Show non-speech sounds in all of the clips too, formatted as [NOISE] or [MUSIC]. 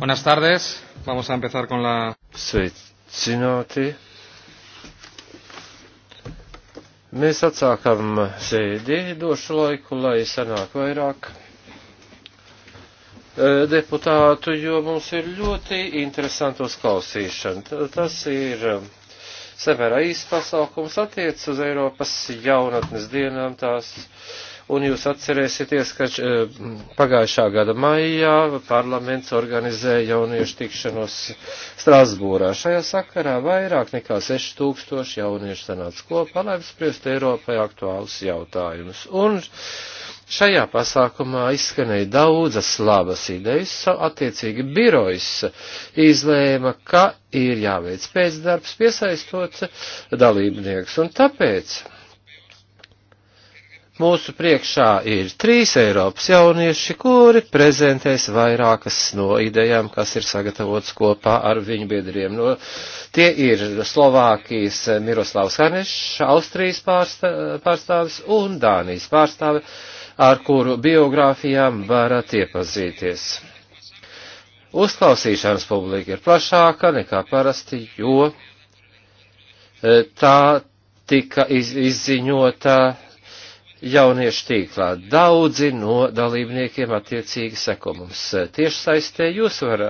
Buenas tardes. Vamos a empezar con la. Sveicināti. Mēs atsākam sēdi, došu laiku, lai sanāk vairāk e, deputātu, jo mums ir ļoti interesanta uzklausīšana. Tas ir e, samērā īsts pasākums attiec uz Eiropas jaunatnes dienām tās un jūs atcerēsieties, ka eh, pagājušā gada maijā parlaments organizēja jauniešu tikšanos Strasbūrā. Šajā sakarā vairāk nekā 6000 jauniešu sanāca kopā, lai apspriestu Eiropai aktuālus jautājumus. Un šajā pasākumā izskanēja daudzas labas idejas, attiecīgi birojas izlēma, ka ir jāveic pēcdarbs, piesaistot dalībnieks. Un tāpēc Mūsu priekšā ir trīs Eiropas jaunieši, kuri prezentēs vairākas no idejām, kas ir sagatavotas kopā ar viņu biedriem. No, tie ir Slovākijas Miroslavs Hanešs, Austrijas pārstāvis un Dānijas pārstāvis, ar kuru biogrāfijām varat iepazīties. Uzklausīšanas publika ir plašāka nekā parasti, jo e, tā tika iz, izziņota jauniešu tīklā. Daudzi no dalībniekiem attiecīgi seko mums tieši saistē. Jūs var,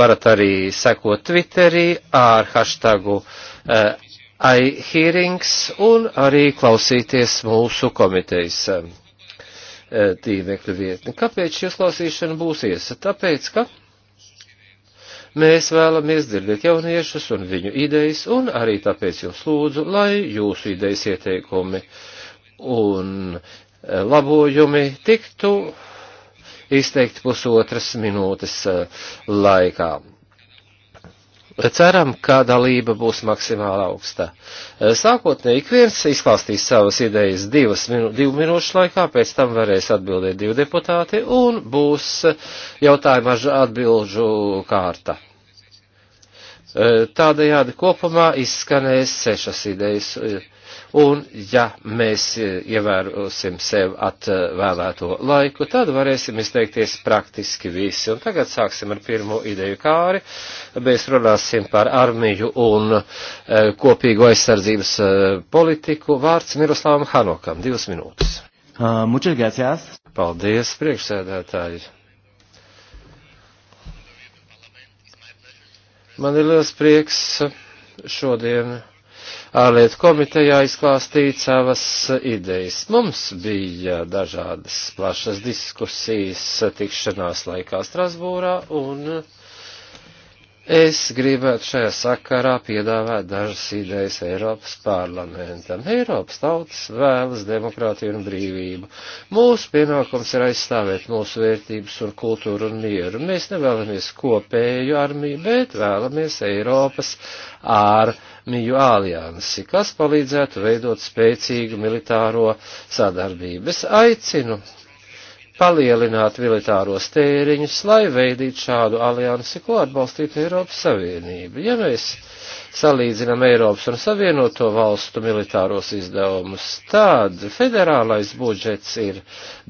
varat arī sekot Twitterī ar hashtagu iHearings un arī klausīties mūsu komitejas tīmekļu vietni. Kāpēc šī klausīšana būs iesa? Tāpēc, ka mēs vēlamies dzirdēt jauniešus un viņu idejas, un arī tāpēc jūs lūdzu, lai jūsu idejas ieteikumi uh, un e, labojumi tiktu izteikti pusotras minūtes e, laikā. Ceram, ka dalība būs maksimāli augsta. E, sākotnēji ik viens izklāstīs savas idejas divas minu, divu minūšu laikā, pēc tam varēs atbildēt divi deputāti un būs jautājuma atbilžu kārta. Tādējādi kopumā izskanēs sešas idejas un ja mēs e, ievērosim sev atvēlēto laiku, tad varēsim izteikties praktiski visi. Un tagad sāksim ar pirmo ideju kāri. Mēs runāsim par armiju un e, kopīgo aizsardzības e, politiku. Vārds Miroslavam Hanokam, divas minūtes. Uh, muchas gracias. Paldies, priekšsēdētāji. Man ir liels prieks šodien ārlietu komitejā izklāstīt savas idejas. Mums bija dažādas plašas diskusijas tikšanās laikā Strasbūrā un uh, Es gribētu šajā sakarā piedāvāt dažas idejas Eiropas parlamentam. Eiropas tautas vēlas demokrātiju un brīvību. Mūsu pienākums ir aizstāvēt mūsu vērtības un kultūru un mieru. Mēs nevēlamies kopēju armiju, bet vēlamies Eiropas ārmiju aliansi, kas palīdzētu veidot spēcīgu militāro sadarbību. Es aicinu palielināt militāros tēriņus, lai veidītu šādu aliansi, ko atbalstītu Eiropas Savienība. Ja mēs salīdzinām Eiropas un Savienoto valstu militāros izdevumus, tad federālais budžets ir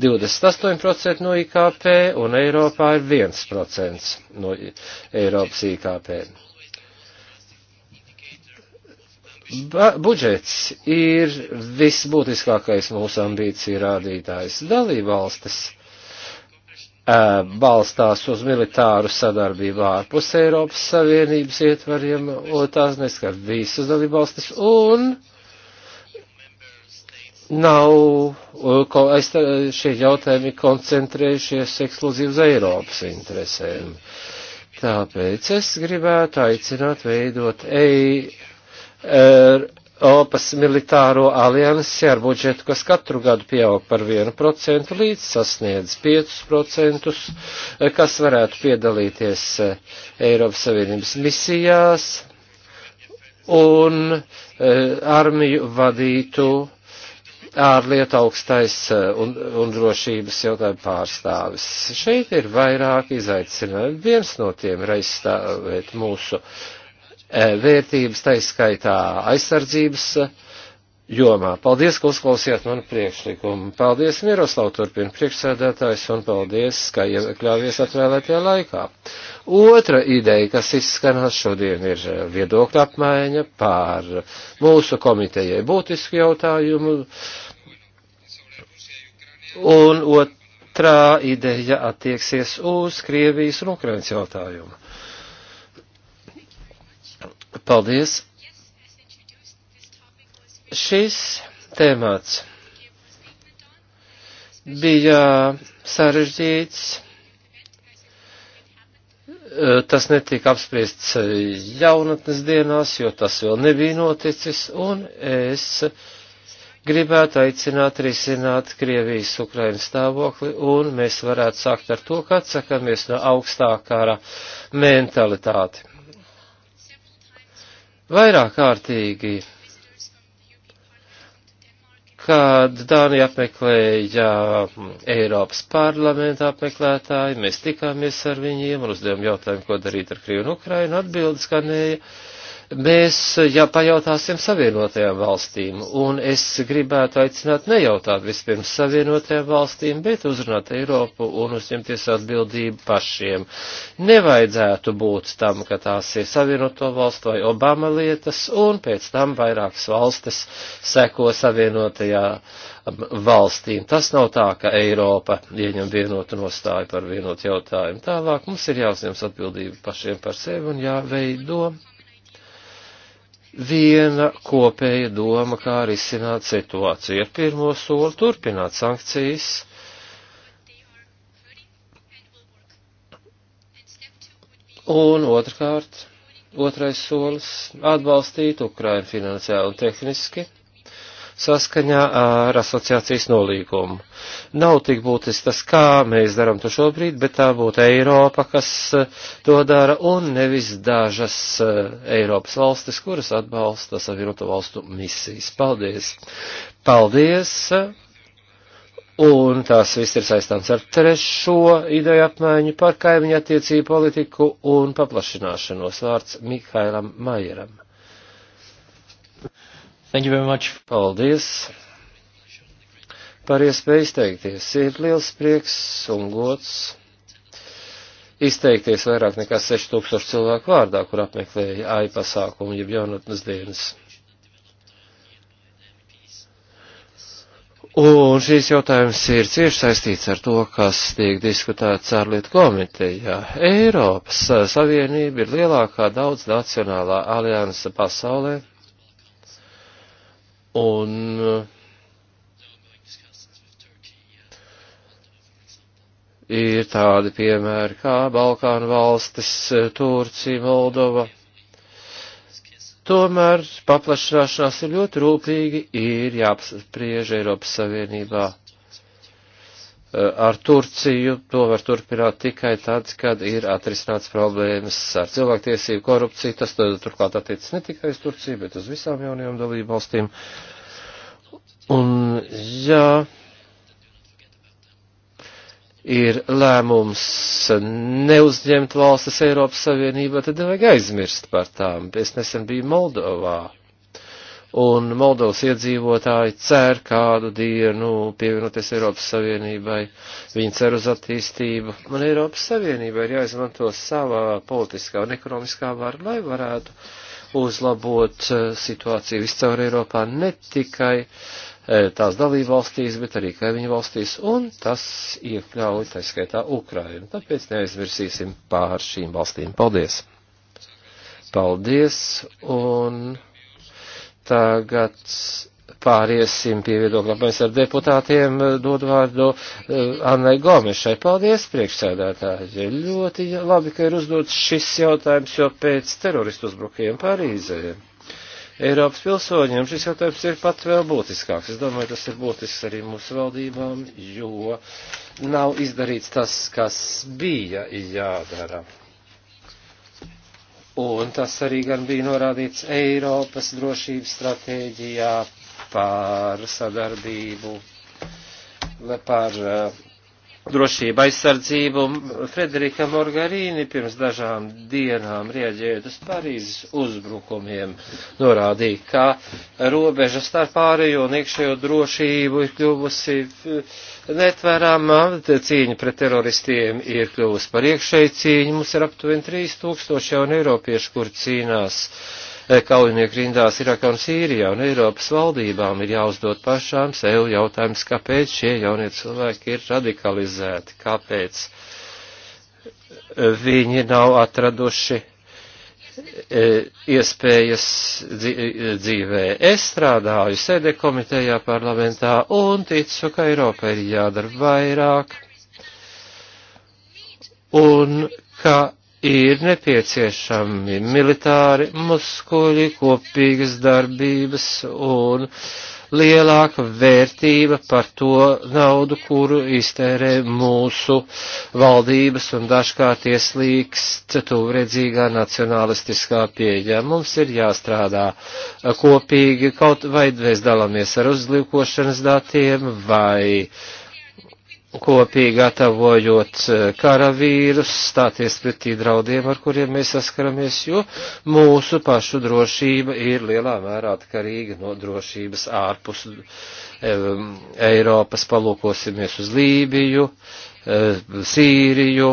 28% no IKP un Eiropā ir 1% no Eiropas IKP budžets ir visbūtiskākais mūsu ambīcija rādītājs. Dalībvalstis balstās uz militāru sadarbību ārpus Eiropas Savienības ietvariem, un tās neskar visas dalībvalstis, un nav ko, šie jautājumi koncentrējušies ekskluzīvi uz Eiropas interesēm. Tāpēc es gribētu aicināt veidot ei Er, Opas militāro aliansi ar budžetu, kas katru gadu pieaug par 1% līdz sasniedz 5%, eh, kas varētu piedalīties eh, Eiropas Savienības misijās un eh, armiju vadītu ārlietu augstais un, un drošības jautājumu pārstāvis. Šeit ir vairāk izaicinājumi. Viens no tiem ir aizstāvēt mūsu uh, E, vērtības, taiskaitā aizsardzības e, jomā. Paldies, ka uzklausījāt manu priekšlikumu. Paldies, Miroslav, turpina priekšsēdētājs, un paldies, ka iekļāvies atvēlētajā laikā. Otra ideja, kas izskanās šodien, ir viedokļa apmaiņa pār mūsu komitejai būtisku jautājumu. Un otrā ideja attieksies uz Krievijas un Ukrainas jautājumu. Paldies! Šis tēmāts bija sarežģīts. Tas netika apspriests jaunatnes dienās, jo tas vēl nebija noticis, un es gribētu aicināt risināt Krievijas Ukrainas stāvokli, un mēs varētu sākt ar to, ka atsakamies no augstākāra mentalitāti vairāk kārtīgi, kad Dānija apmeklēja Eiropas parlamenta apmeklētāji, mēs tikāmies ar viņiem un uzdevām jautājumu, ko darīt ar Krievu un Ukrainu, atbildes skanēja. Uh, mēs, ja pajautāsim savienotajām valstīm, un es gribētu aicināt nejautāt vispirms savienotajām valstīm, bet uzrunāt Eiropu un uzņemties atbildību pašiem. Nevajadzētu būt tam, ka tās ir savienoto valstu vai Obama lietas, un pēc tam vairākas valstis seko savienotajā um, valstīm. Tas nav tā, ka Eiropa ieņem vienotu nostāju par vienotu jautājumu. Tālāk mums ir jāuzņems atbildība pašiem par sevi un jāveido viena kopēja doma, kā arī izsināt situāciju. Ar pirmo soli turpināt sankcijas. Un otrkārt, otrais solis - atbalstīt Ukrainu finansiāli un tehniski saskaņā ar asociācijas nolīgumu. Nav tik būtiski tas, kā mēs darām to šobrīd, bet tā būtu Eiropa, kas eh, to dara, un nevis dažas eh, Eiropas valstis, kuras atbalsta Savienoto valstu misijas. Paldies! Paldies! Un tās viss ir saistāms ar trešo ideju apmaiņu par kaimiņu attiecību politiku un paplašināšanos vārds Mihailam Maieram. Thank you very much. Paldies par iespēju izteikties. Ir liels prieks un gods izteikties vairāk nekā 6000 cilvēku vārdā, kur apmeklēja AI pasākumu, jeb jaunatnes dienas. Un šīs jautājums ir cieši saistīts ar to, kas tiek diskutēts ārlietu komitejā. Eiropas Savienība ir lielākā daudz nacionālā alianse pasaulē Un eh, ir tādi piemēri kā Balkānu valstis, eh, Turcija, Moldova. Tomēr paplašināšanās ir ļoti rūpīgi, ir jāapspriež Eiropas Savienībā Eh, ar Turciju. To var turpināt tikai tad, kad ir atrisināts problēmas ar cilvēktiesību korupciju. Tas turklāt attiecas ne tikai uz Turciju, bet uz visām jaunajām dalību valstīm. Un, jā, ir lēmums neuzņemt valstis Eiropas Savienībā, tad nevajag aizmirst par tām. Es nesen biju Moldovā un Moldovas iedzīvotāji cer kādu dienu pievienoties Eiropas Savienībai, viņi cer uz attīstību, un Eiropas Savienībai ir jāizmanto savā politiskā un ekonomiskā vara, lai varētu uzlabot eh, situāciju viscaur Eiropā ne tikai eh, tās dalībvalstīs, bet arī kaimiņu valstīs, un tas iekļauj taiskaitā Ukrainu. Tāpēc neaizmirsīsim pār šīm valstīm. Paldies! Paldies! Un... Tagad pāriesim pie viedokļa apmaiņas ar deputātiem. Dod vārdu eh, Annai Gomešai. Paldies, priekšsēdētāji. Ļoti labi, ka ir uzdots šis jautājums, jo pēc teroristu uzbrukiem Parīzē. Eiropas pilsoņiem šis jautājums ir pat vēl būtiskāks. Es domāju, tas ir būtisks arī mūsu valdībām, jo nav izdarīts tas, kas bija jādara. Un tas arī gan bija norādīts Eiropas drošības stratēģijā par sadarbību, par eh, drošību aizsardzību. Frederika Morgarīni pirms dažām dienām rieģējot uz Parīzes uzbrukumiem norādīja, ka robeža starp pārējo un iekšējo drošību ir kļuvusi. Uh, netverāmā uh, cīņa pret teroristiem ir kļuvusi par iekšēju cīņu. Mums ir aptuveni 3000 jaunu eiropiešu, kur cīnās eh, kaujinieku rindās Irakā un Sīrijā, un Eiropas valdībām ir jāuzdod pašām sev jautājums, kāpēc šie jaunie cilvēki ir radikalizēti, kāpēc eh, viņi nav atraduši E, iespējas e, dzīvē. Es strādāju sēdē komitejā parlamentā un ticu, ka Eiropa ir jādara vairāk un ka ir nepieciešami militāri muskuļi, kopīgas darbības un uh, lielāka vērtība par to naudu, kuru iztērē mūsu valdības un dažkārt ieslīgst tuvredzīgā nacionalistiskā pieeja. Mums ir jāstrādā kopīgi, kaut vai mēs dalāmies ar uzlīkošanas datiem vai uh, kopīgi gatavojot eh, karavīrus, stāties pretī draudiem, ar kuriem mēs saskaramies, jo mūsu pašu drošība ir lielā mērā atkarīga no drošības ārpus eh, Eiropas. Palūkosimies uz Lībiju, eh, Sīriju,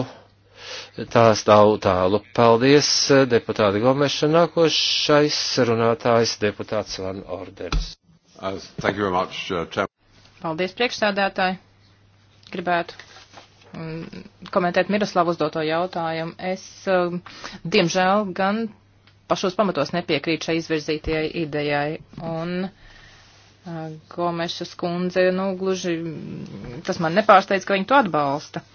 tās tālu tālu. Paldies, deputāti Gomeša, nākošais runātājs deputāts Van Orders. Uh, uh, Paldies, priekšsādātāji! gribētu um, komentēt Miroslavu uzdoto jautājumu. Es, um, diemžēl, gan pašos pamatos nepiekrītu šai izvirzītajai idejai. Un uh, Gomešas kundze, nu, gluži, tas man nepārsteidz, ka viņi to atbalsta.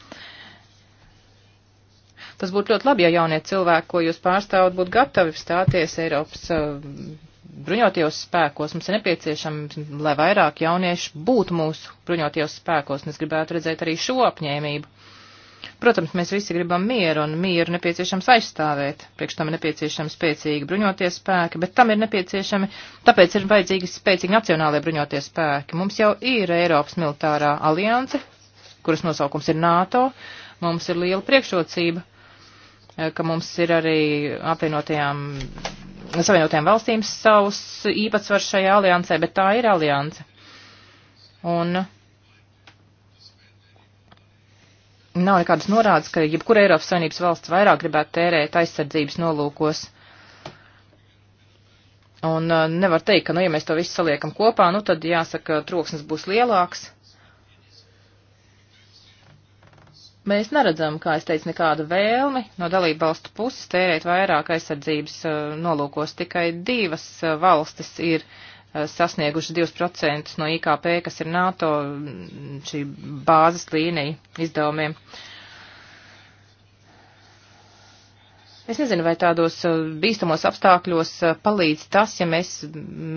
Tas būtu ļoti labi, ja jaunie cilvēki, ko jūs pārstāvat, būtu gatavi stāties Eiropas uh, bruņotajos spēkos. Mums ir nepieciešams, lai vairāk jauniešu būtu mūsu bruņotajos spēkos, un es gribētu redzēt arī šo apņēmību. Protams, mēs visi gribam mieru, un mieru nepieciešams aizstāvēt. Priekš tam ir nepieciešami spēcīgi bruņotie spēki, bet tam ir nepieciešami, tāpēc ir vajadzīgi spēcīgi nacionālajie bruņotie spēki. Mums jau ir Eiropas militārā alianse, kuras nosaukums ir NATO, mums ir liela priekšrocība, ka mums ir arī apvienotajām Savienotiem valstīm savus īpatsvars šajā aliansē, bet tā ir alianse. Un nav nekādas norādes, ka jebkura Eiropas Savienības valsts vairāk gribētu tērēt aizsardzības nolūkos. Un uh, nevar teikt, ka, nu, ja mēs to visu saliekam kopā, nu, tad jāsaka, troksnis būs lielāks. mēs neredzam, kā es teicu, nekādu vēlmi no dalību valstu puses tērēt vairāk aizsardzības uh, nolūkos. Tikai divas uh, valstis ir uh, sasnieguši 2% no IKP, kas ir NATO mm, šī bāzes līnija izdevumiem. Es nezinu, vai tādos bīstamos apstākļos palīdz tas, ja mēs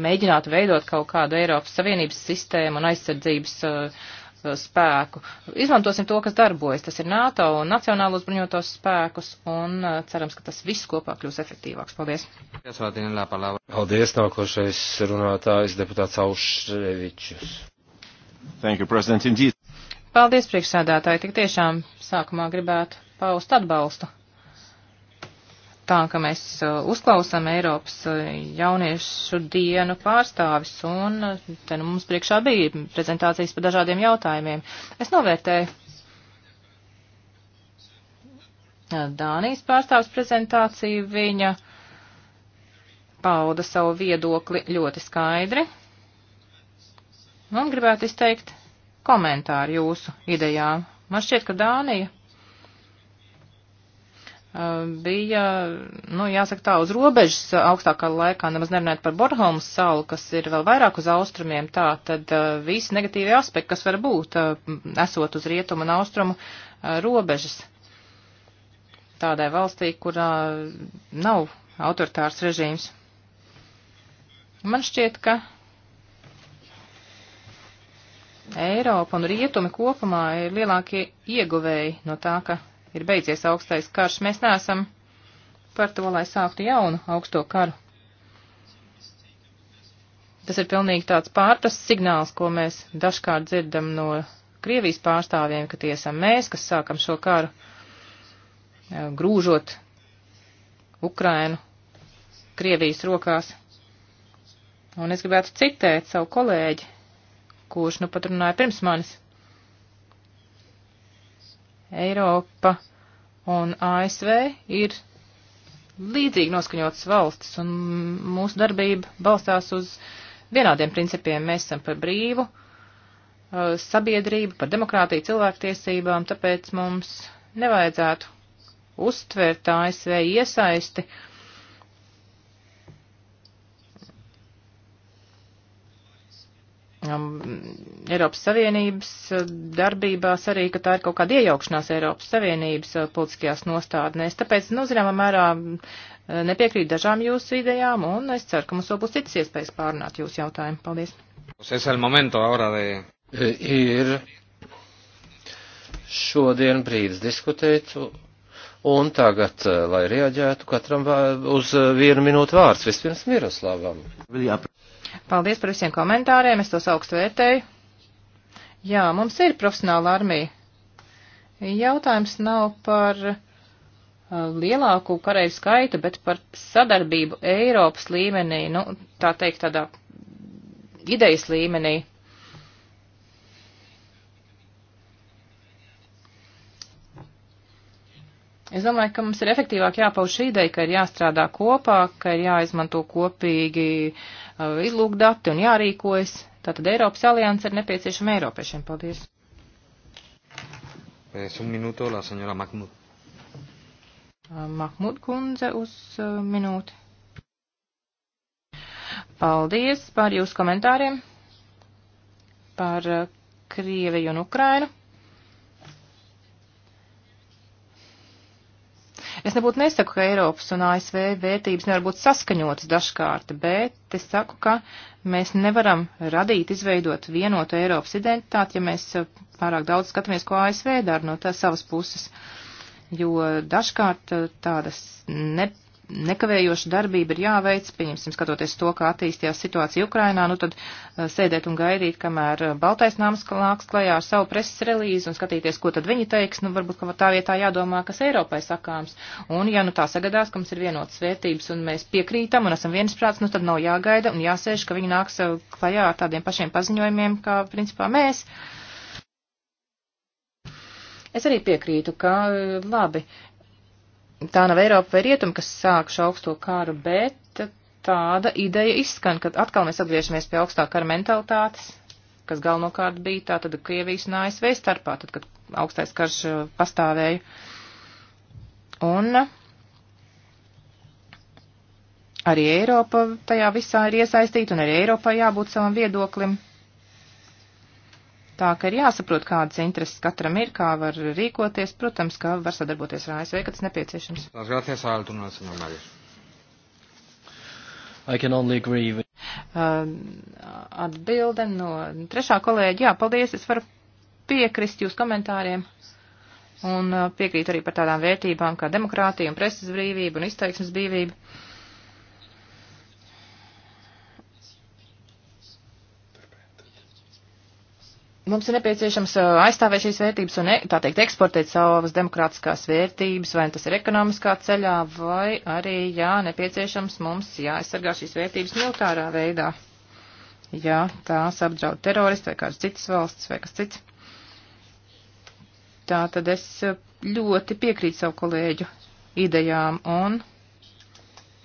mēģinātu veidot kaut kādu Eiropas Savienības sistēmu un aizsardzības uh, spēku. Izmantosim to, kas darbojas. Tas ir NATO un Nacionālo uzbruņotos spēkus, un uh, cerams, ka tas viss kopā kļūs efektīvāks. Paldies! Paldies, nākošais runātājs deputāts Aušrevičus. Thank you, President. Indeed. Paldies, priekšsēdētāji. Tik tiešām sākumā gribētu paust atbalstu tā, ka mēs uh, uzklausām Eiropas uh, jauniešu dienu pārstāvis, un uh, te nu mums priekšā bija prezentācijas par dažādiem jautājumiem. Es novērtēju Dānijas pārstāvis prezentāciju, viņa pauda savu viedokli ļoti skaidri, un gribētu izteikt komentāru jūsu idejām. Man šķiet, ka Dānija bija, nu, jāsaka tā, uz robežas augstākā laikā, nemaz nerunājot par Bornholmas salu, kas ir vēl vairāk uz austrumiem, tā tad visi negatīvie aspekti, kas var būt, esot uz rietumu un austrumu robežas tādai valstī, kurā nav autoritārs režīms. Man šķiet, ka Eiropa un rietumi kopumā ir lielākie ieguvēji no tā, ka ir beidzies augstais karš. Mēs neesam par to, lai sāktu jaunu augsto karu. Tas ir pilnīgi tāds pārprasts signāls, ko mēs dažkārt dzirdam no Krievijas pārstāvjiem, ka tie esam mēs, kas sākam šo karu, e, grūžot Ukrainu Krievijas rokās. Un es gribētu citēt savu kolēģi, kurš nu pat runāja pirms manis. Eiropa un ASV ir līdzīgi noskaņotas valstis, un mūsu darbība balstās uz vienādiem principiem. Mēs esam par brīvu uh, sabiedrību, par demokrātiju, cilvēktiesībām, tāpēc mums nevajadzētu uztvērt ASV iesaisti uh, Um, Eiropas Savienības uh, darbībās arī, ka tā ir kaut kāda iejaukšanās Eiropas Savienības uh, politiskajās nostādnēs. Tāpēc, nu, zināmā mērā uh, nepiekrīt dažām jūsu idejām, un es ceru, ka mums vēl būs citas iespējas pārunāt jūsu jautājumu. Paldies. E, ir šodien brīdis diskutēt, un tagad, e, lai reaģētu katram uz e, vienu minūtu vārds, vispirms Miroslavam. Jā. Paldies par visiem komentāriem, es tos augstu vērtēju. Jā, mums ir profesionāla armija. Jautājums nav par uh, lielāku kareivu skaitu, bet par sadarbību Eiropas līmenī, nu, tā teikt, tādā idejas līmenī. Es domāju, ka mums ir efektīvāk jāpauž šī ideja, ka ir jāstrādā kopā, ka ir jāizmanto kopīgi izlūk dati un jārīkojas. Tātad Eiropas alianse ir nepieciešama Eiropiešiem. Paldies. Es un minūto, la senjora Mahmud. Mahmud kundze uz minūti. Paldies par jūsu komentāriem par Krieviju un Ukrainu. Es nebūtu nesaku, ka Eiropas un ASV vērtības nevar būt saskaņotas dažkārt, bet es saku, ka mēs nevaram radīt, izveidot vienotu Eiropas identitāti, ja mēs eh, pārāk daudz skatāmies, ko ASV dara no tā savas puses. Jo dažkārt eh, tādas ne nekavējoša darbība ir jāveic, pieņemsim, skatoties to, kā attīstījās situācija Ukrainā, nu tad sēdēt un gaidīt, kamēr Baltais nams nāks klajā ar savu preses relīzi un skatīties, ko tad viņi teiks, nu varbūt, ka tā vietā jādomā, kas Eiropai sakāms. Un ja nu tā sagadās, ka mums ir vienotas vērtības un mēs piekrītam un esam viensprāts, nu tad nav jāgaida un jāsēž, ka viņi nāks klajā ar tādiem pašiem paziņojumiem, kā principā mēs. Es arī piekrītu, ka labi, tā nav Eiropa vai Rietuma, kas sāk šo augsto kāru, bet tāda ideja izskan, kad atkal mēs atgriežamies pie augstā kara mentalitātes, kas galvenokārt bija tā tad Krievijas un ASV starpā, tad, kad augstais karš uh, pastāvēja. Un arī Eiropa tajā visā ir iesaistīta, un arī Eiropai jābūt savam viedoklim. Tā ka ir jāsaprot, kādas intereses katram ir, kā var rīkoties, protams, kā var sadarboties ar ASV, kad tas nepieciešams. Um, atbilde no trešā kolēģa. Jā, paldies, es varu piekrist jūs komentāriem. Un uh, piekrīt arī par tādām vērtībām kā demokrātija un presas brīvība un izteiksmes brīvība. Mums ir nepieciešams aizstāvēt šīs vērtības un, e, tā teikt, eksportēt savas demokrātiskās vērtības, vai tas ir ekonomiskā ceļā, vai arī, jā, nepieciešams mums jāaizsargā šīs vērtības militārā veidā. Jā, tās apdraud teroristi vai kāds cits valsts vai kas cits. Tā tad es ļoti piekrītu savu kolēģu idejām un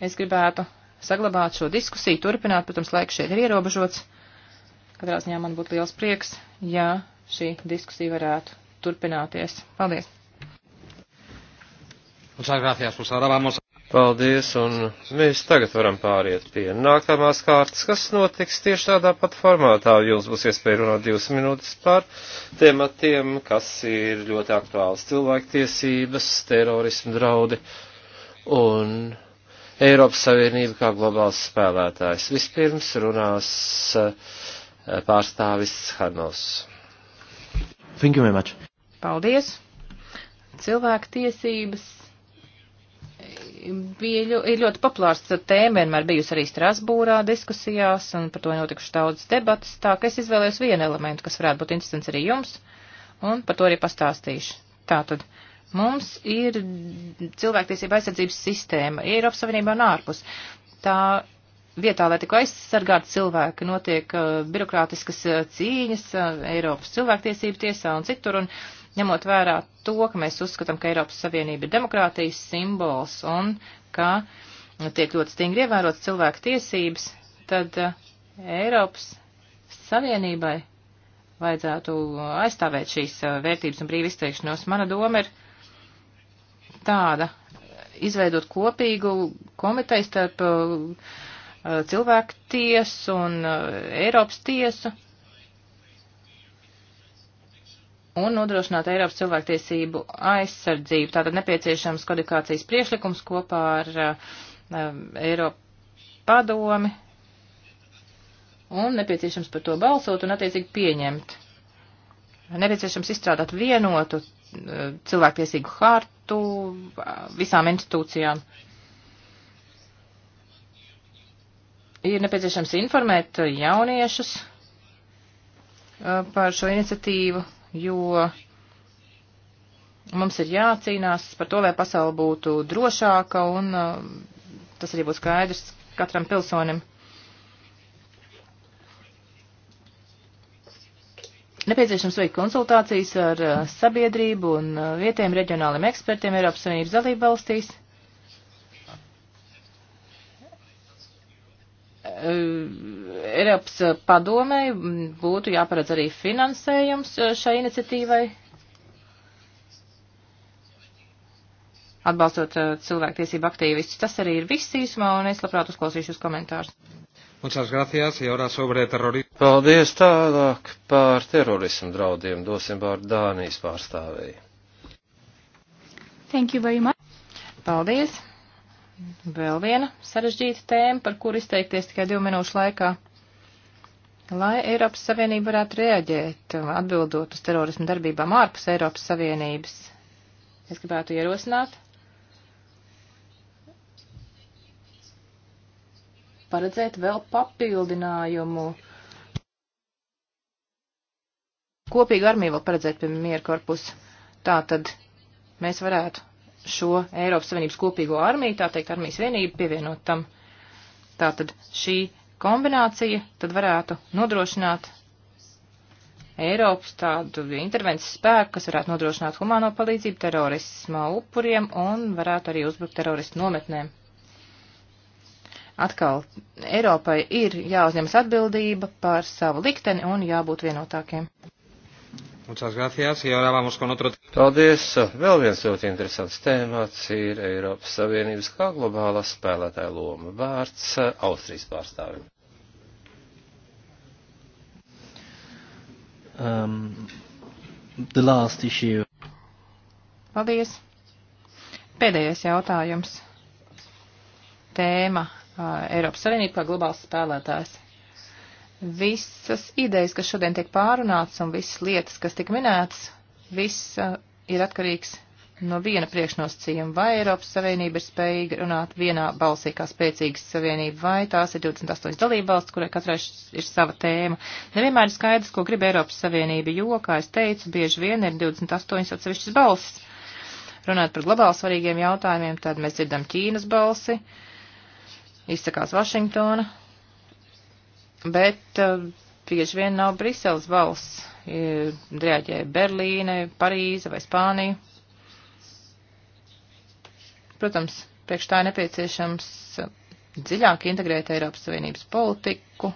es gribētu saglabāt šo diskusiju, turpināt, protams, laiks šeit ir ierobežots. Katrā ziņā man būtu liels prieks ja šī diskusija varētu turpināties. Paldies! Paldies, un mēs tagad varam pāriet pie nākamās kārtas, kas notiks tieši tādā pat formātā. Jums būs iespēja runāt divas minūtes par tematiem, kas ir ļoti aktuāls - cilvēktiesības, terorismu draudi un Eiropas Savienība kā globāls spēlētājs. Vispirms runās Eh, pārstāvis Hanovs. Thank you very much. Paldies. Cilvēku tiesības bija ļo, ir ļoti paplārsta tēma, vienmēr bijusi arī Strasbūrā diskusijās, un par to notikuši daudz debatas, tā ka es izvēlējos vienu elementu, kas varētu būt interesants arī jums, un par to arī pastāstīšu. Tātad. Mums ir cilvēktiesība aizsardzības sistēma Eiropas Savienībā un ārpus. Tā vietā, lai tikko aizsargātu cilvēki, notiek uh, birokrātiskas uh, cīņas uh, Eiropas cilvēktiesību tiesā un citur, un ņemot vērā to, ka mēs uzskatām, ka Eiropas Savienība ir demokrātijas simbols un ka tiek ļoti stingri ievērots cilvēku tiesības, tad uh, Eiropas Savienībai vajadzētu aizstāvēt šīs uh, vērtības un brīvi izteikšanos. Mana doma ir tāda, izveidot kopīgu komiteju starp uh, Uh, cilvēku tiesu un uh, Eiropas tiesu un nodrošināt Eiropas cilvēktiesību aizsardzību. Tātad nepieciešams kodikācijas priešlikums kopā ar uh, um, Eiropa padomi un nepieciešams par to balsot un attiecīgi pieņemt. Nepieciešams izstrādāt vienotu cilvēktiesīgu hartu visām institūcijām. Uh, ir nepieciešams informēt jauniešus uh, par šo iniciatīvu, jo mums ir jācīnās par to, lai pasauli būtu drošāka un uh, tas arī būs skaidrs katram pilsonim. Nepieciešams veikt konsultācijas ar uh, sabiedrību un vietējiem reģionāliem ekspertiem Eiropas Savienības dalību valstīs. Eh, Eiropas padomei būtu jāparedz arī finansējums eh, šai iniciatīvai, atbalstot eh, cilvēktiesību aktīvistus. Tas arī ir viss īsumā, un es labprāt uzklausīšu uz komentārus. Muchas gracias, y ahora sobre terrorismo. Paldies tālāk par terorismu draudiem. Dosim vārdu Dānijas pārstāvēji. Thank you very much. Paldies vēl viena sarežģīta tēma, par kuru izteikties tikai divu minūšu laikā. Lai Eiropas Savienība varētu reaģēt atbildot uz terorismu darbībām ārpus Eiropas Savienības, es gribētu ierosināt paredzēt vēl papildinājumu. Kopīgu armiju vēl paredzēt pie miera korpusu. Tā tad mēs varētu šo Eiropas Savienības kopīgo armiju, tā teikt, armijas vienību pievienot tam. Tātad šī kombinācija tad varētu nodrošināt Eiropas tādu intervences spēku, kas varētu nodrošināt humāno palīdzību terorisma upuriem un varētu arī uzbrukt teroristu nometnēm. Atkal Eiropai ir jāuzņemas atbildība par savu likteni un jābūt vienotākiem. Muchas gracias. Y ahora vamos con otro. Paldies. Vēl viens ļoti interesants tēmats ir Eiropas Savienības kā globālā spēlētāja loma. Vārds Austrijas pārstāvim. Um, the last issue. Paldies. Pēdējais jautājums. Tēma uh, Eiropas Savienība kā globāls spēlētājs visas idejas, kas šodien tiek pārunātas un visas lietas, kas tik minētas, viss ir atkarīgs no viena priekšnosacījuma, vai Eiropas Savienība ir spējīga runāt vienā balsī kā spēcīga savienība, vai tās ir 28 dalībvalsts, kurai katrai ir sava tēma. Nevienmēr ir skaidrs, ko grib Eiropas Savienība, jo, kā es teicu, bieži vien ir 28 atsevišķas balsis. Runājot par globāli svarīgiem jautājumiem, tad mēs dzirdam Ķīnas balsi, izsakās Vašingtona, bet eh, bieži vien nav Briseles valsts, eh, reaģēja Berlīne, Parīze vai Spānija. Protams, priekš tā ir nepieciešams dziļāk integrēt Eiropas Savienības politiku.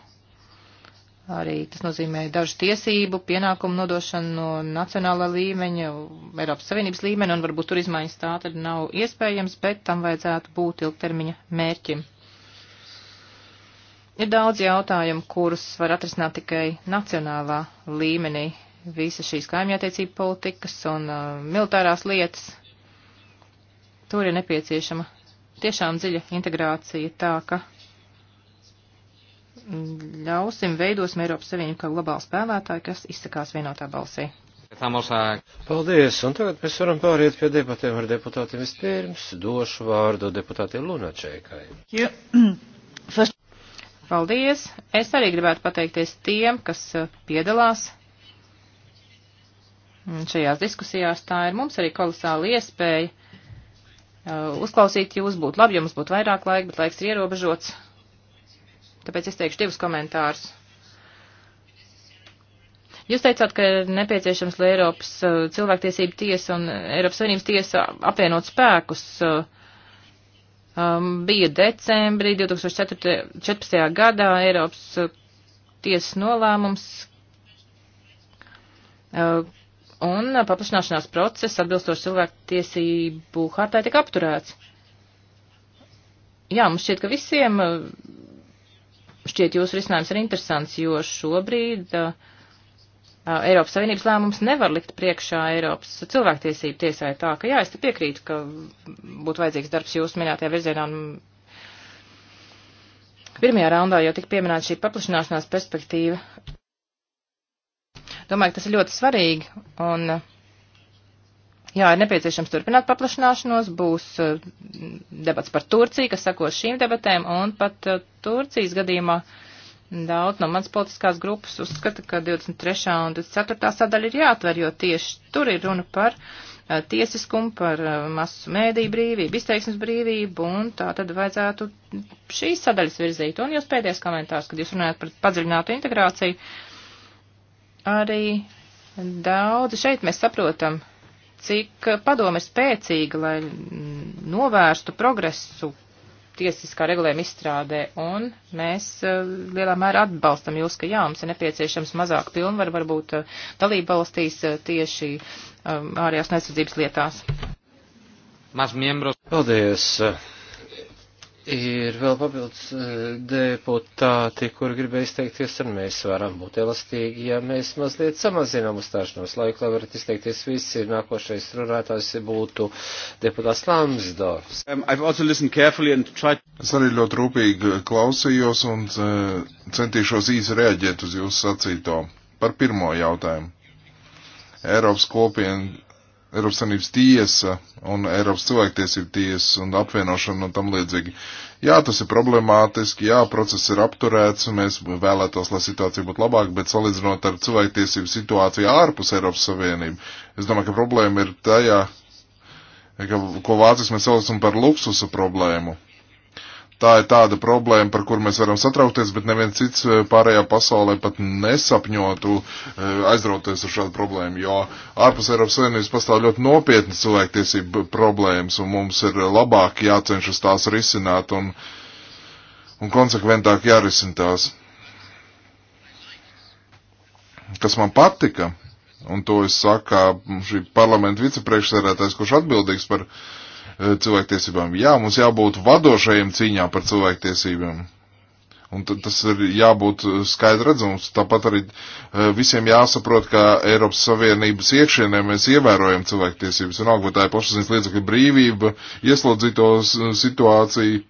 Arī tas nozīmē dažu tiesību, pienākumu nodošanu no nacionālā līmeņa, Eiropas Savienības līmeņa, un varbūt tur izmaiņas tā tad nav iespējams, bet tam vajadzētu būt ilgtermiņa mērķim. Ir daudz jautājumu, kurus var atrisināt tikai nacionālā līmenī. Visa šīs kaimiņattiecība politikas un uh, militārās lietas. Tur ir nepieciešama tiešām dziļa integrācija tā, ka mm, ļausim, veidosim Eiropas Savienību kā globālu spēlētāju, kas izsakās vienotā balsī. Paldies, un tagad mēs varam pāriet pie debatēm ar deputātiem. Vispirms došu vārdu deputātei Lunačēkai. [CLEARS THROAT] First... Paldies! Es arī gribētu pateikties tiem, kas uh, piedalās mm, šajās diskusijās. Tā ir mums arī kolosāla iespēja uh, uzklausīt jūs būtu labi, ja mums būtu vairāk laika, bet laiks ir ierobežots. Tāpēc es teikšu divus komentārus. Jūs teicāt, ka ir nepieciešams, lai Eiropas uh, cilvēktiesība tiesa un Eiropas Savienības tiesa apvienot spēkus uh, um, bija decembrī 2014. gadā Eiropas uh, tiesas nolēmums, uh, un uh, paplašināšanās process atbilstoši cilvēku tiesību hartai tika apturēts. Jā, mums šķiet, ka visiem uh, šķiet jūsu risinājums ir interesants, jo šobrīd uh, Eiropas Savienības lēmums nevar likt priekšā Eiropas cilvēktiesību tiesai tā, ka jā, es te piekrītu, ka būtu vajadzīgs darbs jūsu minētajā virzienā. Pirmajā raundā jau tik pieminēta šī paplašināšanās perspektīva. Domāju, ka tas ir ļoti svarīgi un jā, ir nepieciešams turpināt paplašināšanos, būs debats par Turciju, kas sakos šīm debatēm un pat Turcijas gadījumā. Uh, Daudz no manas politiskās grupas uzskata, ka 23. un 24. sadaļa ir jāatver, jo tieši tur ir runa par uh, tiesiskumu, par uh, masu mēdīju brīvību, izteiksmes brīvību, un tā tad vajadzētu šīs sadaļas virzīt. Un jūs pēdējais komentārs, kad jūs runājat par padziļinātu integrāciju, arī daudz šeit mēs saprotam, cik eh, padome ir spēcīga, lai mm, novērstu progresu tiesiskā regulējuma izstrādē, un mēs e, lielā mērā atbalstam jūs, ka jā, mums ir nepieciešams mazāk pilnvaru, varbūt e, dalība valstīs e, tieši ārējās nesardzības lietās. Paldies! ir vēl papildus eh, deputāti, kur gribēja izteikties, un mēs varam būt elastīgi, ja mēs mazliet samazinām uzstāšanos laiku, lai varat izteikties visi. Nākošais runātājs būtu deputāts Lamsdorfs. Um, tried... Es arī ļoti rūpīgi klausījos un eh, centīšos īsi reaģēt uz jūsu sacīto. Par pirmo jautājumu. Eiropas kopienu Eiropas Savienības tiesa un Eiropas cilvēktiesība tiesa un apvienošana un tam līdzīgi. Jā, tas ir problemātiski, jā, process ir apturēts, mēs vēlētos, lai situācija būtu labāka, bet salīdzinot ar cilvēktiesību situāciju ārpus Eiropas Savienību, es domāju, ka problēma ir tajā, ka, ko vācis mēs saucam par luksusa problēmu. Tā ir tāda problēma, par kur mēs varam satraukties, bet neviens cits eh, pārējā pasaulē pat nesapņotu eh, aizrauties ar šādu problēmu, jo ārpus Eiropas Savienības pastāv ļoti nopietni cilvēktiesību problēmas, un mums ir labāk jācenšas tās risināt un, un konsekventāk jārisina tās. Kas man patika, un to es saku šī parlamenta vicepriekšsēdētājs, kurš atbildīgs par uh, Eh, cilvēktiesībām. Jā, mums jābūt vadošajiem cīņā par cilvēktiesībām. Un tas ir jābūt eh, skaidrredzams. Tāpat arī eh, visiem jāsaprot, ka Eiropas Savienības iekšienē mēs ievērojam cilvēktiesības. Un augotā ir plašsaziņas liedzekļa brīvība, ieslodzīto situāciju.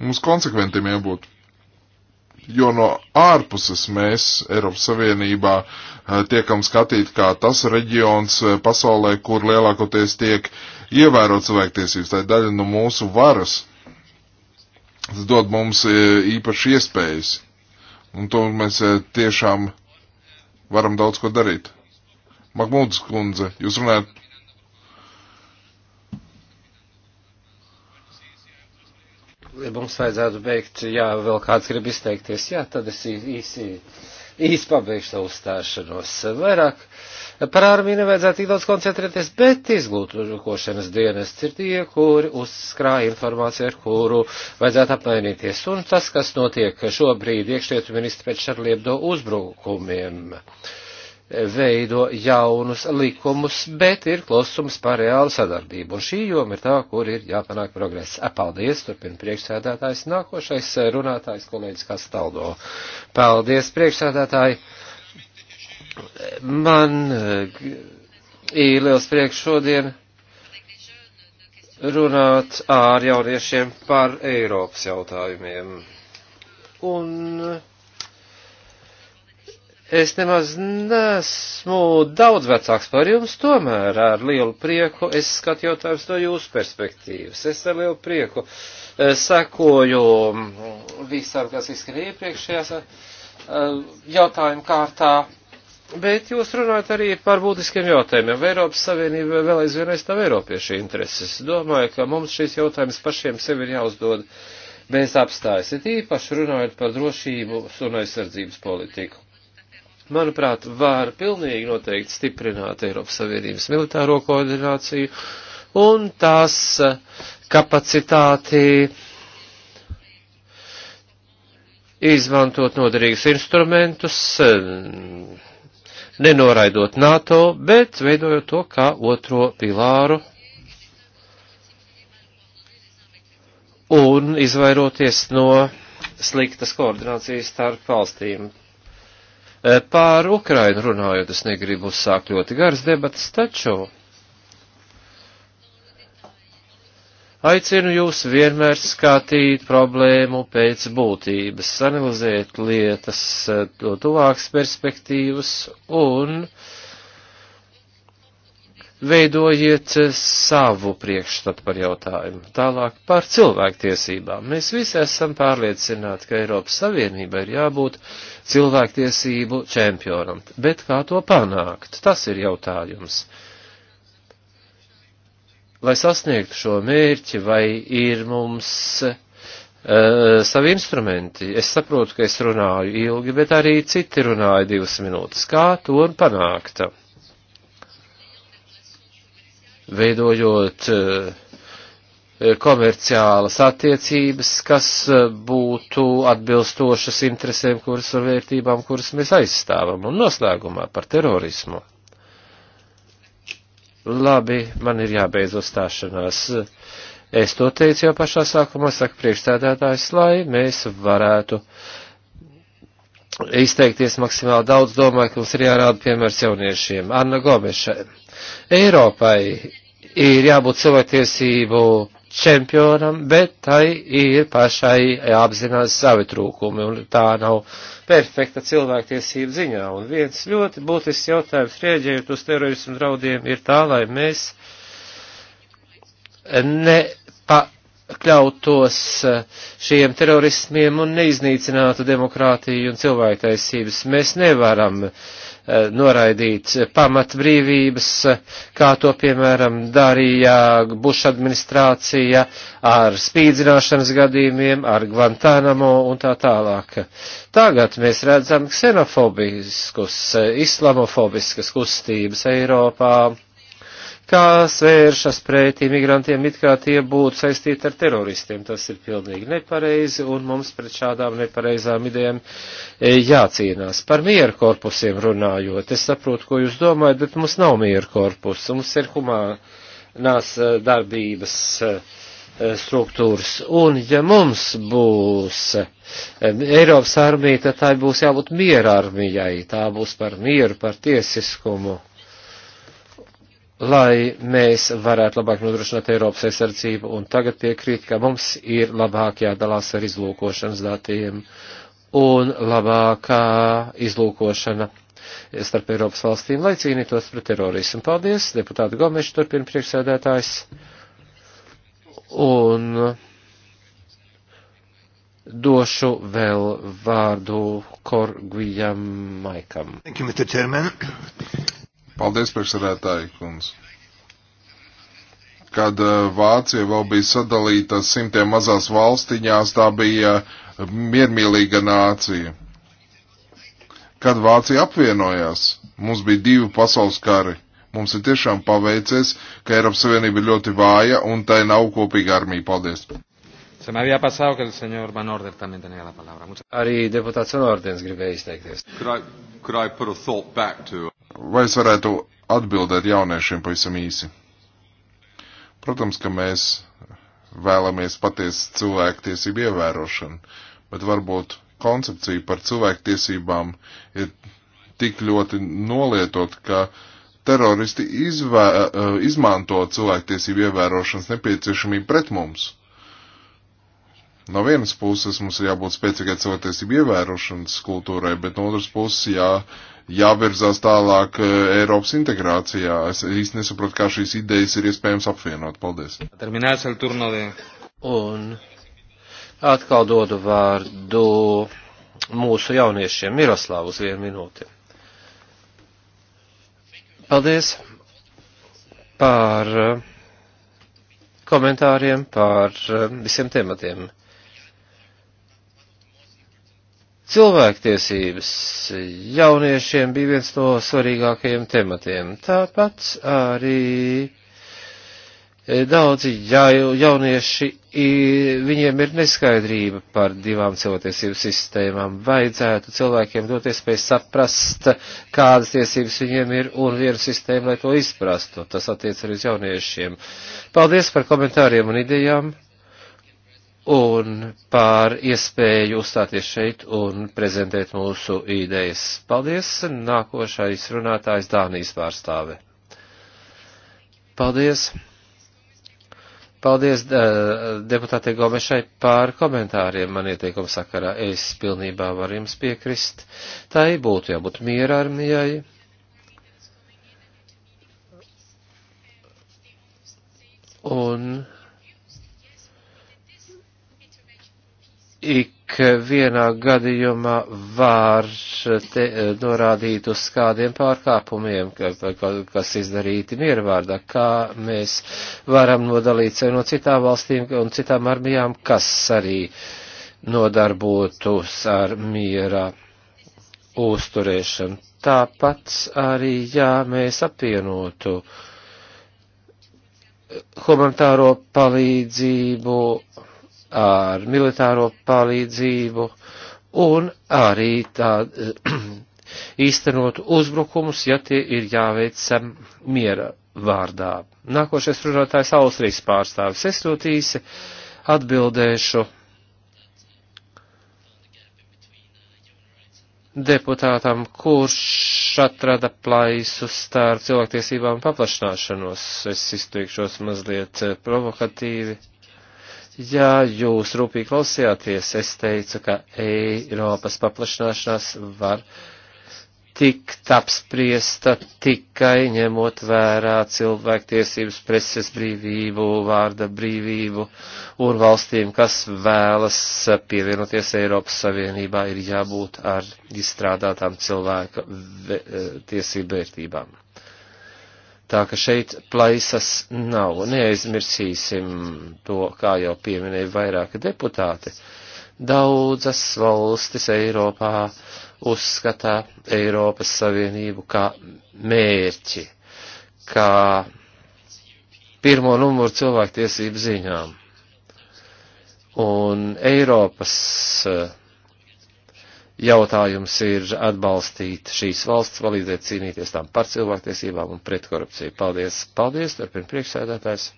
Mums konsekventiem jābūt. Jo no ārpuses mēs Eiropas Savienībā tiekam skatīt kā tas reģions pasaulē, kur lielākoties tiek uh, ievērot cilvēktiesības. Tā ir daļa no mūsu varas. Tas dod mums e, īpaši iespējas. Un to mēs e, tiešām varam daudz ko darīt. Makmūdas kundze, jūs runājat. Mums vajadzētu beigt, jā, vēl kāds grib izteikties, jā, tad es īsi, īsi pabeigšu savu stāšanos. Vairāk Par armiju nevajadzētu tik daudz koncentrēties, bet izglītošanas dienests ir tie, kuri uzskrāja informāciju, ar kuru vajadzētu apmainīties. Un tas, kas notiek šobrīd iekšlietu ministra pēc Šarliebdo uzbrukumiem veido jaunus likumus, bet ir klusums par reālu sadarbību. Un šī joma ir tā, kur ir jāpanāk progress. Paldies, turpina priekšsēdētājs. Nākošais runātājs kolēģis Kastaldo. Paldies, priekšsēdētāji. Man eh, ir liels prieks šodien runāt ar jauniešiem par Eiropas jautājumiem. Un eh, es nemaz nesmu daudz vecāks par jums, tomēr ar lielu prieku es skatu jautājumus no jūsu perspektīvas. Es ar lielu prieku eh, sekoju mm, visam, kas izskanēja iepriekšējās jautājumu kārtā Bet jūs runājat arī par būtiskiem jautājumiem. Vai Eiropas Savienība vēl aizvien aizstāv Eiropiešu intereses? Domāju, ka mums šīs jautājumas pašiem sev ir jāuzdod bez apstājas, it īpaši runājot par drošību un aizsardzības politiku. Manuprāt, var pilnīgi noteikti stiprināt Eiropas Savienības militāro koordināciju un tās eh, kapacitāti izmantot noderīgus instrumentus, eh, nenoraidot NATO, bet veidojot to kā otro pilāru un izvairoties no sliktas koordinācijas starp valstīm. Eh, Pār Ukrainu runājot, es negribu uzsākt ļoti garas debatas, taču Aicinu jūs vienmēr skatīt problēmu pēc būtības, analizēt lietas eh, no tuvākas perspektīvas un veidojiet eh, savu priekšstatu par jautājumu. Tālāk par cilvēktiesībām. Mēs visi esam pārliecināti, ka Eiropas Savienība ir jābūt cilvēktiesību čempionam. Bet kā to panākt? Tas ir jautājums. Lai sasniegtu šo mērķi, vai ir mums uh, savi instrumenti? Es saprotu, ka es runāju ilgi, bet arī citi runāja divas minūtes. Kā to un panākt? Veidojot uh, komerciālas attiecības, kas eh, būtu atbilstošas interesēm, kuras un vērtībām, kuras mēs aizstāvam, un noslēgumā par terorismu. Labi, man ir jābeidz uzstāšanās. Es to teicu jau pašā sākumā, saka priekšstādātājs, lai mēs varētu izteikties maksimāli daudz, domāju, ka mums ir jārāda piemērs jauniešiem. Anna Gomeša, Eiropai ir jābūt cilvēktiesību čempionam, bet tai ir pašai apzinās savi trūkumi, un tā nav perfekta cilvēktiesība ziņā. Un viens ļoti būtisks jautājums rieģējot uz terorismu draudiem ir tā, lai mēs nepakļautos šiem terorismiem un neiznīcinātu demokrātiju un cilvēktiesības. Mēs nevaram uh, Eh, noraidīt pamatbrīvības, kā to, piemēram, darīja Buša administrācija ar spīdzināšanas gadījumiem, ar Guantanamo un tā tālāk. Tagad mēs redzam ksenofobiskus, islamofobiskas kustības Eiropā kas vēršas pret imigrantiem, it kā tie būtu saistīti ar teroristiem. Tas ir pilnīgi nepareizi, un mums pret šādām nepareizām idejām e, jācīnās. Par mieru korpusiem runājot, es saprotu, ko jūs domājat, bet mums nav mieru korpus, mums ir humānās e, darbības e, struktūras, un ja mums būs Eiropas armija, tad tā būs jābūt miera armijai, tā būs par mieru, par tiesiskumu lai mēs varētu labāk nodrošināt Eiropas aizsardzību, un tagad piekrīt, ka mums ir labāk jādalās ar izlūkošanas datiem, un labākā izlūkošana starp Eiropas valstīm, lai cīnītos pret terorismu. Paldies, deputāti Gomeši, turpina priekšsēdētājs. Un došu vēl vārdu Korgvijam Maikam. Thank you, Mr. Chairman. Paldies, priekšsēdētāji, kundze. Kad uh, Vācija vēl bija sadalīta simtiem mazās valstiņās, tā bija uh, miermīlīga nācija. Kad Vācija apvienojās, mums bija divi pasaules kari. Mums ir tiešām paveicies, ka Eiropas Savienība ir ļoti vāja un tai nav kopīga armija. Paldies! Se me había pasado que el señor Van Orden también tenía la palabra. Muchas... Arī deputāts Van Ordens gribēja izteikties. Could I, could I put a thought back to Vai es varētu atbildēt jauniešiem pavisam īsi? Protams, ka mēs vēlamies patiesu cilvēktiesību ievērošanu, bet varbūt koncepcija par cilvēktiesībām ir tik ļoti nolietot, ka teroristi izvē, eh, izmanto cilvēktiesību ievērošanas nepieciešamību pret mums. No vienas puses mums ir jābūt spēcīgai cilvēktiesību ievērošanas kultūrai, bet no otras puses jā. Ja jāvirzās tālāk eh, Eiropas integrācijā. Es īsti nesaprotu, kā šīs idejas ir iespējams apvienot. Paldies. Terminēts ar turnalī. Un atkal dodu vārdu mūsu jauniešiem Miroslavu uz vienu minūti. Paldies par eh, komentāriem, par eh, visiem tematiem. Cilvēktiesības jauniešiem bija viens no svarīgākajiem tematiem. Tāpat arī e, daudzi ja, jaunieši, viņiem ir neskaidrība par divām cilvēktiesību sistēmām. Vajadzētu cilvēkiem dot iespēju saprast, kādas tiesības viņiem ir un vienu sistēmu, lai to izprastu. Tas attiec arī uz jauniešiem. Paldies par komentāriem un idejām un par iespēju uzstāties šeit un prezentēt mūsu idejas. Paldies! Nākošais runātājs Dānijas pārstāve. Paldies! Paldies deputātei Gomešai par komentāriem man ieteikuma sakarā. Es pilnībā varu jums piekrist. Tai būtu jābūt miera armijai. Un ik vienā gadījumā var te, eh, norādīt uz kādiem pārkāpumiem, kas izdarīti miervārdā, kā mēs varam nodalīt sevi no citām valstīm un citām armijām, kas arī nodarbotos ar miera uzturēšanu. Tāpat arī, ja mēs apvienotu humanitāro palīdzību ar militāro palīdzību un arī tā eh, [CLEARS THROAT] īstenot uzbrukumus, ja tie ir jāveic miera vārdā. Nākošais runātājs Austrijas pārstāvis. Es ļoti īsi atbildēšu deputātam, kurš atrada plaisu starp cilvēktiesībām paplašināšanos. Es izteikšos mazliet eh, provokatīvi. Ja jūs rūpīgi klausījāties, es teicu, ka Eiropas paplašināšanās var tikt apspriesta tikai ņemot vērā cilvēktiesības, preses brīvību, vārda brīvību, un valstīm, kas vēlas pievienoties Eiropas Savienībā, ir jābūt ar izstrādātām cilvēka eh, tiesību vērtībām. Tā ka šeit plaisas nav. Neaizmirsīsim to, kā jau pieminēja vairāki deputāti. Daudzas valstis Eiropā uzskatā Eiropas Savienību kā mērķi, kā pirmo numuru cilvēktiesību ziņām. Un Eiropas uh, jautājums ir atbalstīt šīs valsts, palīdzēt cīnīties tām par cilvēktiesībām un pret korupciju. Paldies, paldies, turpin priekšsēdētājs.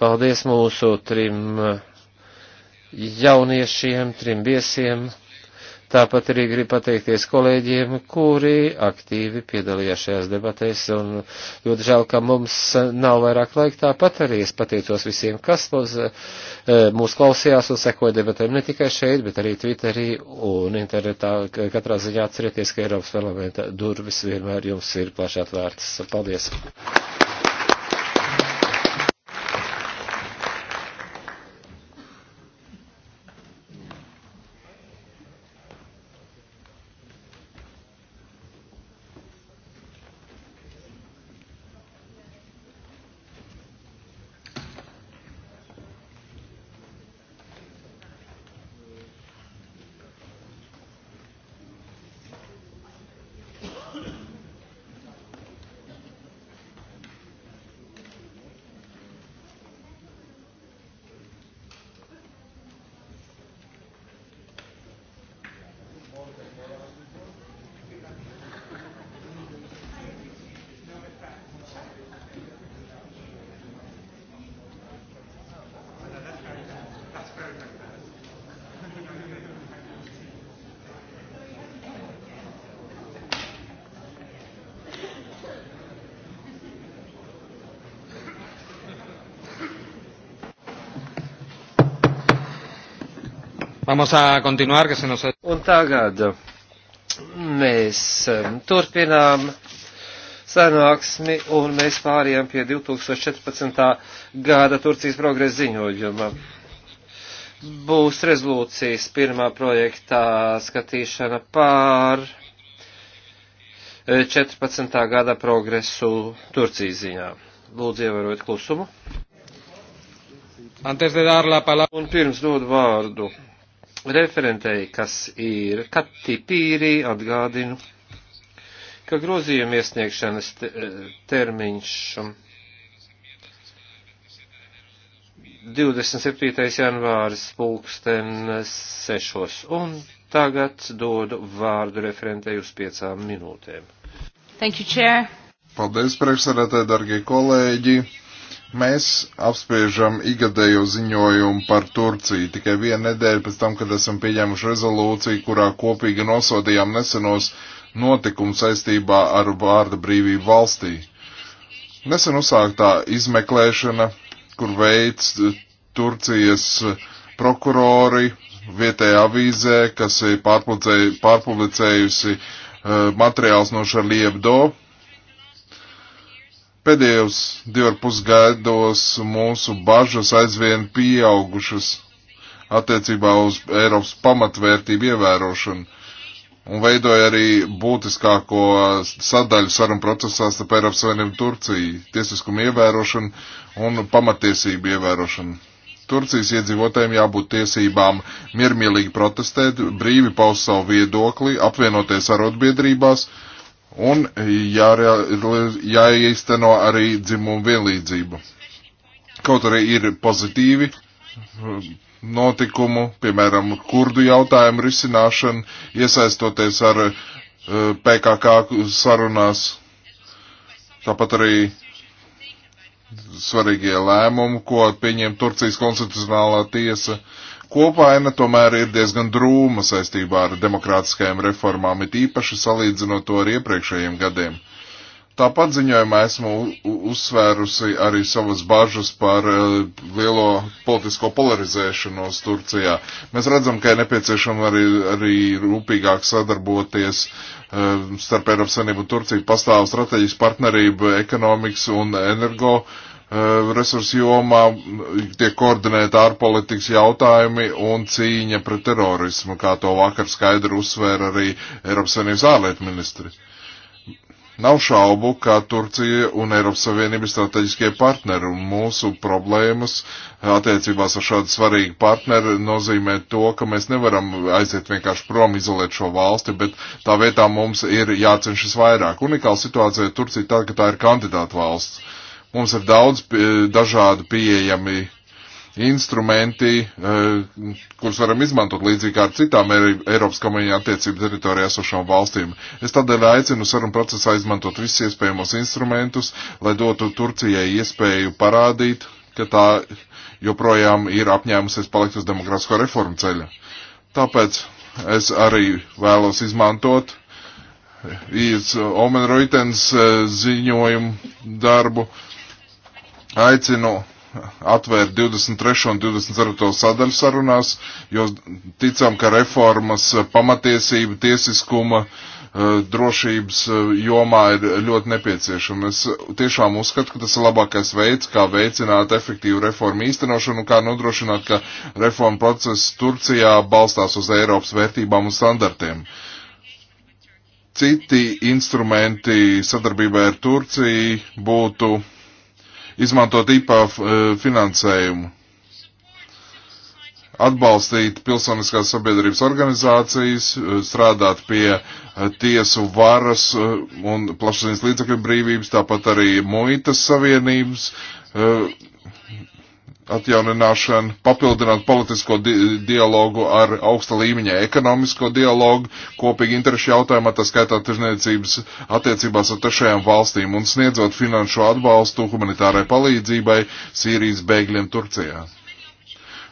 Paldies mūsu trim jauniešiem, trim viesiem. Tāpat arī gribu pateikties kolēģiem, kuri aktīvi piedalījās šajās debatēs, un ļoti žēl, ka mums nav vairāk laika. Tāpat arī es pateicos visiem, kas uz, eh, mūs klausījās un sekoja debatēm ne tikai šeit, bet arī Twitterī un internetā. Katrā ziņā atcerieties, ka Eiropas parlamenta durvis vienmēr jums ir plaši atvērtas. Paldies! Vamos a continuar, que se nos... Un tagad mēs um, turpinām sanāksmi un mēs pārējām pie 2014. gada Turcijas progresa ziņojuma. Būs rezolūcijas pirmā projektā skatīšana pār 14. Eh, gada progresu Turcijas ziņā. Lūdzu, ievērojiet klusumu. Un pirms dodu vārdu referentei, kas ir Kati Pīrī, atgādinu, ka grozījuma iesniegšanas eh, termiņš 27. janvāris pulksten 6. Un tagad dodu vārdu referentei uz piecām minūtēm. Thank you, Chair. Paldies, priekšsarētāji, dargie kolēģi. Mēs apspriežam igadējo ziņojumu par Turciju tikai vienu nedēļu pēc tam, kad esam pieņēmuši rezolūciju, kurā kopīgi nosodījām nesenos notikumus saistībā ar vārda brīvību valstī. Nesen uzsāktā izmeklēšana, kur veids Turcijas prokurori vietējā avīzē, kas ir pārpublicējusi uh, materiāls no Šarliebdo, Pēdējos divu ar pus gados mūsu bažas aizvien pieaugušas attiecībā uz Eiropas pamatvērtību ievērošanu un veidoja arī būtiskāko sadaļu sarunu procesā starp Eiropas Savienību un Turciju - tiesiskumu ievērošanu un pamatiesību ievērošanu. Turcijas iedzīvotājiem jābūt tiesībām miermīlīgi protestēt, brīvi paust savu viedokli, apvienoties arotbiedrībās, ar Un jāīsteno arī dzimumu vienlīdzību. Kaut arī ir pozitīvi uh, notikumu, piemēram, kurdu jautājumu risināšanu, iesaistoties ar uh, PKK sarunās. Tāpat arī svarīgie lēmumi, ko pieņem Turcijas konstitucionālā tiesa. Uh, Kopaina tomēr ir diezgan drūma saistībā ar demokrātiskajām reformām, it īpaši salīdzinot to ar iepriekšējiem gadiem. Tāpat ziņojumā esmu uzsvērusi arī savas bažas par eh, lielo politisko polarizēšanos Turcijā. Mēs redzam, ka ir nepieciešama arī, arī rūpīgāk sadarboties eh, starp Eiropas Savienību un Turciju. Pastāv strateģiski partnerība ekonomikas un energo Eh, resursu jomā tiek koordinēta ārpolitikas jautājumi un cīņa pret terorismu, kā to vakar skaidri uzsvēra arī Eiropas Savienības ārlietu ministri. Nav šaubu, ka Turcija un Eiropas Savienība ir strateģiskie partneri, un mūsu problēmas attiecībās ar šādu svarīgu partneri nozīmē to, ka mēs nevaram aiziet vienkārši prom, izolēt šo valsti, bet tā vietā mums ir jācenšas vairāk. Unikāla situācija Turcija tad, ka tā ir kandidāta valsts Mums ir daudz dažādu pieejami instrumenti, e, kurus varam izmantot līdzīgi kā ar citām Eiropas kaimiņu attiecību teritorijā esošām valstīm. Es tādēļ aicinu sarunu procesā izmantot visus iespējamos instrumentus, lai dotu Turcijai iespēju parādīt, ka tā joprojām ir apņēmusies palikt uz demokrātisko reformu ceļa. Tāpēc es arī vēlos izmantot Omen Reutens e, ziņojumu darbu Aicinu atvērt 23. un 24. sadaļu sarunās, jo ticam, ka reformas eh, pamatiesība, tiesiskuma, eh, drošības eh, jomā ir ļoti nepieciešama. Es tiešām uzskatu, ka tas ir labākais veids, kā veicināt efektīvu reformu īstenošanu un kā nodrošināt, ka reforma process Turcijā balstās uz Eiropas vērtībām un standartiem. Citi instrumenti sadarbībai ar Turciju būtu izmantot IPA eh, finansējumu, atbalstīt pilsoniskās sabiedrības organizācijas, eh, strādāt pie eh, tiesu varas un plašsaziņas līdzakļu brīvības, tāpat arī muitas savienības atjaunināšanu, papildināt politisko di dialogu ar augsta līmeņa ekonomisko dialogu, kopīgi interešu jautājumā, tā skaitā tirzniecības attiecībās ar trešajām valstīm un sniedzot finanšu atbalstu humanitārai palīdzībai Sīrijas bēgļiem Turcijā.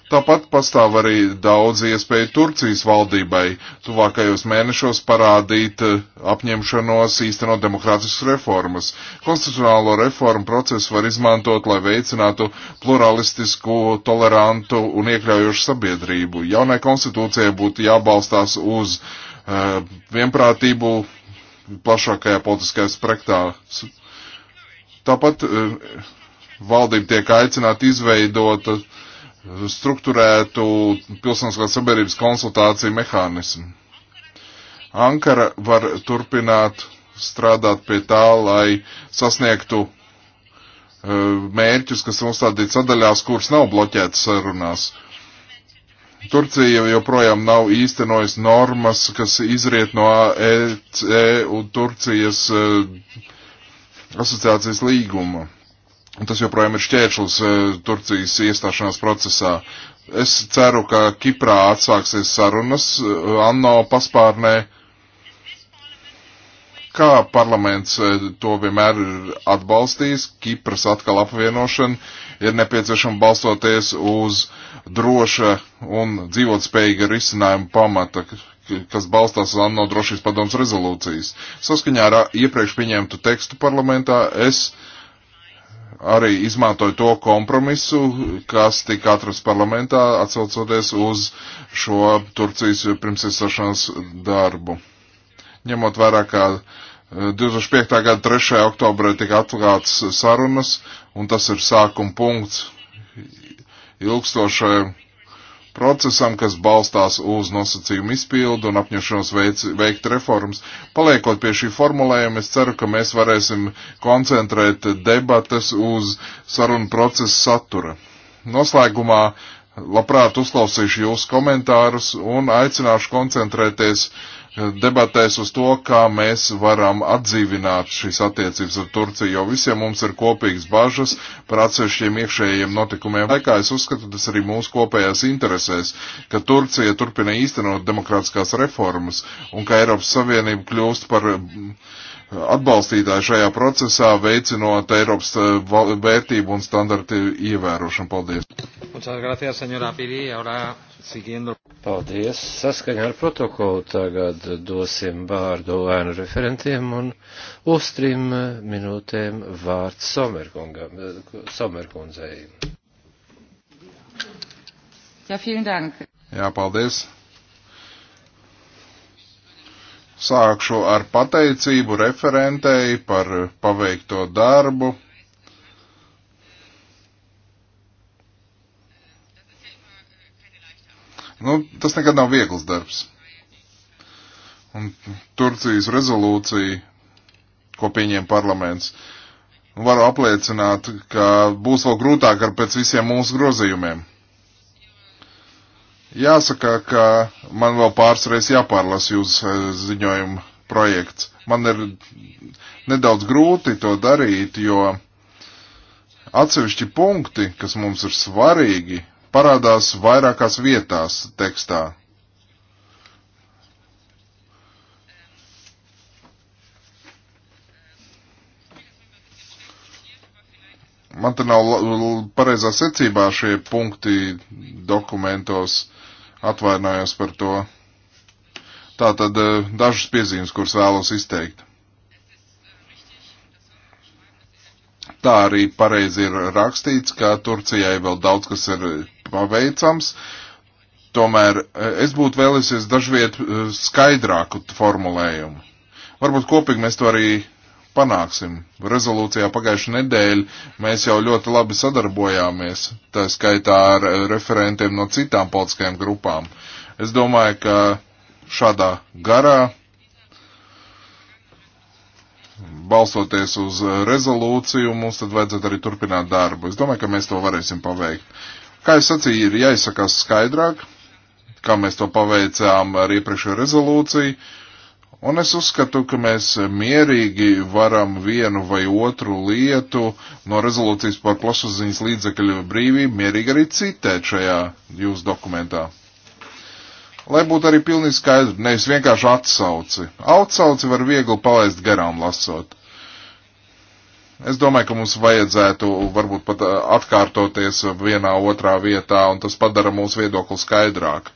Tāpat pastāv arī daudz iespēju Turcijas valdībai tuvākajos mēnešos parādīt eh, apņemšanos īstenot demokrātiskas reformas. Konstitucionālo reformu procesu var izmantot, lai veicinātu pluralistisku, tolerantu un iekļaujošu sabiedrību. Jaunai konstitūcijai būtu jābalstās uz uh, vienprātību plašākajā politiskajā sprektā. Tāpat uh, valdība tiek aicināta izveidot uh, strukturētu pilsoniskās sabiedrības konsultāciju mehānismu. Ankara var turpināt strādāt pie tā, lai sasniegtu eh, mērķus, kas ir uzstādīti sadaļās, kuras nav bloķētas sarunās. Turcija joprojām nav īstenojis normas, kas izriet no EC e un Turcijas eh, asociācijas līguma. Tas joprojām ir šķēršlis e, Turcijas iestāšanās procesā. Es ceru, ka Kiprā atsāksies sarunas e, Anno paspārnē. Kā parlaments e, to vienmēr ir atbalstījis, Kipras atkal apvienošana ir nepieciešama balstoties uz droša un dzīvotspējīga risinājuma pamata, kas balstās uz ANO drošības padomas rezolūcijas. Saskaņā ar iepriekš pieņemtu tekstu parlamentā es uh, arī izmantoja to kompromisu, kas tika atrasts parlamentā, atsaucoties uz šo Turcijas pirmsiesašanas darbu. Ņemot vērā, ka 2005. Eh, gada 3. oktobrē tika atklāts sarunas, un tas ir sākuma punkts ilgstošai procesam, kas balstās uz nosacījumu izpildu un apņemšanos veikt reformas. Paliekot pie šī formulējuma, es ceru, ka mēs varēsim koncentrēt debates uz sarunu procesa satura. Noslēgumā labprāt uzklausīšu jūsu komentārus un aicināšu koncentrēties debatēs uz to, kā mēs varam atdzīvināt šīs attiecības ar Turciju, jo visiem mums ir kopīgas bažas par atsevišķiem iekšējiem notikumiem. Laikā es uzskatu, tas arī mūsu kopējās interesēs, ka Turcija turpina īstenot demokrātiskās reformas un ka Eiropas Savienība kļūst par mm, atbalstītāju šajā procesā, veicinot Eiropas eh, vērtību un standartu ievērošanu. Paldies! Muchas gracias, señora Piri. Ahora Paldies. Saskaņā ar protokolu tagad dosim vārdu ēnu referentiem un uz trim minūtēm vārds Somerkundzei. Jā, ja, Jā, paldies. Sākšu ar pateicību referentei par paveikto darbu Nu, tas nekad nav viegls darbs. Un Turcijas rezolūcija, ko pieņem parlaments, varu apliecināt, ka būs vēl grūtāk ar pēc visiem mūsu grozījumiem. Jāsaka, ka man vēl pāris reizes jāpārlas jūs eh, ziņojumu projekts. Man ir nedaudz grūti to darīt, jo atsevišķi punkti, kas mums ir svarīgi, parādās vairākās vietās tekstā. Man te nav pareizā secībā šie punkti dokumentos, atvainojos par to. Tātad eh, dažas piezīmes, kuras vēlos izteikt. Tā arī pareizi ir rakstīts, ka Turcijai vēl daudz kas ir paveicams. Tomēr e, es būtu vēlēsies dažviet e, skaidrāku formulējumu. Varbūt kopīgi mēs to arī panāksim. Rezolūcijā pagājušajā nedēļā mēs jau ļoti labi sadarbojāmies, tā skaitā ar e, referentiem no citām politiskajām grupām. Es domāju, ka šādā garā balsoties uz rezolūciju, mums tad vajadzētu arī turpināt darbu. Es domāju, ka mēs to varēsim paveikt. Kā es sacīju, ir jāizsakās skaidrāk, kā mēs to paveicām ar iepriekšējo rezolūciju, un es uzskatu, ka mēs mierīgi varam vienu vai otru lietu no rezolūcijas par plašsaziņas līdzekļu brīvību mierīgi arī citēt šajā jūsu dokumentā. Lai būtu arī pilnīgi skaidrs, nevis vienkārši atsauci. Atsauci var viegli palaist garām lasot. Es domāju, ka mums vajadzētu varbūt pat atkārtoties vienā otrā vietā, un tas padara mūsu viedokli skaidrāk.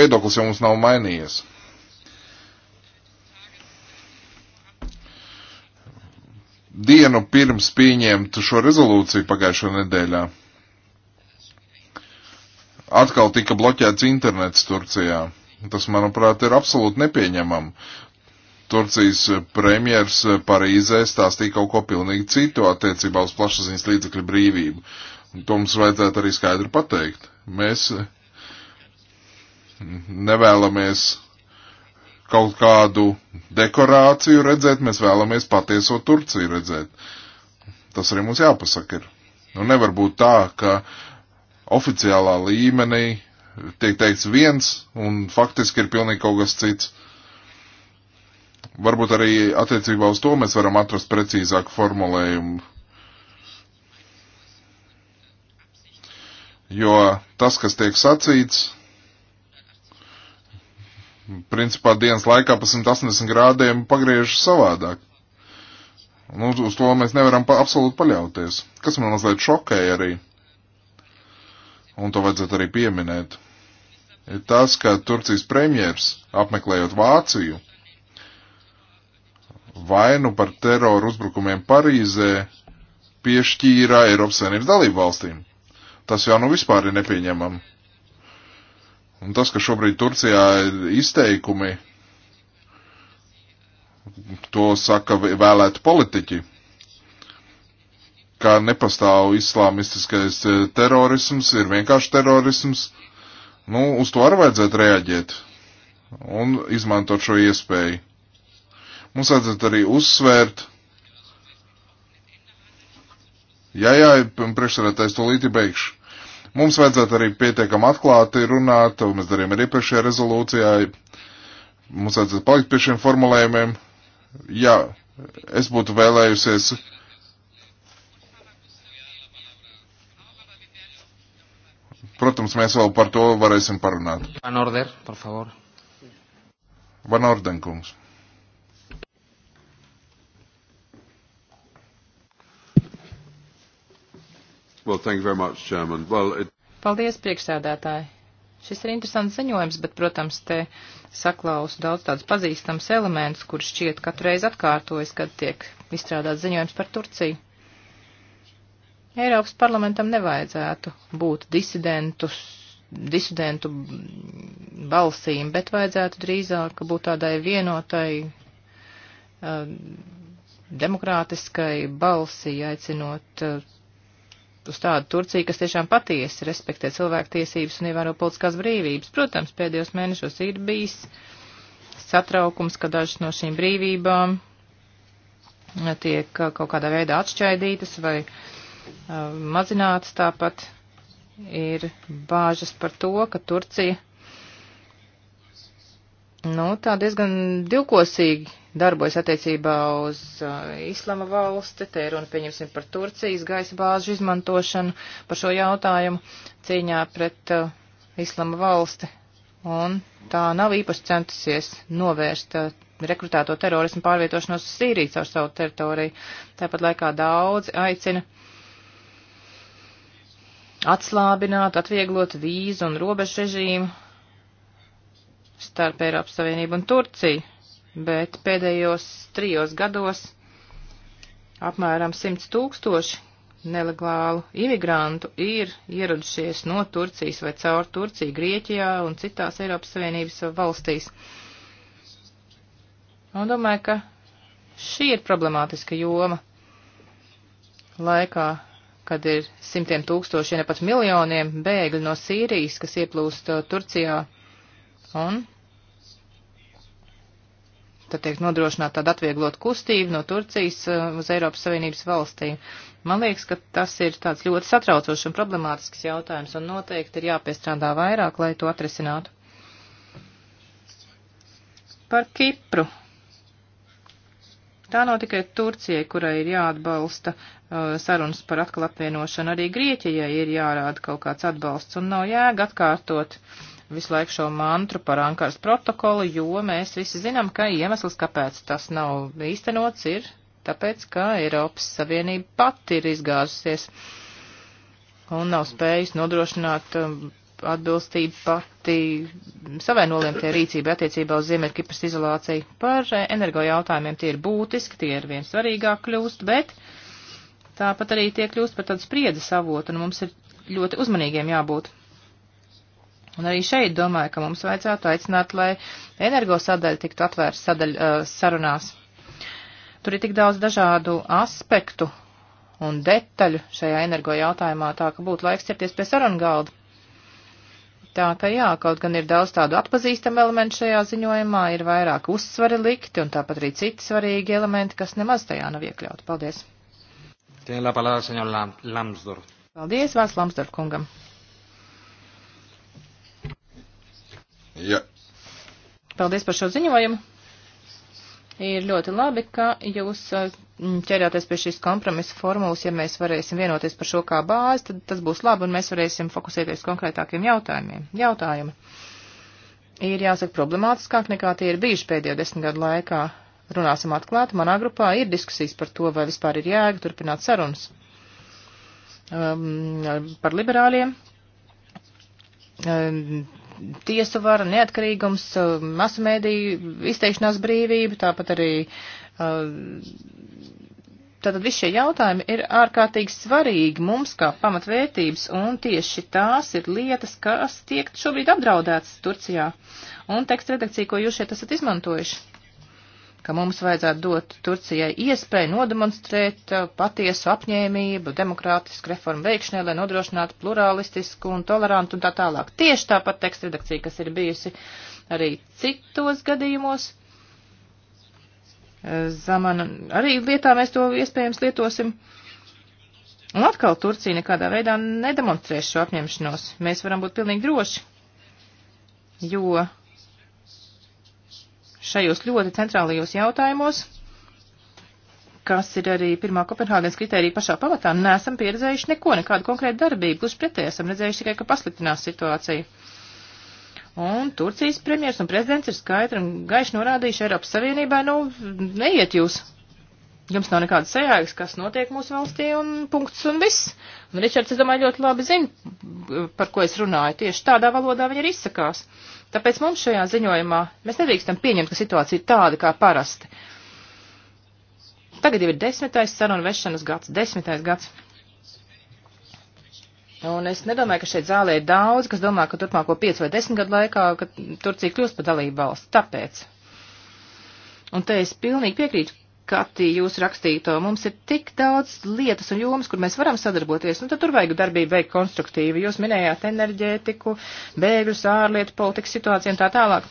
Viedoklis jau mums nav mainījies. Dienu pirms pieņemt šo rezolūciju pagājušajā nedēļā atkal tika bloķēts internets Turcijā. Tas, manuprāt, ir absolūti nepieņemam. Turcijas premjers Parīzē stāstīja kaut ko pilnīgi citu attiecībā uz plašsaziņas līdzekļu brīvību. To mums vajadzētu arī skaidri pateikt. Mēs nevēlamies kaut kādu dekorāciju redzēt, mēs vēlamies patieso Turciju redzēt. Tas arī mums jāpasaka ir. Nu, nevar būt tā, ka uh, oficiālā līmenī tiek teikts viens un faktiski ir pilnīgi kaut kas cits. Varbūt arī attiecībā uz to mēs varam atrast precīzāku formulējumu. Jo tas, kas tiek sacīts, principā dienas laikā pa 180 grādiem pagriež savādāk. Nu, uz to mēs nevaram pa absolūti paļauties. Kas man mazliet šokēja arī un to vajadzētu arī pieminēt, ir tas, ka Turcijas premjers, apmeklējot Vāciju, vainu par teroru uzbrukumiem Parīzē piešķīra Eiropas Savienības dalību valstīm. Tas jau nu vispār ir nepieņemam. Un tas, ka šobrīd Turcijā ir izteikumi, to saka vēlēti politiķi ka nepastāv islāmistiskais e, terorisms, ir vienkārši terorisms. Nu, uz to arī vajadzētu reaģēt un izmantot šo iespēju. Mums vajadzētu arī uzsvērt. Jā, jā, priekšsarētais to līdzi beigšu. Mums vajadzētu arī pietiekam atklāti runāt, mēs darījām arī iepriekšējā rezolūcijā. Mums vajadzētu palikt pie šiem formulējumiem. Jā, es būtu vēlējusies Protams, mēs vēl par to varēsim parunāt. Van Order, par favor. Van Orden, kungs. Well, thank you very much, Chairman. Well, it... Paldies, priekšsēdētāji. Šis ir interesants ziņojums, bet, protams, te saklaus daudz tādus pazīstams elementus, kurš šķiet katru reizi atkārtojas, kad tiek izstrādāts ziņojums par Turciju. Eiropas parlamentam nevajadzētu būt disidentus, disidentu balsīm, bet vajadzētu drīzāk būt tādai vienotai uh, demokrātiskai balsī, aicinot uh, uz tādu Turciju, kas tiešām patiesi respektē cilvēktiesības un ievēro politiskās brīvības. Protams, pēdējos mēnešos ir bijis satraukums, ka dažas no šīm brīvībām tiek uh, kaut kādā veidā atšķaidītas vai uh, mazināts, tāpat ir bāžas par to, ka Turcija, nu, tā diezgan divkosīgi darbojas attiecībā uz uh, Islama valsti, te ir runa, pieņemsim, par Turcijas gaisa bāžu izmantošanu, par šo jautājumu cīņā pret uh, Islama valsti, un tā nav īpaši centusies novērst uh, rekrutēto terorismu pārvietošanos uz Sīriju caur savu teritoriju. Tāpat laikā daudzi aicina uh, atslābināt, atvieglot vīzu un robežu režīmu starp Eiropas Savienību un Turciju, bet pēdējos trijos gados apmēram 100 tūkstoši nelegālu imigrantu ir ieradušies no Turcijas vai caur Turciju, Grieķijā un citās Eiropas Savienības valstīs. Un domāju, ka šī ir problemātiska joma laikā, kad ir simtiem tūkstoši, ja ne pat miljoniem bēgļu no Sīrijas, kas ieplūst uh, Turcijā. Un tad tiek nodrošināta tāda atvieglot kustība no Turcijas uh, uz Eiropas Savienības valstīm. Man liekas, ka tas ir tāds ļoti satraucošs un problemātisks jautājums, un noteikti ir jāpiestrādā vairāk, lai to atrisinātu. Par Kipru. Tā nav tikai Turcijai, kurai ir jāatbalsta Eh, sarunas par atkal apvienošanu. Arī Grieķijai ir jārāda kaut kāds atbalsts un nav jēga atkārtot visu laiku šo mantru par Ankaras protokolu, jo mēs visi zinām, ka iemesls, kāpēc tas nav īstenots, ir tāpēc, ka Eiropas Savienība pati ir izgāzusies un nav spējusi nodrošināt eh, atbilstību pati savai noliemtie rīcībai attiecībā uz Ziemeļkipras izolāciju. Par eh, energo jautājumiem tie ir būtiski, tie ir viens svarīgāk kļūst, bet uh, Tāpat arī tie kļūst par tādu spriedzi savotu, un mums ir ļoti uzmanīgiem jābūt. Un arī šeit domāju, ka mums vajadzētu aicināt, lai energo sadaļa tiktu atvērta sadaļa uh, sarunās. Tur ir tik daudz dažādu aspektu un detaļu šajā energo jautājumā, tā ka būtu laiks ķerties pie sarunu galda. Tā ka jā, kaut gan ir daudz tādu atpazīstamu elementu šajā ziņojumā, ir vairāk uzsvari likti un tāpat arī citi svarīgi elementi, kas nemaz tajā nav iekļauti. Paldies! Tiene la palabra el señor Lam Lamsdorf. Paldies, Vārts Lamsdorf kungam. Ja. Paldies par šo ziņojumu. Ir ļoti labi, ka jūs uh, ķerāties pie šīs kompromisa formulas. Ja mēs varēsim vienoties par šo kā bāzi, tad tas būs labi un mēs varēsim fokusēties konkrētākiem jautājumiem. Jautājumi ir jāsaka problemātiskāk nekā tie ir bijuši pēdējo desmit gadu laikā runāsim atklāti, manā grupā ir diskusijas par to, vai vispār ir jēga turpināt sarunas um, par liberāļiem. Um, tiesu vara, neatkarīgums, um, masu mēdīju, izteikšanās brīvība, tāpat arī. Um, tātad visi šie jautājumi ir ārkārtīgi svarīgi mums kā pamatvērtības, un tieši tās ir lietas, kas tiek šobrīd apdraudētas Turcijā. Un teksta redakcija, ko jūs šeit esat izmantojuši ka mums vajadzētu dot Turcijai iespēju nodemonstrēt uh, patiesu apņēmību, demokrātisku reformu veikšanai, lai nodrošinātu plurālistisku un tolerantu un tā tālāk. Tieši tāpat teksta redakcija, kas ir bijusi arī citos gadījumos. Uh, Zamana arī lietā mēs to iespējams lietosim. Un atkal Turcija nekādā veidā nedemonstrēs šo apņemšanos. Mēs varam būt pilnīgi droši, jo šajos ļoti centrālajos jautājumos, kas ir arī pirmā Kopenhāgenes kritērija pašā pamatā, neesam pieredzējuši neko, nekādu konkrētu darbību, plus pretēji esam redzējuši tikai, ka pasliktinās situācija. Un Turcijas premjers un prezidents ir skaidri un gaiši norādījuši Eiropas Savienībai, nu, neiet jūs. Jums nav nekādas sajāgas, kas notiek mūsu valstī, un punkts un viss. Un Ričards, es domāju, ļoti labi zina, par ko es runāju. Tieši tādā valodā viņi ir izsakās. Uh, Tāpēc mums šajā ziņojumā mēs nedrīkstam pieņemt, ka situācija ir tāda kā parasti. Tagad jau ir desmitais sarunu vešanas gads, desmitais gads. Un es nedomāju, ka šeit zālē ir daudz, kas domā, ka turpmāko 5 vai 10 gadu laikā, ka Turcija kļūst par dalību valsts. Tāpēc. Un te es pilnīgi piekrītu Kati, jūs rakstīto, mums ir tik daudz lietas un jomas, kur mēs varam sadarboties, un nu, tad tur vajag darbību veikt konstruktīvi. Jūs minējāt enerģētiku, bēgļus, ārlietu politikas situāciju un tā tālāk.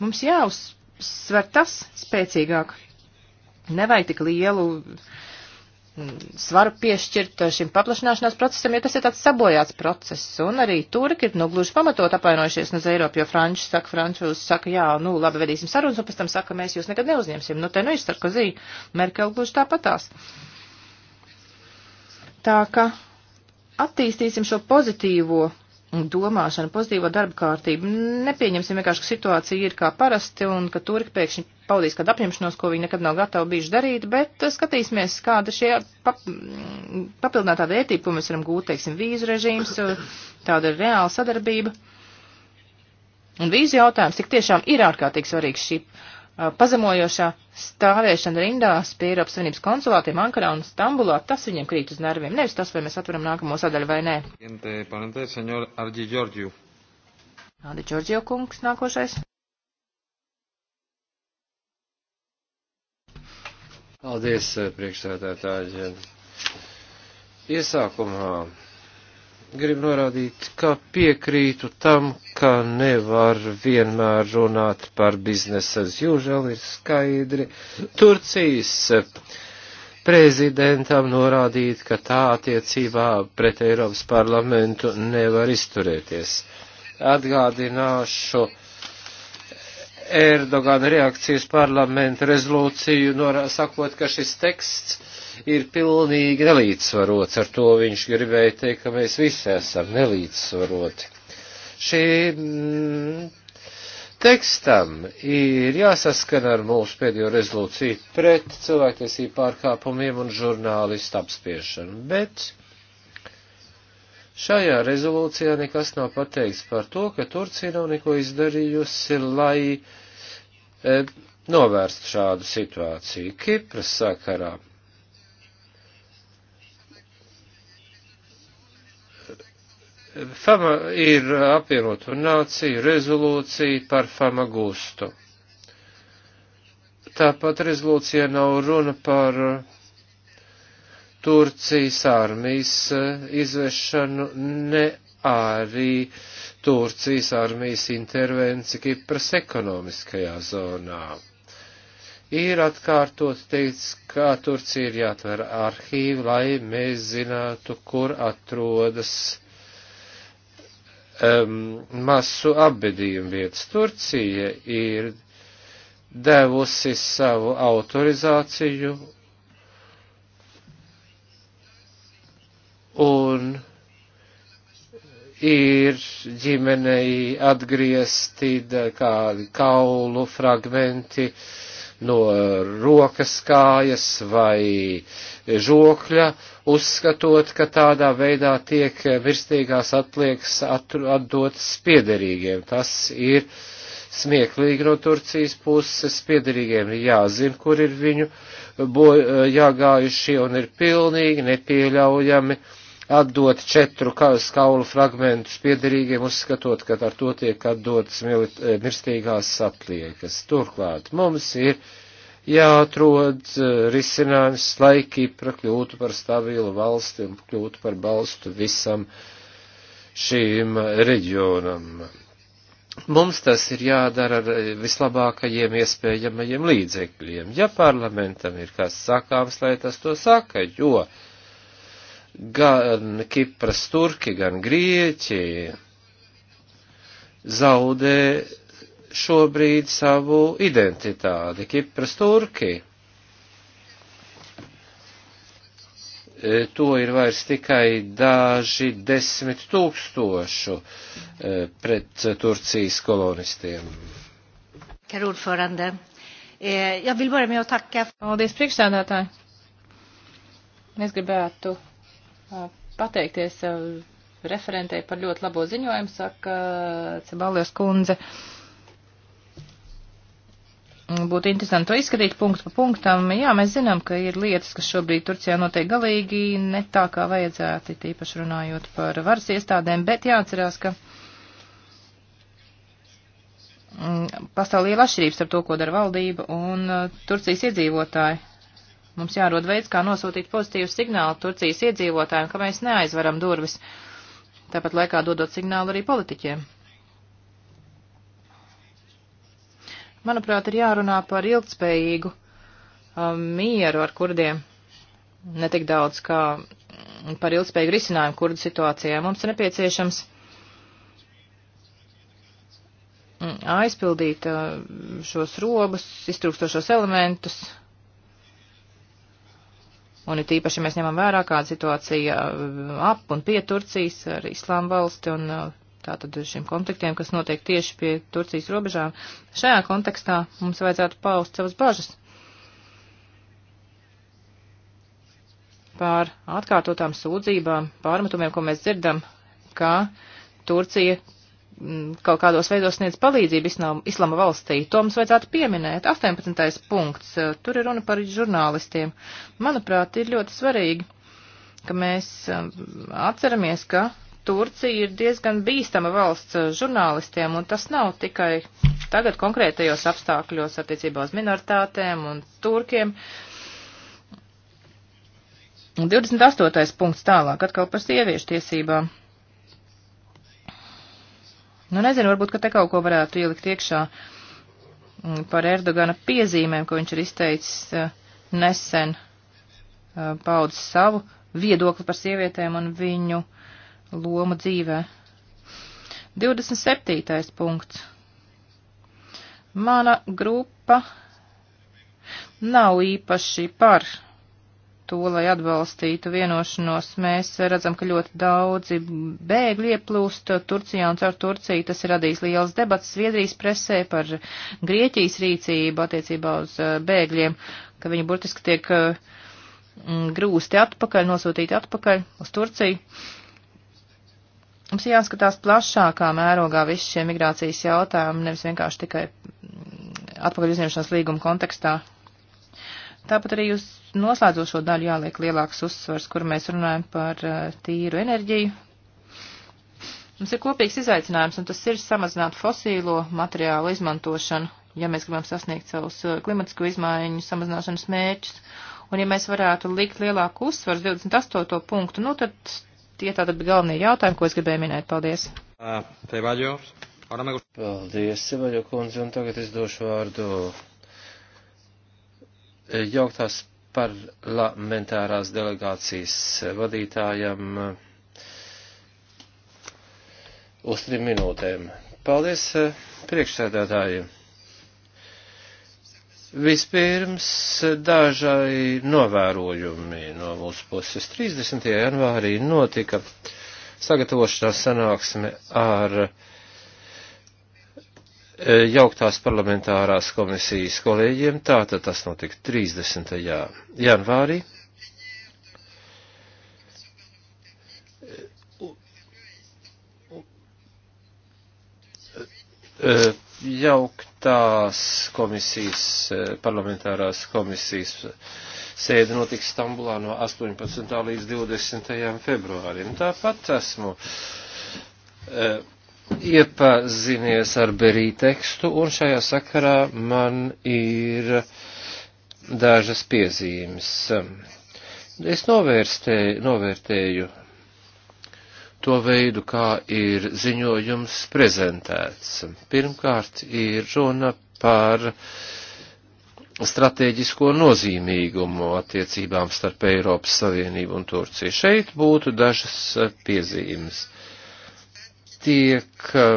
Mums jāuzsver tas spēcīgāk. Nevajag tik lielu uh, Mm, svaru piešķirt eh, šim paplašanāšanās procesam, jo tas ir tāds sabojāts process, un arī turki ir, nu, gluži pamatot apvainojušies uz nu, Eiropu, jo franči saka, francūzi saka, jā, nu, labi, vedīsim sarunas, un pēc tam saka, mēs jūs nekad neuzņemsim. Nu, te nu ir Sarkozī, Merkel gluži tāpatās. Tā ka attīstīsim šo pozitīvo domāšanu, pozitīvo darba kārtību. Nepieņemsim vienkārši, ka situācija ir kā parasti un ka turki pēkšņi paudīs kādu apņemšanos, ko viņi nekad nav gatavi bijuši darīt, bet skatīsimies, kāda šie pap mm, papildinātā vērtība, ko mēs varam gūt, teiksim, vīzu režīms, tāda ir reāla sadarbība. Un vīzu jautājums tik tiešām ir ārkārtīgi svarīgs šī Uh, pazemojošā stāvēšana rindās pie Eiropas Savienības konsulātiem Ankarā un Stambulā, tas viņiem krīt uz nerviem. Nevis tas, vai mēs atveram nākamo sadaļu vai nē. Adi Džordžio kungs nākošais. Paldies, eh, priekšsēdētāji. Iesākumā gribu norādīt, ka piekrītu tam, ka nevar vienmēr runāt par biznesa as usual, ir skaidri. Turcijas prezidentam norādīt, ka tā attiecībā pret Eiropas parlamentu nevar izturēties. Atgādināšu Erdogana reakcijas parlamenta rezolūciju, norā, sakot, ka šis teksts ir pilnīgi nelīdzsvarots. Ar to viņš gribēja teikt, ka mēs visi esam nelīdzsvaroti. Šī mm, tekstam ir jāsaskana ar mūsu pēdējo rezolūciju pret cilvēktiesību pārkāpumiem un žurnālistu apspiešanu, bet Šajā rezolūcijā nekas nav pateikts par to, ka Turcija nav neko izdarījusi, lai E, novērst šādu situāciju Kipras sakarā. Fama ir apvienotu nāciju rezolūcija par Fama gustu. Tāpat rezolūcijā nav runa par Turcijas armijas e, izvešanu, ne arī Turcijas armijas intervenci Kipras ekonomiskajā zonā. Ir atkārtot teicis, kā Turcija ir jāatver arhīvi, lai mēs zinātu, kur atrodas um, masu apbedījuma vietas. Turcija ir devusi savu autorizāciju un ir ģimenei atgriezti kādi kaulu fragmenti no rokas kājas vai žokļa, uzskatot, ka tādā veidā tiek mirstīgās atliekas atdotas piederīgiem. Tas ir smieklīgi no Turcijas puses, piederīgiem ir jāzina, kur ir viņu bojāgājušie un ir pilnīgi nepieļaujami. Uh, atdot četru kājas kaulu fragmentus piederīgiem, uzskatot, ka ar to tiek atdotas eh, mirstīgās atliekas. Turklāt mums ir jāatrod eh, risinājums, lai Kipra kļūtu par stabilu valsti un kļūtu par balstu visam šīm reģionam. Mums tas ir jādara ar eh, vislabākajiem iespējamajiem līdzekļiem. Ja parlamentam ir kas sakāms, lai tas to saka, jo uh, gan Kipras turki, gan Grieķi zaudē šobrīd savu identitāti. Kipras turki. E, to ir vairs tikai daži desmit tūkstošu e, pret Turcijas kolonistiem. E, Paldies, priekšsēdētāji! Es gribētu pateikties eh, referentei par ļoti labo ziņojumu, saka eh, Cebalijas kundze. Mm, būtu interesanti to izskatīt punktu pa punktam. Jā, mēs zinām, ka ir lietas, kas šobrīd Turcijā notiek galīgi ne tā, kā vajadzētu, tīpaši runājot par varas iestādēm, bet jāatcerās, ka mm, pastāv liela atšķirības ar to, ko dara valdība un eh, Turcijas iedzīvotāji. Mums jārod veids, kā nosūtīt pozitīvu signālu Turcijas iedzīvotājiem, ka mēs neaizveram durvis, tāpat laikā dodot signālu arī politiķiem. Manuprāt, ir jārunā par ilgtspējīgu um, mieru ar kurdiem, netik daudz kā par ilgspējīgu risinājumu kurdu situācijā. Mums ir nepieciešams mm, aizpildīt uh, šos robus, iztrūkstošos elementus, Un it īpaši mēs ņemam vērā, kāda situācija uh, ap un pie Turcijas ar Islām valsti un uh, tātad šiem konfliktiem, kas notiek tieši pie Turcijas robežām. Šajā kontekstā mums vajadzētu paust savas bažas pār atkārtotām sūdzībām, pārmetumiem, ko mēs dzirdam, ka Turcija Mm, kaut kādos veidos sniedz palīdzību Islama valstī. To mums vajadzētu pieminēt. 18. punkts. Eh, tur ir runa par žurnālistiem. Manuprāt, ir ļoti svarīgi, ka mēs eh, atceramies, ka Turcija ir diezgan bīstama valsts eh, žurnālistiem, un tas nav tikai tagad konkrētajos apstākļos attiecībā uz minoritātēm un turkiem. 28. punkts tālāk atkal par sieviešu tiesībām. Nu, nezinu, varbūt, ka te kaut ko varētu ielikt iekšā mm, par Erdogana piezīmēm, ko viņš ir izteicis eh, nesen eh, paudz savu viedokli par sievietēm un viņu lomu dzīvē. 27. punkts. Mana grupa nav īpaši par to, lai atbalstītu vienošanos. Mēs redzam, ka ļoti daudzi bēgļi ieplūst Turcijā un caur Turciju. Tas ir radījis liels debats Zviedrijas presē par Grieķijas rīcību attiecībā uz eh, bēgļiem, ka viņi burtiski tiek eh, grūsti atpakaļ, nosūtīti atpakaļ uz Turciju. Mums jāskatās plašākā mērogā visi šie migrācijas jautājumi, nevis vienkārši tikai atpakaļ uzņemšanas līguma kontekstā. Tāpat arī uz noslēdzošo daļu jāliek lielāks uzsvars, kur mēs runājam par eh, tīru enerģiju. Mums ir kopīgs izaicinājums, un tas ir samazināt fosīlo materiālu izmantošanu, ja mēs gribam sasniegt savus eh, klimatisko izmaiņu samazināšanas mērķus. Un ja mēs varētu likt lielāku uzsvaru 28. punktu, nu tad tie tātad bija galvenie jautājumi, ko es gribēju minēt. Paldies! Paldies, Ivaļo kundze, un tagad es došu vārdu jauktās parlamentārās delegācijas vadītājam uz trim minūtēm. Paldies priekšsēdētāji. Vispirms dažai novērojumi no mūsu puses. 30. janvārī notika sagatavošanās sanāksme ar uh, E, jauktās parlamentārās komisijas kolēģiem, tātad tas notika 30. janvārī. E, jauktās komisijas, e, parlamentārās komisijas sēde notika Stambulā no 18. līdz 20. februārim. Tāpat esmu. Uh, iepazinies ar Berī tekstu, un šajā sakarā man ir dažas piezīmes. Es novērstēju, novērtēju to veidu, kā ir ziņojums prezentēts. Pirmkārt, ir runa par stratēģisko nozīmīgumu attiecībām starp Eiropas Savienību un Turciju. Šeit būtu dažas piezīmes tiek eh,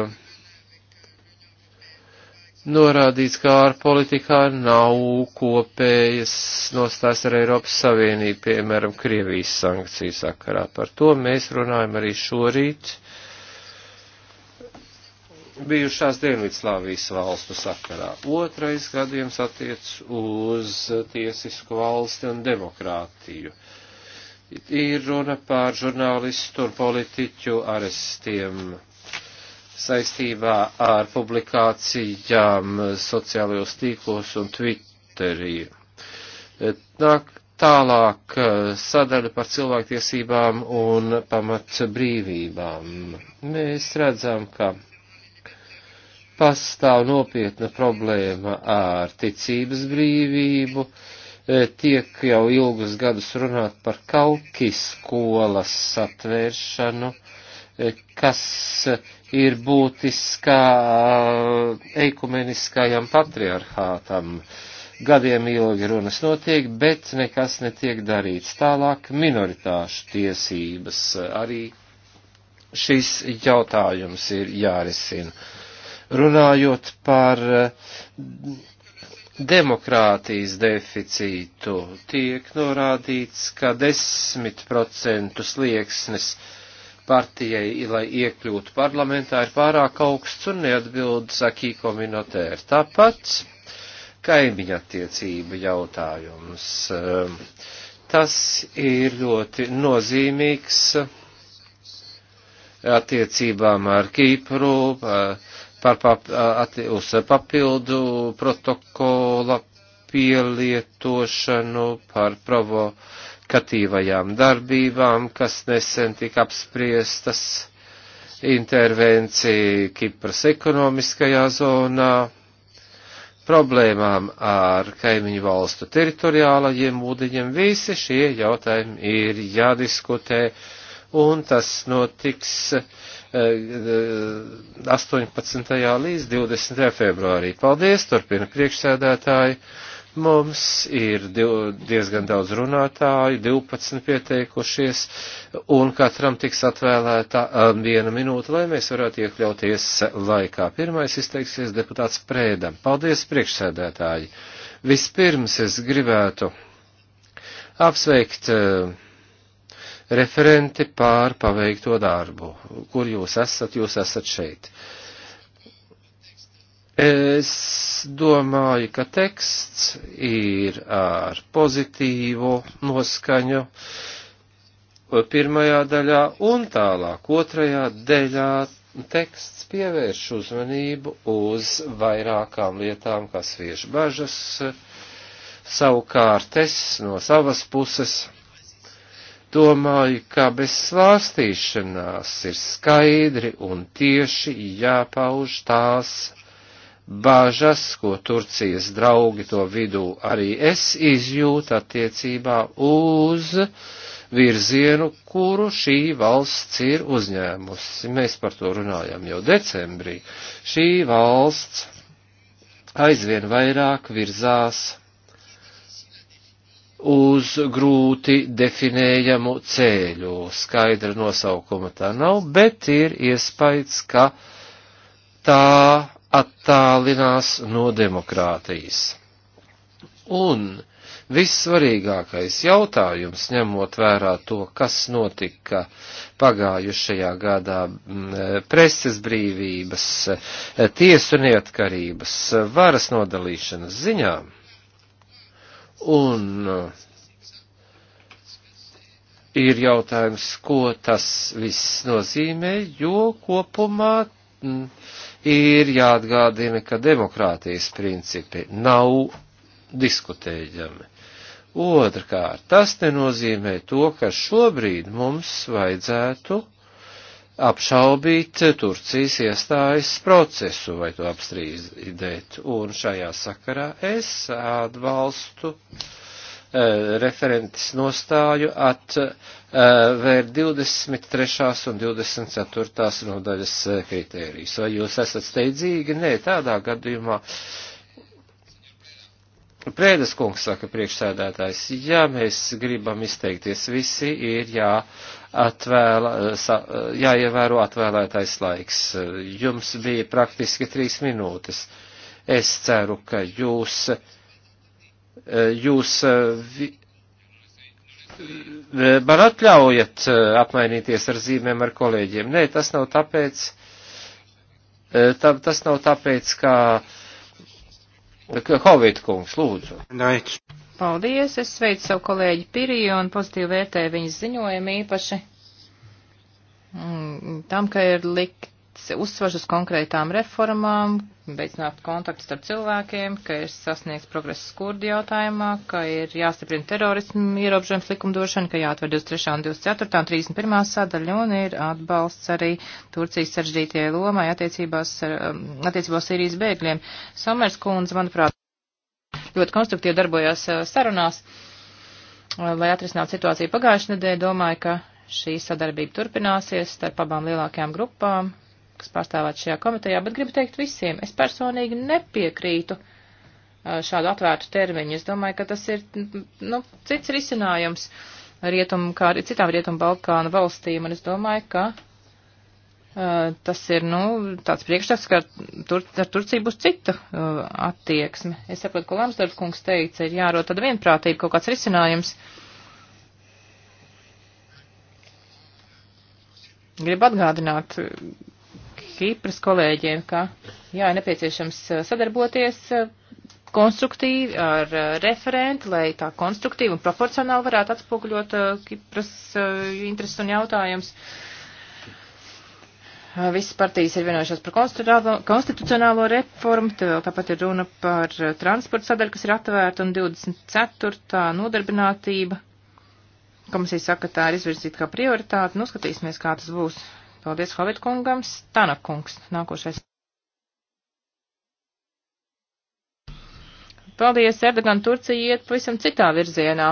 norādīts, ka ārpolitikā nav kopējas nostājas ar Eiropas Savienību, piemēram, Krievijas sankciju sakarā. Par to mēs runājam arī šorīt bijušās Dienvidslāvijas valstu sakarā. Otrais gadījums attiec uz tiesisku valsti un demokrātiju. Ir runa par žurnālistu un politiķu arestiem saistībā ar publikācijām sociālajos tīklos un Twitterī. Nāk tālāk sadaļa par cilvēktiesībām un pamat brīvībām. Mēs redzam, ka pastāv nopietna problēma ar ticības brīvību, tiek jau ilgus gadus runāt par kalki skolas atvēršanu, kas ir būtiska uh, eikumeniskajam patriarchātam. Gadiem ilgi runas notiek, bet nekas netiek darīts. Tālāk minoritāšu tiesības arī šis jautājums ir jārisina. Runājot par uh, demokrātijas deficītu, tiek norādīts, ka 10% slieksnes uh, partijai, lai iekļūtu parlamentā, ir pārāk augsts un neatbild Sakīko Minotēr. Tāpat kaimiņa attiecība jautājums. Tas ir ļoti nozīmīgs attiecībām ar Kīpru, par pap, atti, uz papildu protokola pielietošanu, par provo katīvajām darbībām, kas nesen tika apspriestas, intervencija Kipras ekonomiskajā zonā, problēmām ar kaimiņu valstu teritoriālajiem ūdeņiem, visi šie jautājumi ir jādiskutē, un tas notiks 18. Eh, eh, līdz 20. februārī. Paldies, turpina priekšsēdētāji. Mums ir diezgan daudz runātāju, 12 pieteikušies, un katram tiks atvēlēta um, viena minūte, lai mēs varētu iekļauties laikā. Pirmais izteiksies deputāts Prēda. Paldies, priekšsēdētāji! Vispirms es gribētu apsveikt um, referenti pār paveikto darbu, kur jūs esat, jūs esat šeit. Uh, Es domāju, ka teksts ir ar pozitīvu noskaņu pirmajā daļā un tālāk otrajā daļā teksts pievērš uzmanību uz vairākām lietām, kas vieš bažas. Savukārt es no savas puses domāju, ka bez svārstīšanās ir skaidri un tieši jāpauž tās bāžas, ko Turcijas draugi to vidū arī es izjūtu attiecībā uz virzienu, kuru šī valsts ir uzņēmusi. Mēs par to runājam jau decembrī. Šī valsts aizvien vairāk virzās uz grūti definējamu ceļu. Skaidra nosaukuma tā nav, bet ir iespējas, ka tā attālinās no demokrātijas. Un vissvarīgākais jautājums, ņemot vērā to, kas notika pagājušajā gadā mm, preses brīvības, tiesu neatkarības, varas nodalīšanas ziņā, un ir jautājums, ko tas viss nozīmē, jo kopumā mm, ir jāatgādina, ka demokrātijas principi nav diskutējami. Otrkārt, tas nenozīmē to, ka šobrīd mums vajadzētu apšaubīt Turcijas iestājas procesu vai to apstrīdēt. Un šajā sakarā es atbalstu eh, referentes nostāju at Eh, vērt 23. un 24. nodaļas eh, kritērijas. Vai jūs esat steidzīgi? Nē, tādā gadījumā. Prēdas kungs saka priekšsēdētājs, ja mēs gribam izteikties visi, ir jā, atvēla, eh, jāievēro atvēlētais laiks. Jums bija praktiski trīs minūtes. Es ceru, ka jūs, jūs man atļaujat eh, apmainīties ar zīmēm ar kolēģiem. Nē, tas nav tāpēc, eh, tā, tas nav tāpēc, kā Hovita kungs, lūdzu. Paldies, es sveicu savu kolēģi Piriju un pozitīvi vērtēju viņas ziņojumu īpaši mm, tam, ka ir likt uzsvars uz konkrētām reformām, veicināt kontaktus starp cilvēkiem, ka ir sasniegts progress skurdi jautājumā, ka ir jāstiprina terorismu ierobežojums likumdošana, ka jāatver 23. un 24. un 31. sadaļa un ir atbalsts arī Turcijas saržģītajai lomai attiecībās ar, um, attiecībās Sīrijas bēgļiem. Somers kundze, manuprāt, ļoti konstruktīvi darbojās uh, sarunās, uh, lai atrisinātu situāciju pagājušajā nedēļā. Domāju, ka šī sadarbība turpināsies starp abām lielākajām grupām, kas pārstāvāt šajā komitejā, bet gribu teikt visiem, es personīgi nepiekrītu šādu atvērtu termiņu. Es domāju, ka tas ir, nu, cits risinājums rietumu, kā arī citām rietumu Balkānu valstīm, un es domāju, ka uh, tas ir, nu, tāds priekšstats, ka tur, ar Turciju būs cita uh, attieksme. Es saprotu, ko Lamsdorf kungs teica, ir jārot tad vienprātība, kaut kāds risinājums. Gribu atgādināt Kipras kolēģiem, ka jā, ir nepieciešams eh, sadarboties eh, konstruktīvi ar eh, referentu, lai tā konstruktīvi un proporcionāli varētu atspoguļot Kipras intereses un jautājumus. Visas partijas ir vienojušās par konstitucionālo reformu, tāpat ir runa par transporta sadaļu, kas ir atvērta, un 24. nodarbinātība. Komisija saka, tā ir izvirzīta kā prioritāte, nu skatīsimies, kā tas būs. Paldies Hovet kungam. Stana kungs, nākošais. Paldies, Erdogan Turcija iet pavisam citā virzienā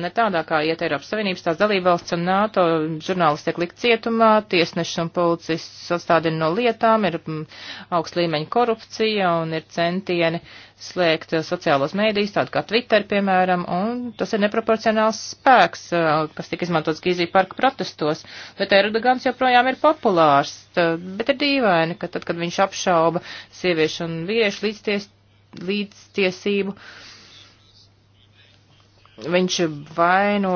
ne tādā kā iet Eiropas Savienības, tās dalībvalsts un NATO, žurnālisti tiek likt cietumā, tiesneši un policists atstādina no lietām, ir mm, augsts līmeņa korupcija un ir centieni slēgt eh, sociālos mēdījus, tādu kā Twitter, piemēram, un tas ir neproporcionāls spēks, eh, kas tika izmantots Gīzija parka protestos, bet Erdogans joprojām ir populārs, bet ir dīvaini, ka tad, kad viņš apšauba sieviešu un vīriešu līdzties, līdztiesību, uh, Viņš vaino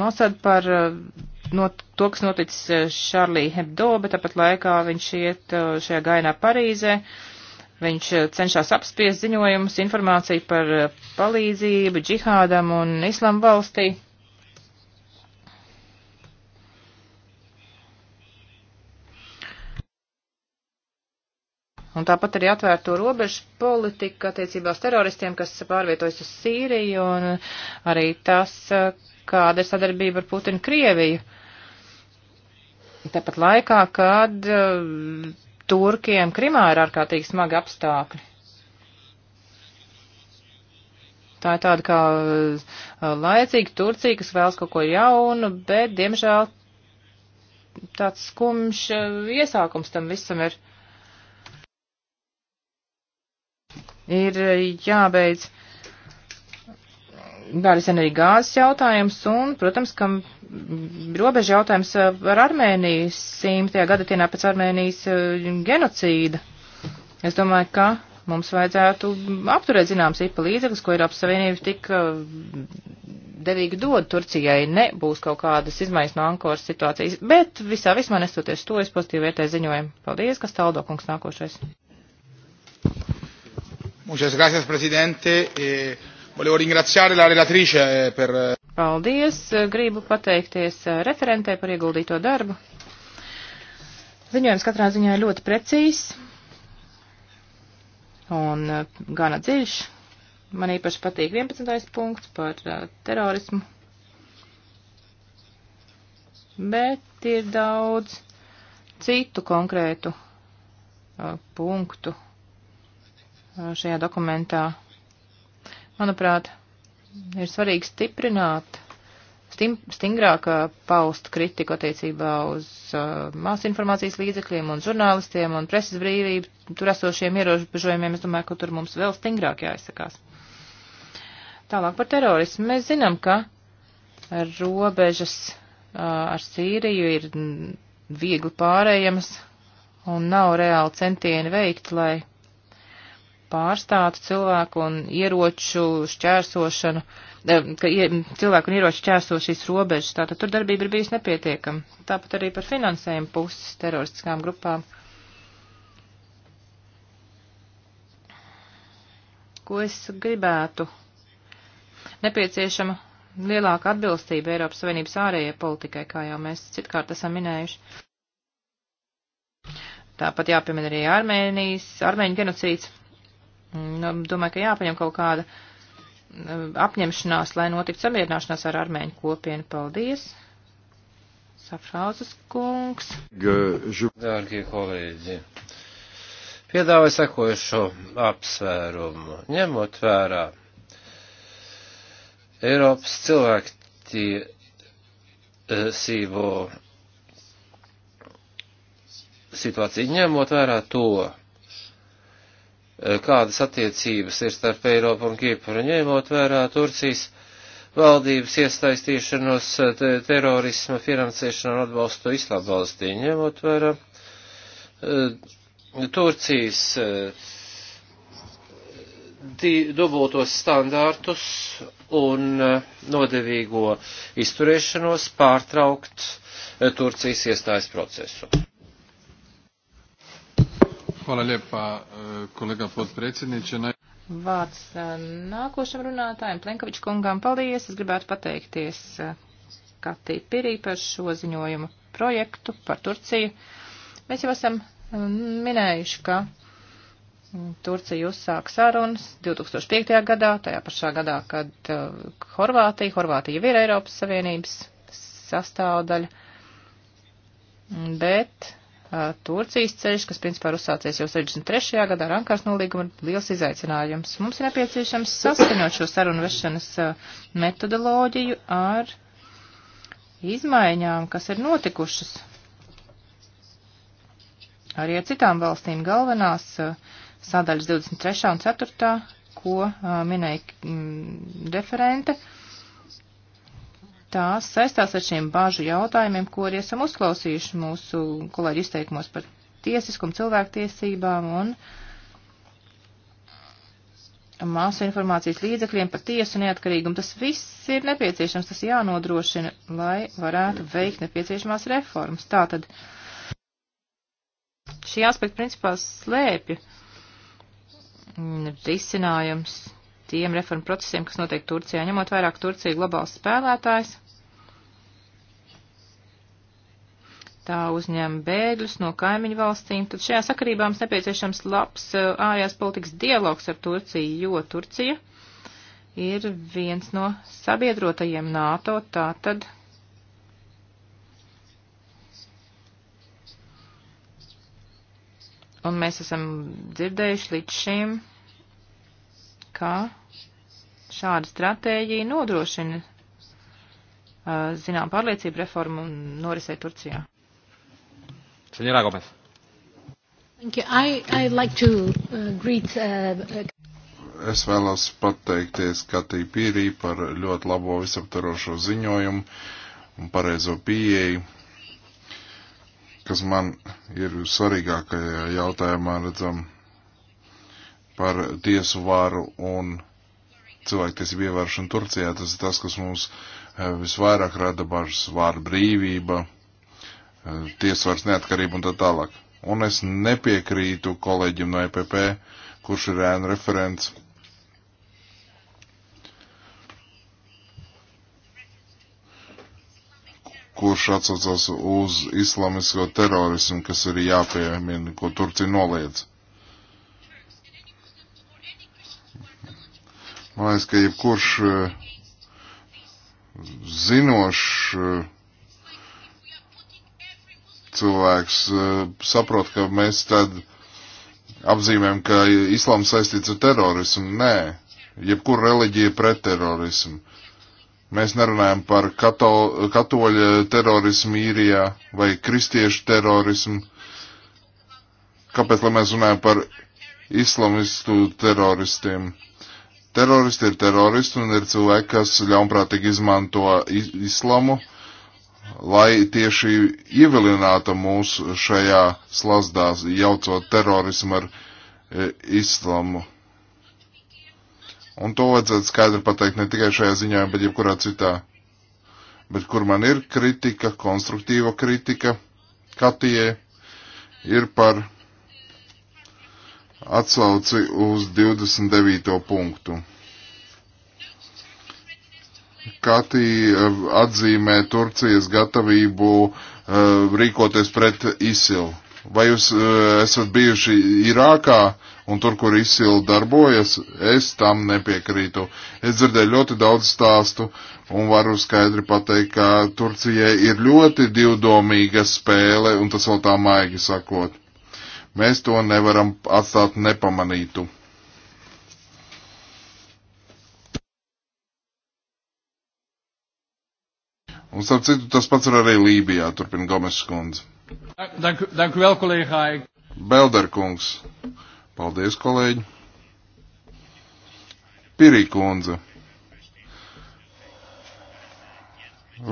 Mossad par uh, no to, kas noticis Šarlī uh, Hebdo, bet tāpat laikā viņš iet uh, šajā gainā Parīzē. Viņš cenšas apspies ziņojumus, informāciju par palīdzību džihādam un islamu valstī. Un tāpat arī atvērto robežu politika attiecībā uz teroristiem, kas pārvietojas uz Sīriju, un arī tas, kāda ir sadarbība ar Putinu Krieviju. Tāpat laikā, kad eh, Turkiem Krimā ir ārkārtīgi smagi apstākļi. Tā ir tāda kā eh, laicīga Turcija, kas vēlas kaut ko jaunu, bet, diemžēl, tāds skumjš eh, iesākums tam visam ir. ir jābeidz gāris arī gāzes jautājums un, protams, ka robeža jautājums ar Armēniju 100. gadatienā pēc Armēnijas eh, genocīda. Es domāju, ka mums vajadzētu apturēt zināms IPA līdzeklis, ko Eiropas Savienība tik eh, devīgi dod Turcijai, nebūs kaut kādas izmaiņas no Ankoras situācijas, bet visā vismā nestoties to, es pozitīvi vērtēju ziņojumu. Paldies, kas tāldokungs nākošais. Muchas gracias, presidente. E volevo ringraziare la relatrice eh, per. Eh, Paldies. Gribu pateikties referentē par ieguldīto darbu. Ziņojums katrā ziņā ir ļoti precīzs un gana dziļš. Man īpaši patīk 11. punkts par uh, terorismu. Bet ir daudz citu konkrētu uh, punktu, šajā dokumentā. Manuprāt, ir svarīgi stiprināt, stim, stingrāk uh, paust kritiku attiecībā uz uh, masu informācijas līdzekļiem un žurnālistiem un preses brīvību tur esošiem ierobežojumiem. Es domāju, ka tur mums vēl stingrāk jāizsakās. Tālāk par terorismu. Mēs zinām, ka robežas uh, ar Sīriju ir viegli pārējamas un nav reāli centieni veikt, lai pārstātu cilvēku un ieroču šķērsošanu, eh, ka cilvēku un ieroču šķērso šīs robežas. Tātad tur darbība ir bijusi nepietiekama. Tāpat arī par finansējumu puses teroristiskām grupām. Ko es gribētu? Nepieciešama lielāka atbilstība Eiropas Savienības ārējai politikai, kā jau mēs citkārt esam minējuši. Tāpat jāpiemina arī Armēnijas, Armēņu genocīds. Nu, domāju, ka jāpaņem kaut kāda nu, apņemšanās, lai notiktu samierināšanās ar armēņu kopienu. Paldies! Safrāzes kungs. Dārgie kolēģi, piedāvāju sekojušo apsvērumu, ņemot vērā Eiropas cilvēktiesību situāciju, ņemot vērā to, Eh, kādas attiecības ir starp Eiropu un Kipru, ņemot vērā Turcijas valdības iesaistīšanos eh, te terorisma finansēšanu un atbalstu islāma valstī, ņemot vērā eh, Turcijas dubultos standārtus un nodevīgo izturēšanos pārtraukt Turcijas iestājas procesu. Hvala lijepa, e, kolega potpredsjedniče. Vārds e, nākošam runātājiem, Plenkovič kungām, paldies. Es gribētu pateikties e, Katī Pirī par šo ziņojumu projektu par Turciju. Mēs jau esam minējuši, ka Turcija uzsāk sarunas 2005. gadā, tajā pašā gadā, kad Horvātija, Horvātija jau ir Eiropas Savienības sastāvdaļa, bet Uh, Turcijas ceļš, kas principā ir uzsācies jau 63. gadā ar Ankaras nolīgumu, ir liels izaicinājums. Mums ir nepieciešams saskaņot šo sarunu vešanas uh, metodoloģiju ar izmaiņām, kas ir notikušas arī ar citām valstīm galvenās uh, sadaļas 23. un 4., ko minēja mm, referente. Uh, tās saistās ar šiem bāžu jautājumiem, ko arī esam uzklausījuši mūsu kolēģi izteikumos par tiesiskumu, cilvēktiesībām un māsu informācijas līdzekļiem par tiesu neatkarīgumu. Tas viss ir nepieciešams, tas jānodrošina, lai varētu veikt nepieciešamās reformas. Tātad šī aspekta principā slēpja risinājums tiem reformu procesiem, kas notiek Turcijā, ņemot vairāk Turcija globāls spēlētājs. tā uzņem bēgļus no kaimiņu valstīm, tad šajā sakarībā mums nepieciešams labs eh, ārējās politikas dialogs ar Turciju, jo Turcija ir viens no sabiedrotajiem NATO, tā tad. Un mēs esam dzirdējuši līdz šim, ka šāda stratēģija nodrošina, eh, zinām, pārliecību reformu norisē Turcijā. Señora Gómez. I, I like to, uh, greet, uh, es vēlos pateikties Katī Pīrī par ļoti labo visaptarošo ziņojumu un pareizo pieeju, kas man ir svarīgākajā jautājumā, redzam, par tiesu varu un cilvēktiesību ievēršanu Turcijā. Tas ir tas, kas mums eh, visvairāk rada bažas vārda brīvība tiesvars neatkarību un tā tālāk. Un es nepiekrītu kolēģim no EPP, kurš ir ēnu referents. kurš atsaucas uz islamisko terorismu, kas ir jāpiemina, ko Turcija noliedz. Man liekas, ka jebkurš eh, zinošs eh, cilvēks eh, saprot, ka mēs tad apzīmējam, ka islāms saistīts ar terorismu. Nē, jebkur reliģija pret terorismu. Mēs nerunājam par kato, katoļu terorismu īrijā vai kristiešu terorismu. Kāpēc, lai mēs runājam par islamistu teroristiem? Teroristi ir teroristi un ir cilvēki, kas ļaunprātīgi izmanto islamu lai tieši ievilinātu mūs šajā slazdā, jaucot terorismu ar e, islamu. Un to vajadzētu skaidri pateikt ne tikai šajā ziņā, bet jebkurā citā. Bet kur man ir kritika, konstruktīva kritika, Katijai ir par atsauci uz 29. punktu. Kati eh, atzīmē Turcijas gatavību eh, rīkoties pret ISIL. Vai jūs eh, esat bijuši Irākā un tur, kur ISIL darbojas? Es tam nepiekrītu. Es dzirdēju ļoti daudz stāstu un varu skaidri pateikt, ka Turcijai ir ļoti divdomīga spēle un tas vēl tā maigi sakot. Mēs to nevaram atstāt nepamanītu. Un, starp citu, tas pats ir arī Lībijā, turpina Gomes skundze. Dank, dank vēl, kolēģi. Belder kungs. Paldies, kolēģi. Pirī kundze.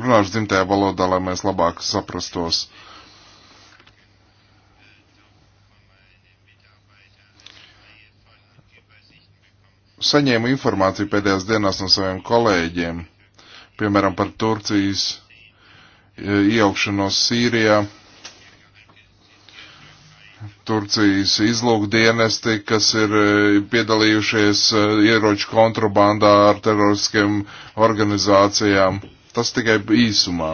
Runāšu dzimtajā valodā, lai mēs labāk saprastos. Saņēmu informāciju pēdējās dienās no saviem kolēģiem piemēram, par Turcijas e, iejaukšanos Sīrijā. Turcijas izlūkdienesti, kas ir e, piedalījušies e, ieroču kontrabandā ar teroriskiem organizācijām. Tas tikai īsumā.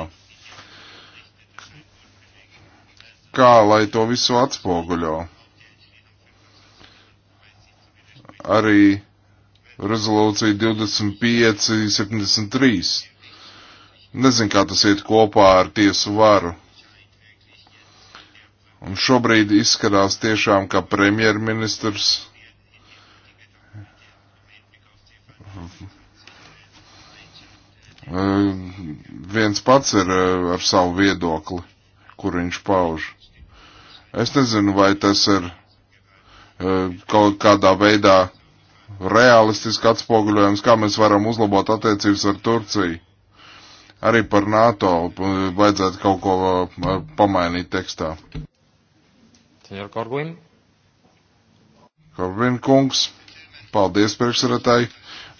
Kā lai to visu atspoguļo? Arī rezolūcija 2573. Nezinu, kā tas iet kopā ar tiesu varu. Un šobrīd izskatās tiešām, ka premjerministrs viens pats ir ar savu viedokli, kur viņš pauž. Es nezinu, vai tas ir kaut kādā veidā realistiski atspoguļojums, kā mēs varam uzlabot attiecības ar Turciju arī par NATO vajadzētu kaut ko uh, pamainīt tekstā. Senjor Korvin. Korvin kungs, paldies priekšsaratai.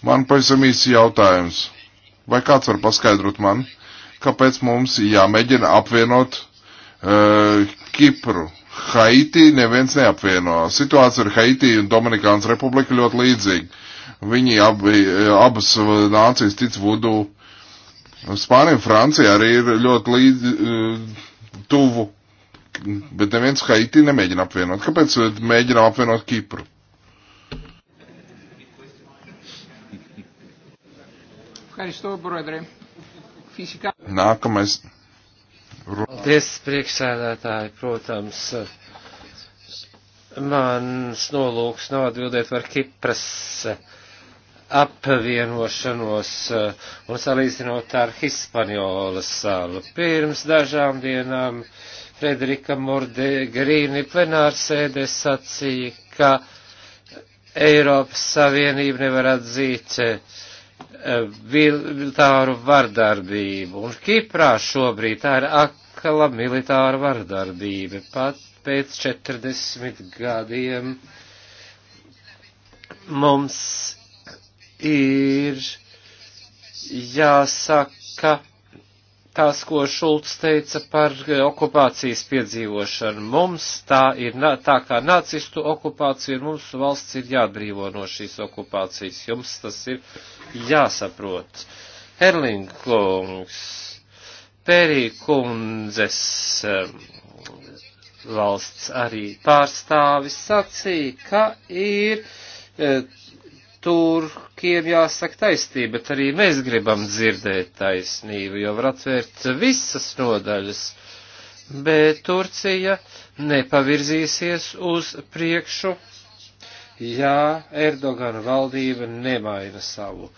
Man pavisam īsi jautājums. Vai kāds var paskaidrot man, kāpēc mums jāmēģina apvienot uh, Kipru? Haiti neviens neapvieno. Situācija ar Haiti un Dominikānas republika ļoti līdzīga. Viņi abi, uh, abas nācijas tic vudu Spānija un Francija arī ir ļoti līdz, eh, tuvu, bet neviens Haiti nemēģina apvienot. Kāpēc mēģinām apvienot Kipru? Nākamais. Paldies, priekšsēdētāji, protams. Mans nolūks nav atbildēt par Kipras uh, apvienošanos uh, un salīdzinot ar Hispaniolas salu. Pirms dažām dienām Frederika Mordegrīni plenārsēdē sacīja, ka Eiropas Savienība nevar atzīt uh, militāru vardarbību, un Kiprā šobrīd tā ir akla militāra vardarbība, pat pēc 40 gadiem mums ir jāsaka tās, ko Šulcs teica par okupācijas piedzīvošanu. Mums tā ir tā kā nacistu okupācija, un mums valsts ir jāatbrīvo no šīs okupācijas. Jums tas ir jāsaprot. Herlingkungs, Perīkundzes um, valsts arī pārstāvis sacīja, ka ir eh, turkiem jāsaka taisnība, bet arī mēs gribam dzirdēt taisnību, jo var atvērt visas nodaļas, bet Turcija nepavirzīsies uz priekšu, ja Erdogana valdība nemaina savu,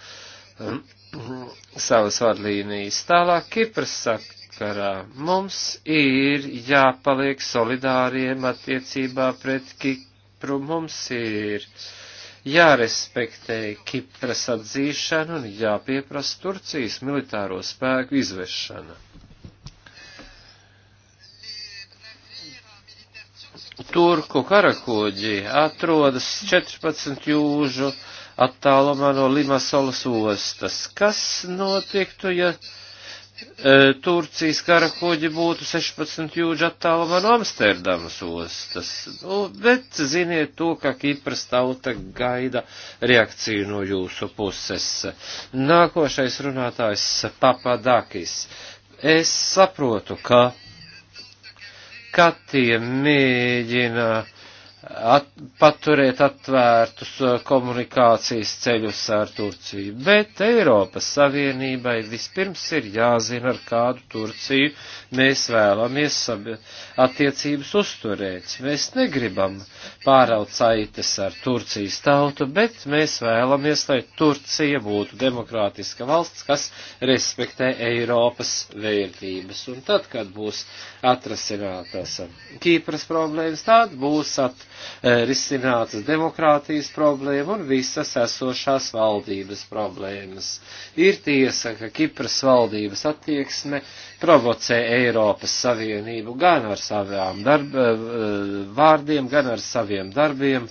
um, [CLEARS THROAT] savas vadlīnijas. Tālāk Kipras sakarā mums ir jāpaliek solidāriem attiecībā pret Kipru, mums ir. Uh, jārespektē Kipras atzīšana un jāpieprasa Turcijas militāro spēku izvešana. Turku karakoģi atrodas 14 jūžu attālumā no Limasolas ostas. Kas notiktu, ja Turcijas karakoģi būtu 16 jūdžu attālumā no Amsterdamas ostas. Nu, bet ziniet to, ka Kipras tauta gaida reakciju no jūsu puses. Nākošais runātājs Papadakis. Es saprotu, ka Katija mēģina uh, at, paturēt atvērtus uh, komunikācijas ceļus ar Turciju, bet Eiropas Savienībai vispirms ir jāzina, ar kādu Turciju mēs vēlamies attiecības uzturēt. Mēs negribam pāraut saites ar Turcijas tautu, bet mēs vēlamies, lai Turcija būtu demokrātiska valsts, kas respektē Eiropas vērtības. Un tad, kad būs atrasinātas Kīpras problēmas, tad būs atrasinātas Eh, risinātas demokrātijas problēma un visas esošās valdības problēmas. Ir tiesa, ka Kipras valdības attieksme provocē Eiropas Savienību gan ar savām darb, eh, vārdiem, gan ar saviem darbiem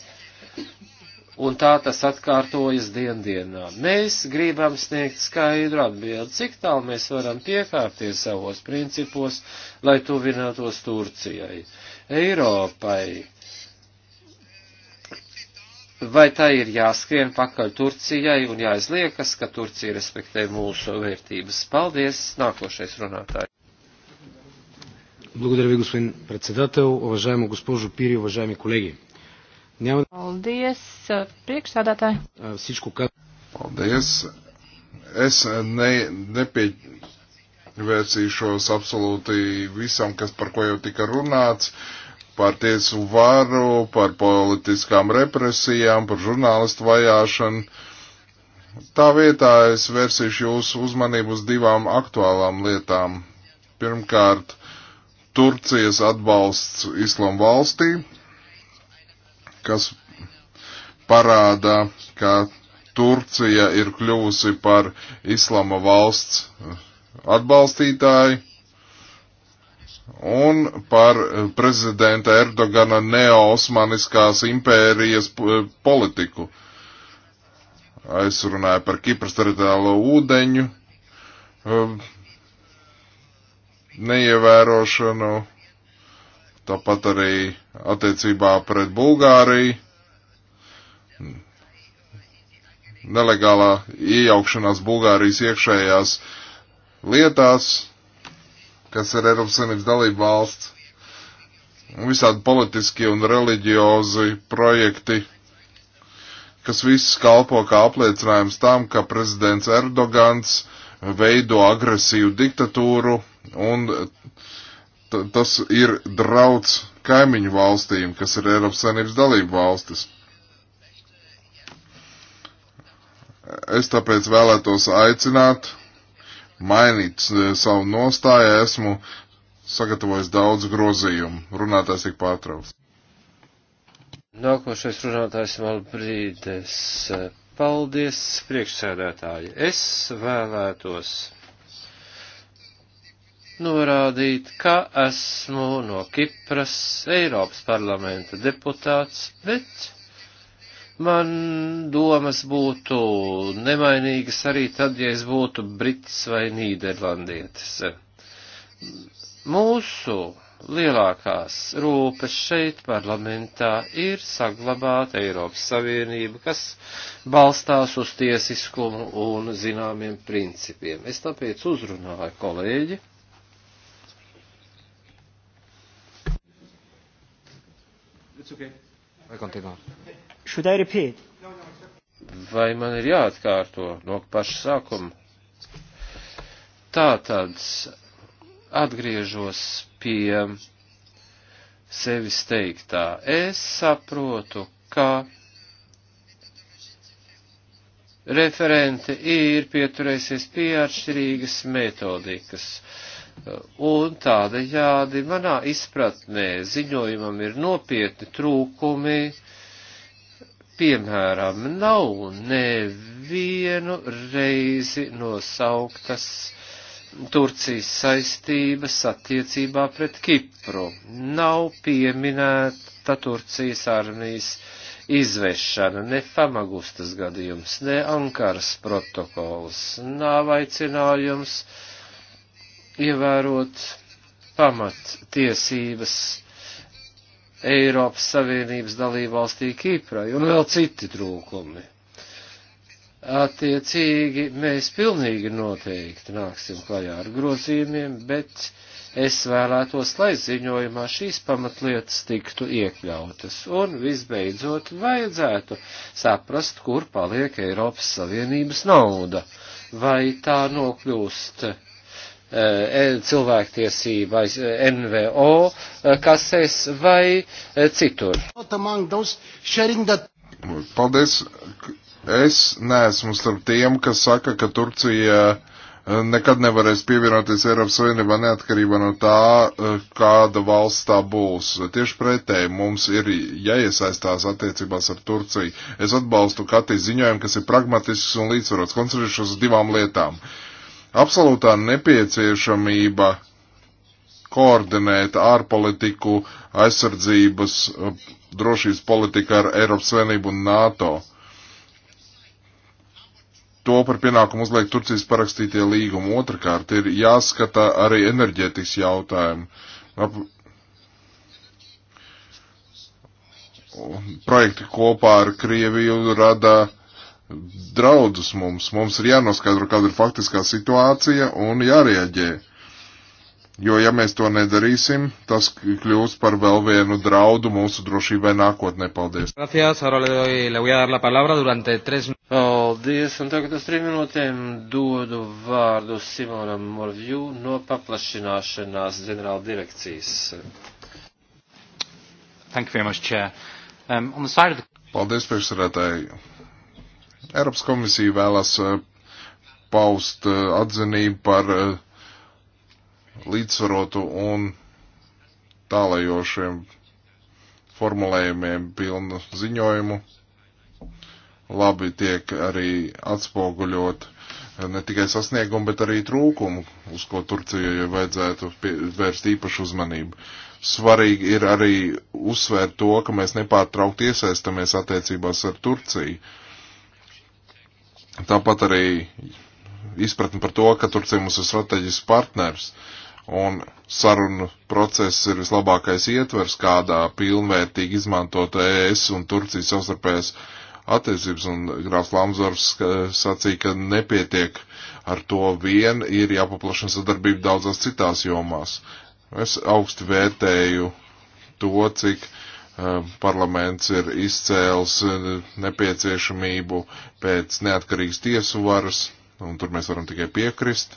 un tā tas atkārtojas diendienā. Mēs gribam sniegt skaidru atbildi, cik tālu mēs varam piekāpties savos principos, lai tuvinātos Turcijai, Eiropai, vai tā ir jāskrien pakaļ Turcijai un jāizliekas, ka Turcija respektē mūsu vērtības. Paldies, nākošais runātājs. Благодаря ви, господин председател. Уважаема госпожо Пири, уважаеми колеги. Няма... Paldies, priekšsādātāji. Всичко каза. Paldies. Es ne, nepievērsīšos absolūti visam, kas par ko jau tika runāts. Uh, par tiesu varu, par politiskām represijām, par žurnālistu vajāšanu. Tā vietā es versīšu jūsu uzmanību uz divām aktuālām lietām. Pirmkārt, Turcijas atbalsts Islam valstī, kas parāda, ka Turcija ir kļuvusi par Islama valsts atbalstītāju un par eh, prezidenta Erdogana neosmaniskās impērijas eh, politiku. Es runāju par Kipras teritoriālo ūdeņu eh, neievērošanu, tāpat arī attiecībā pret Bulgāriju, nelegālā iejaukšanās Bulgārijas iekšējās lietās, kas ir Eiropas Savienības dalība valsts, un visādi politiskie un reliģiozi projekti, kas viss kalpo kā apliecinājums tam, ka prezidents Erdogans veido agresīvu diktatūru, un tas ir drauds kaimiņu valstīm, kas ir Eiropas Savienības dalība valstis. Es tāpēc vēlētos aicināt mainīt e, savu nostāju, esmu sagatavojis daudz grozījumu. Runātājs tik pārtrauks. Nākošais runātājs Valbrīdes. Paldies, priekšsēdētāji. Es vēlētos norādīt, ka esmu no Kipras Eiropas parlamenta deputāts, bet man domas būtu nemainīgas arī tad, ja es būtu brits vai nīderlandietis. Mūsu lielākās rūpes šeit parlamentā ir saglabāt Eiropas Savienību, kas balstās uz tiesiskumu un zināmiem principiem. Es tāpēc uzrunāju kolēģi. It's okay. Vai continuar? Should I repeat? Vai man ir jāatkārto no paša sākuma? Tā tad atgriežos pie sevis teiktā. Es saprotu, ka referente ir pieturēsies pie atšķirīgas metodikas. Un tādējādi manā izpratnē ziņojumam ir nopietni trūkumi, uh, piemēram, nav nevienu reizi nosauktas Turcijas saistības attiecībā pret Kipru. Nav pieminēta Turcijas armijas izvešana, ne Famagustas gadījums, ne Ankaras protokols, nav aicinājums ievērot pamattiesības Eiropas Savienības dalībvalstī Kīprai un vēl citi trūkumi. Attiecīgi mēs pilnīgi noteikti nāksim klajā ar grozījumiem, bet es vēlētos, lai ziņojumā šīs pamatlietas tiktu iekļautas. Un visbeidzot, vajadzētu saprast, kur paliek Eiropas Savienības nauda. Vai tā nokļūst Eh, eh, cilvēktiesība eh, NVO kasēs vai citur. Paldies. Es neesmu starp tiem, kas saka, ka Turcija nekad nevarēs pievienoties Eiropas Savienībā neatkarībā no tā, kāda valsts tā būs. Tieši pretēji mums ir jāiesaistās attiecībās ar Turciju. Es atbalstu Katī ziņojumu, kas ir pragmatisks un līdzsvarots, koncentrēšos uz divām lietām. Uh, absolūtā nepieciešamība koordinēt ārpolitiku, aizsardzības, eh, drošības politiku ar Eiropas Savienību un NATO. To par pienākumu uzliek Turcijas parakstītie līgumi. Otrakārt ir jāskata arī enerģētikas jautājumi. Ap... Projekti kopā ar Krieviju rada draudus mums. Mums ir jānoskaidro, kāda ir faktiskā situācija un jārieģē. Jo, ja mēs to nedarīsim, tas kļūs par vēl vienu draudu mūsu drošībai nākotnē. Paldies! Paldies, un tagad uz trim minūtēm dodu vārdu Simonam Morvju no paplašināšanās ģenerāla direkcijas. Thank you very much, Chair. Um, on the side of the... Paldies, priekšsarētāji. Eiropas komisija vēlas eh, paust eh, atzinību par eh, līdzsvarotu un tālajošiem formulējumiem pilnu ziņojumu. Labi tiek arī atspoguļot ne tikai sasniegumu, bet arī trūkumu, uz ko Turcijai vajadzētu vērst īpašu uzmanību. Svarīgi ir arī uzsvērt to, ka mēs nepārtraukti iesaistamies attiecībās ar Turciju. Uh, Tāpat arī izpratni par to, ka Turcija mums ir strateģisks partners un sarunu process ir vislabākais ietvers, kādā pilnvērtīgi izmantot ES un Turcijas savstarpējās attiecības, un Grāfs Lamzors sacīja, ka nepietiek ar to vien, ir jāpaplašina sadarbība daudzās citās jomās. Es augstu vērtēju to, cik uh, Eh, parlaments ir izcēls eh, nepieciešamību pēc neatkarīgas tiesu varas, un tur mēs varam tikai piekrist.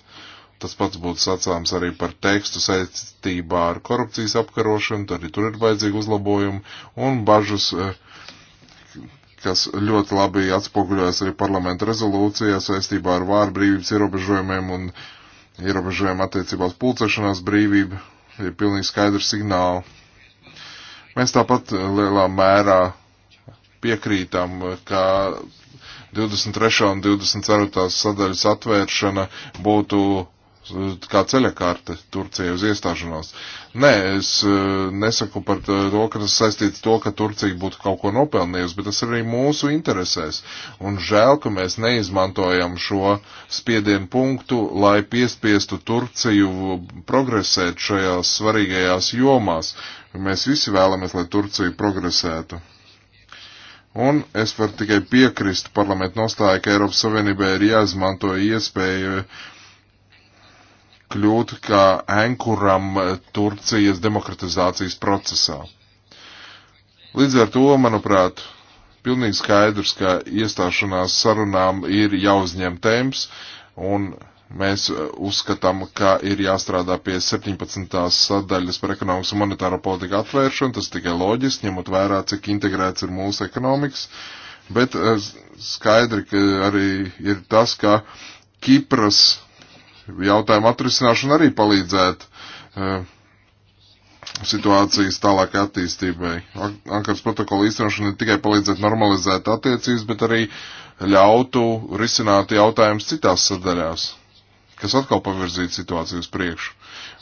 Tas pats būtu sacāms arī par tekstu saistībā ar korupcijas apkarošanu, tad arī tur ir vajadzīgi uzlabojumi un bažas, eh, kas ļoti labi atspoguļojas arī parlamenta rezolūcijā saistībā ar vārdu brīvības ierobežojumiem un ierobežojumu attiecībās pulcēšanās brīvību. Ir pilnīgi skaidrs signāli Mēs tāpat lielā mērā piekrītam, ka 23. un 24. sadaļas atvēršana būtu kā ceļakārte Turcijai uz iestāšanos. Nē, es eh, nesaku par to, ka tas saistīts to, ka Turcija būtu kaut ko nopelnījusi, bet tas arī mūsu interesēs. Un žēl, ka mēs neizmantojam šo spiedienu punktu, lai piespiestu Turciju progresēt šajās svarīgajās jomās. Mēs visi vēlamies, lai Turcija progresētu. Un es varu tikai piekrist parlamentu nostāju, ka Eiropas Savienībai ir jāizmanto iespēju kļūt kā enkuram Turcijas demokratizācijas procesā. Līdz ar to, manuprāt, pilnīgi skaidrs, ka iestāšanās sarunām ir jāuzņem temps, un mēs uzskatām, ka ir jāstrādā pie 17. sadaļas par ekonomikas un monetāro politiku atvēršanu, tas tikai loģiski, ņemot vērā, cik integrēts ir mūsu ekonomikas, bet eh, skaidri arī ir tas, ka Kipras jautājumu atrisināšana arī palīdzētu uh, e, situācijas tālākai attīstībai. Ankaras protokola īstenošana ne tikai palīdzētu normalizēt attiecības, bet arī ļautu risināt jautājumus citās sadaļās, kas atkal pavirzītu situāciju uz priekšu.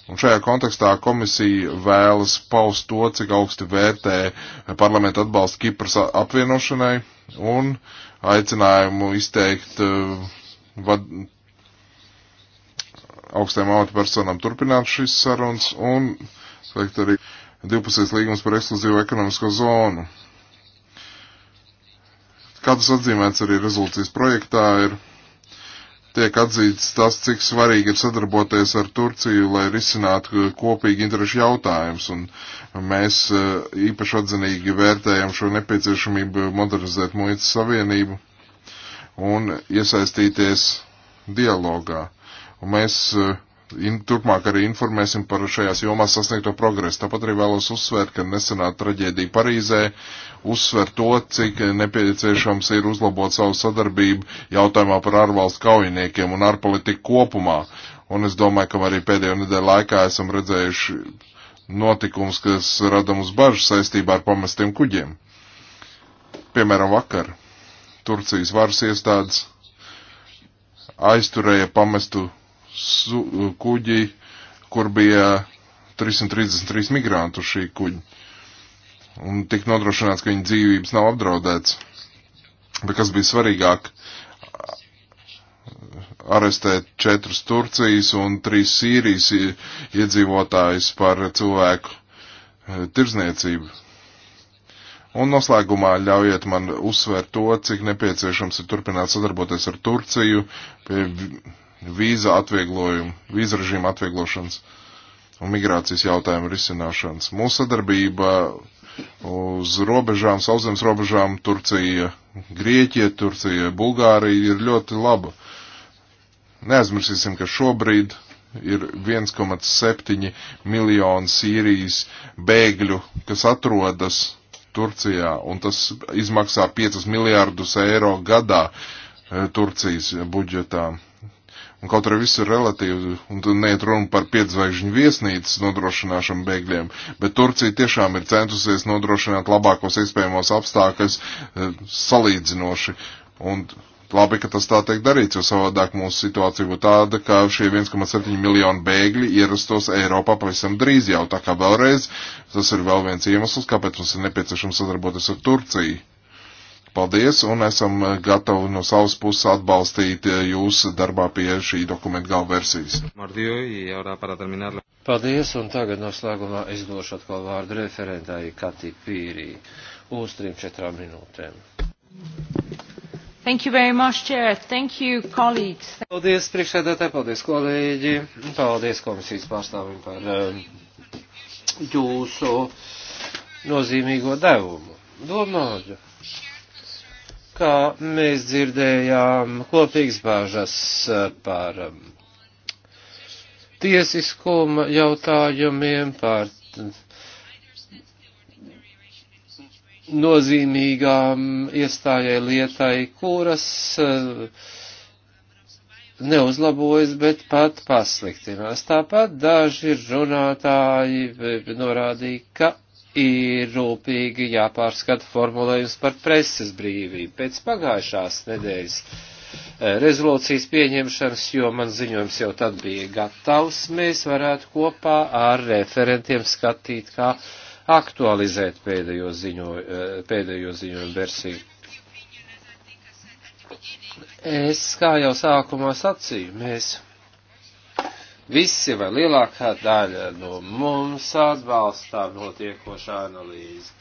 Un šajā kontekstā komisija vēlas paust to, cik augsti vērtē parlamentu atbalstu Kipras apvienošanai un aicinājumu izteikt e, vad, augstiem amatpersonām turpināt šīs sarunas un, teikt, arī divpusējs līgums par ekskluzīvu ekonomisko zonu. Kā tas atzīmēts arī rezolūcijas projektā, ir tiek atzīts tas, cik svarīgi ir sadarboties ar Turciju, lai risinātu kopīgi interešu jautājumus, un mēs e, īpaši atzinīgi vērtējam šo nepieciešamību modernizēt muitas savienību un iesaistīties dialogā Un mēs eh, in, turpmāk arī informēsim par šajās jomās sasniegto progresu. Tāpat arī vēlos uzsvērt, ka nesenā traģēdija Parīzē uzsver to, cik nepieciešams ir uzlabot savu sadarbību jautājumā par ārvalstu kaujiniekiem un ārpolitiku kopumā. Un es domāju, ka arī pēdējo nedēļu laikā esam redzējuši notikums, kas rada mums bažas saistībā ar pamestiem kuģiem. Piemēram, vakar Turcijas varas iestādes aizturēja pamestu su, uh, kuģi, kur bija 333 migrantu šī kuģi. Un tik nodrošināts, ka viņa dzīvības nav apdraudēts. Bet kas bija svarīgāk? Arestēt četrus Turcijas un trīs Sīrijas iedzīvotājus par cilvēku uh, tirzniecību. Un noslēgumā ļaujiet man uzsvērt to, cik nepieciešams ir turpināt sadarboties ar Turciju pie vīza atvieglojumu, vīza režīmu atvieglošanas un migrācijas jautājumu risināšanas. Mūsu sadarbība uz robežām, sauszemes robežām Turcija, Grieķija, Turcija, Bulgārija ir ļoti laba. Neaizmirsīsim, ka šobrīd ir 1,7 miljonu Sīrijas bēgļu, kas atrodas Turcijā, un tas izmaksā 5 miljārdus eiro gadā eh, Turcijas budžetām. Un kaut arī viss ir relatīvi, un tad neiet runa par piedzvaigžņu viesnīcas nodrošināšanu bēgļiem, bet Turcija tiešām ir centusies nodrošināt labākos iespējamos apstākļus eh, salīdzinoši. Un labi, ka tas tā tiek darīts, jo savādāk mūsu situācija būtu tāda, ka šie 1,7 miljoni bēgļi ierastos Eiropā pavisam drīz jau. Tā kā vēlreiz tas ir vēl viens iemesls, kāpēc mums ir nepieciešams sadarboties ar Turciju. Paldies, un esam eh, gatavi no savas puses atbalstīt eh, jūs darbā pie šī dokumenta galversijas. Paldies, un tagad noslēgumā es došu atkal vārdu referentai Katī Pīrī uz 3-4 minūtēm. Thank you very much, Chair. Thank you, colleagues. Paldies, priekšsēdētāji, paldies, kolēģi, paldies komisijas pārstāvim par um, jūsu nozīmīgo devumu. Domāju kā mēs dzirdējām kopīgas bāžas eh, par um, tiesiskuma jautājumiem, par mm, nozīmīgām iestājai lietai, kuras eh, neuzlabojas, bet pat pasliktinās. Tāpat daži runātāji norādīja, ka ir rūpīgi jāpārskata formulējums par preses brīvību. Pēc pagājušās nedēļas eh, rezolūcijas pieņemšanas, jo man ziņojums jau tad bija gatavs, mēs varētu kopā ar referentiem skatīt, kā aktualizēt pēdējo, ziņo, eh, pēdējo ziņojumu versiju. Es, kā jau sākumā sacīju, mēs Visi vai lielākā daļa no mums atbalstā notiekošā analīze.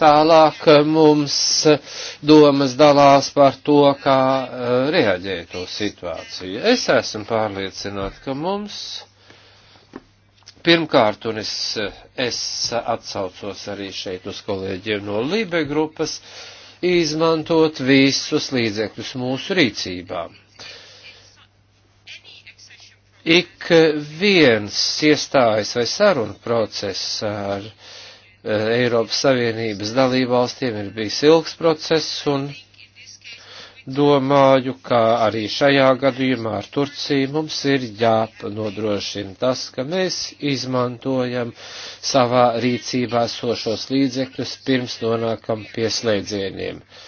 Tālāk eh, mums eh, domas dalās par to, kā eh, reaģēt uz situāciju. Es esmu pārliecināts, ka mums pirmkārt, un es, es atsaucos arī šeit uz kolēģiem no Lībe grupas, izmantot visus līdzekļus mūsu rīcībām ik viens iestājas vai saruna process ar eh, Eiropas Savienības dalībvalstiem ir bijis ilgs process un domāju, ka arī šajā gadījumā ar Turciju mums ir jāpanodrošina tas, ka mēs izmantojam savā rīcībā sošos līdzekļus pirms nonākam pie slēdzieniem. Uh,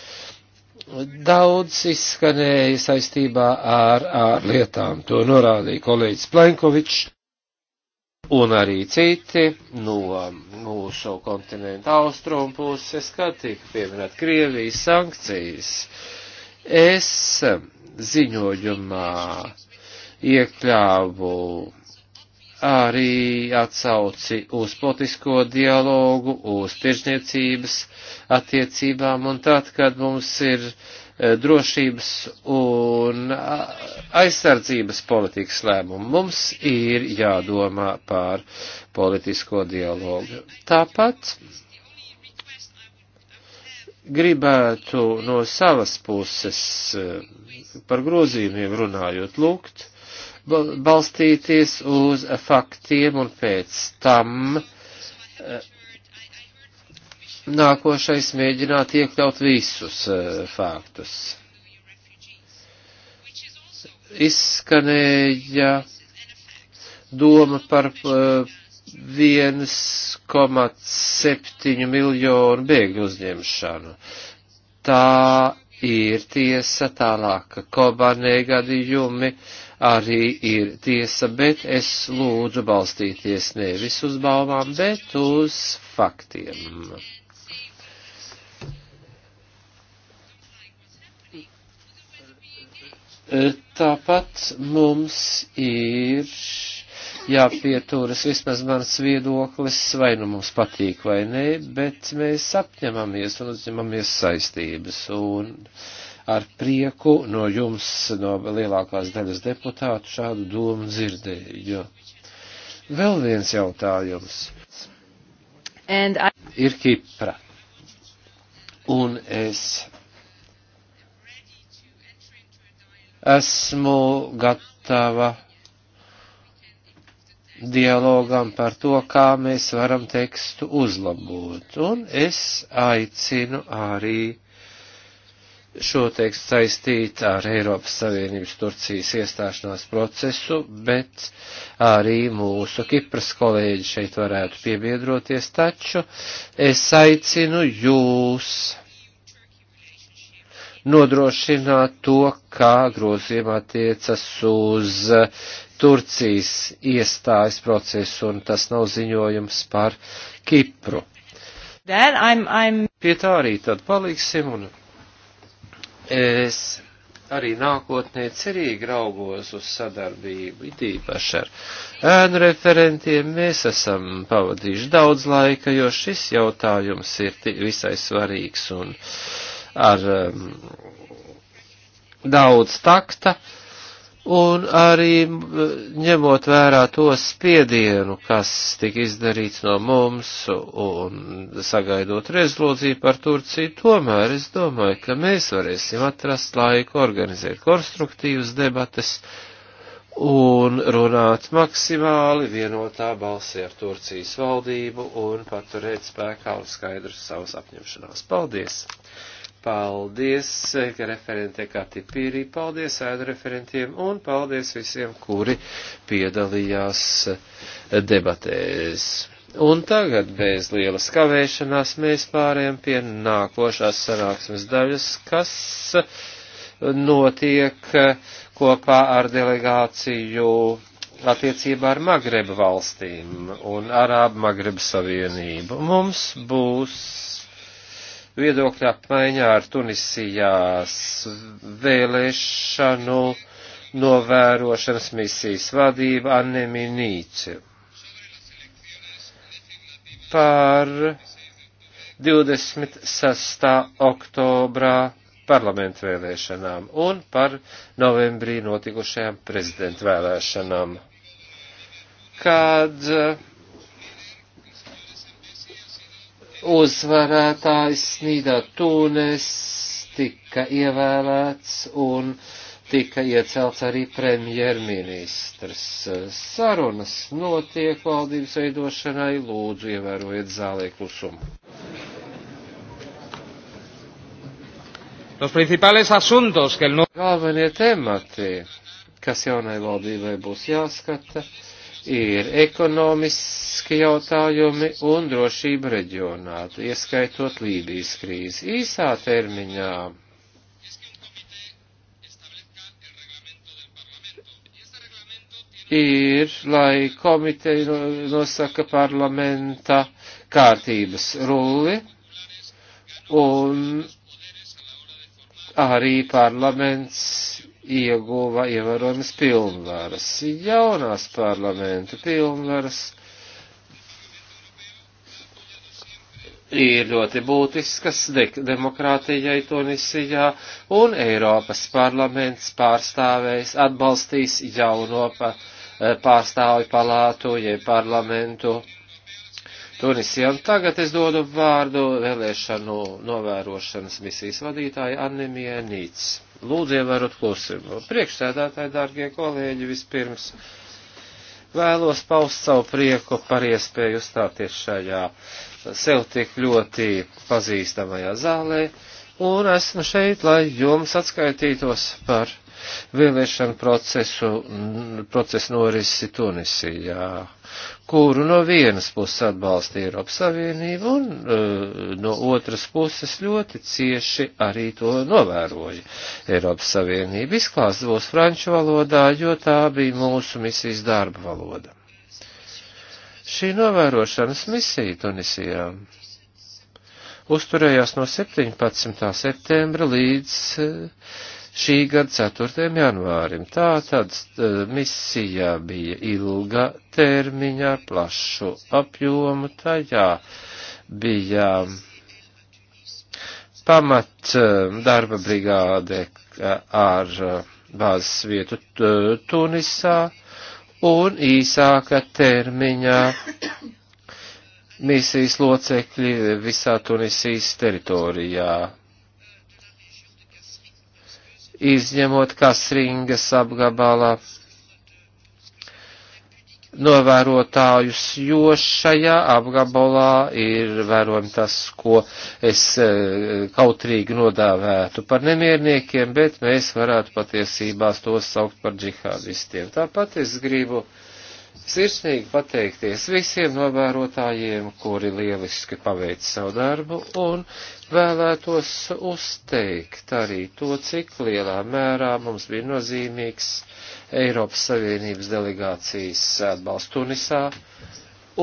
daudz izskanēja saistībā ar ārlietām. To norādīja kolēģis Plenkovičs un arī citi no mūsu kontinenta austrumu puses, kad tika pieminēt Krievijas sankcijas. Es ziņojumā iekļāvu arī atsauci uz politisko dialogu, uz tirzniecības attiecībām, un tad, kad mums ir e, drošības un aizsardzības politikas lēmumu, mums ir jādomā par politisko dialogu. Tāpat gribētu no savas puses e, par grozījumiem runājot lūgt, balstīties uz faktiem un pēc tam eh, nākošais mēģināt iekļaut visus eh, faktus. Izskanēja doma par 1,7 eh, miljonu bēgļu uzņemšanu. Tā ir tiesa tālāk Kobanē gadījumi, uh, arī ir tiesa, bet es lūdzu balstīties nevis uz baumām, bet uz faktiem. Tāpat mums ir jāpieturas vismaz mans viedoklis, vai nu mums patīk vai nē, bet mēs apņemamies un uzņemamies saistības. Un, uh, ar prieku no jums, no lielākās daļas deputātu, šādu domu dzirdēju. Vēl viens jautājums. I... Ir Kipra. Un es esmu gatava dialogam par to, kā mēs varam tekstu uzlabot. Un es aicinu arī šo tekstu saistīt ar Eiropas Savienības Turcijas iestāšanās procesu, bet arī mūsu Kipras kolēģi šeit varētu piebiedroties, taču es aicinu jūs nodrošināt to, kā grozījumā tiecas uz Turcijas iestājas procesu, un tas nav ziņojums par Kipru. I'm, I'm... Pie tā arī tad paliksim un Es arī nākotnē cerīgi raugos uz sadarbību, it īpaši ar ēnu referentiem. Mēs esam pavadījuši daudz laika, jo šis jautājums ir visai svarīgs un ar um, daudz takta. Uh, un arī ņemot vērā to spiedienu, kas tika izdarīts no mums un sagaidot rezolūciju par Turciju, tomēr es domāju, ka mēs varēsim atrast laiku organizēt konstruktīvas debates un runāt maksimāli vienotā balsī ar Turcijas valdību un paturēt spēkā un skaidrs savas apņemšanās. Paldies! Paldies referente Katipīrī, paldies ēdu referentiem un paldies visiem, kuri piedalījās debatēs. Un tagad bez lielas kavēšanās mēs pārējām pie nākošās sanāksmes daļas, kas notiek kopā ar delegāciju attiecībā ar Magreba valstīm un Arābu Magreba Savienību. Mums būs viedokļa apmaiņā ar Tunisijās vēlēšanu novērošanas misijas vadību Anne Minīci par 26. oktobrā parlamentu vēlēšanām un par novembrī notikušajām prezidentu vēlēšanām. Kad uh, uzvarētājs Nīdā Tūnes tika ievēlēts un tika iecelts arī premjerministrs. Sarunas notiek valdības veidošanai, lūdzu ievērojiet zālē klusumu. Los principales asuntos, ka el nuevo... Galvenie temati, kas jaunai valdībai būs jāskata, ir ekonomiski jautājumi un drošība reģionā, ieskaitot Lībijas krīzi. Īsā termiņā ir, lai komiteja nosaka parlamenta kārtības rulli un arī parlaments ieguva ievērojamas pilnvaras, jaunās parlamenta pilnvaras ir ļoti būtiskas de demokrātijai Tunisijā, un Eiropas parlaments pārstāvēs atbalstīs jauno pa eh, pārstāvju palātu, jeb parlamentu Tunisijā. Un tagad es dodu vārdu vēlēšanu novērošanas misijas vadītāja Annemie Nīts. Lūdzu, ievērot klusumu. Priekšsēdētāji, dārgie kolēģi, vispirms vēlos paust savu prieku par iespēju uzstāties šajā sev tik ļoti pazīstamajā zālē. Un esmu šeit, lai jums atskaitītos par vēlēšanu procesu, procesu norisi Tunisijā, kuru no vienas puses atbalsta Eiropas Savienība un eh, no otras puses ļoti cieši arī to novēroja. Eiropas Savienība izklāstos franču valodā, jo tā bija mūsu misijas darba valoda. Šī novērošanas misija Tunisijā uzturējās no 17. septembra līdz eh, šī gada 4. janvārim. Tā tad eh, misija bija ilga termiņā, plašu apjomu tajā bija pamat eh, darba brigāde eh, ar bāzes vietu Tunisā un īsāka termiņā misijas locekļi visā Tunisijas teritorijā izņemot Kasringas apgabalā novērotājus, jo šajā apgabalā ir vērojami tas, ko es eh, kautrīgi nodāvētu par nemierniekiem, bet mēs varētu patiesībā tos saukt par džihādistiem. Tāpat es gribu uh, sirsnīgi pateikties visiem novērotājiem, kuri lieliski paveic savu darbu, un vēlētos uzteikt arī to, cik lielā mērā mums bija nozīmīgs Eiropas Savienības delegācijas atbalsts Tunisā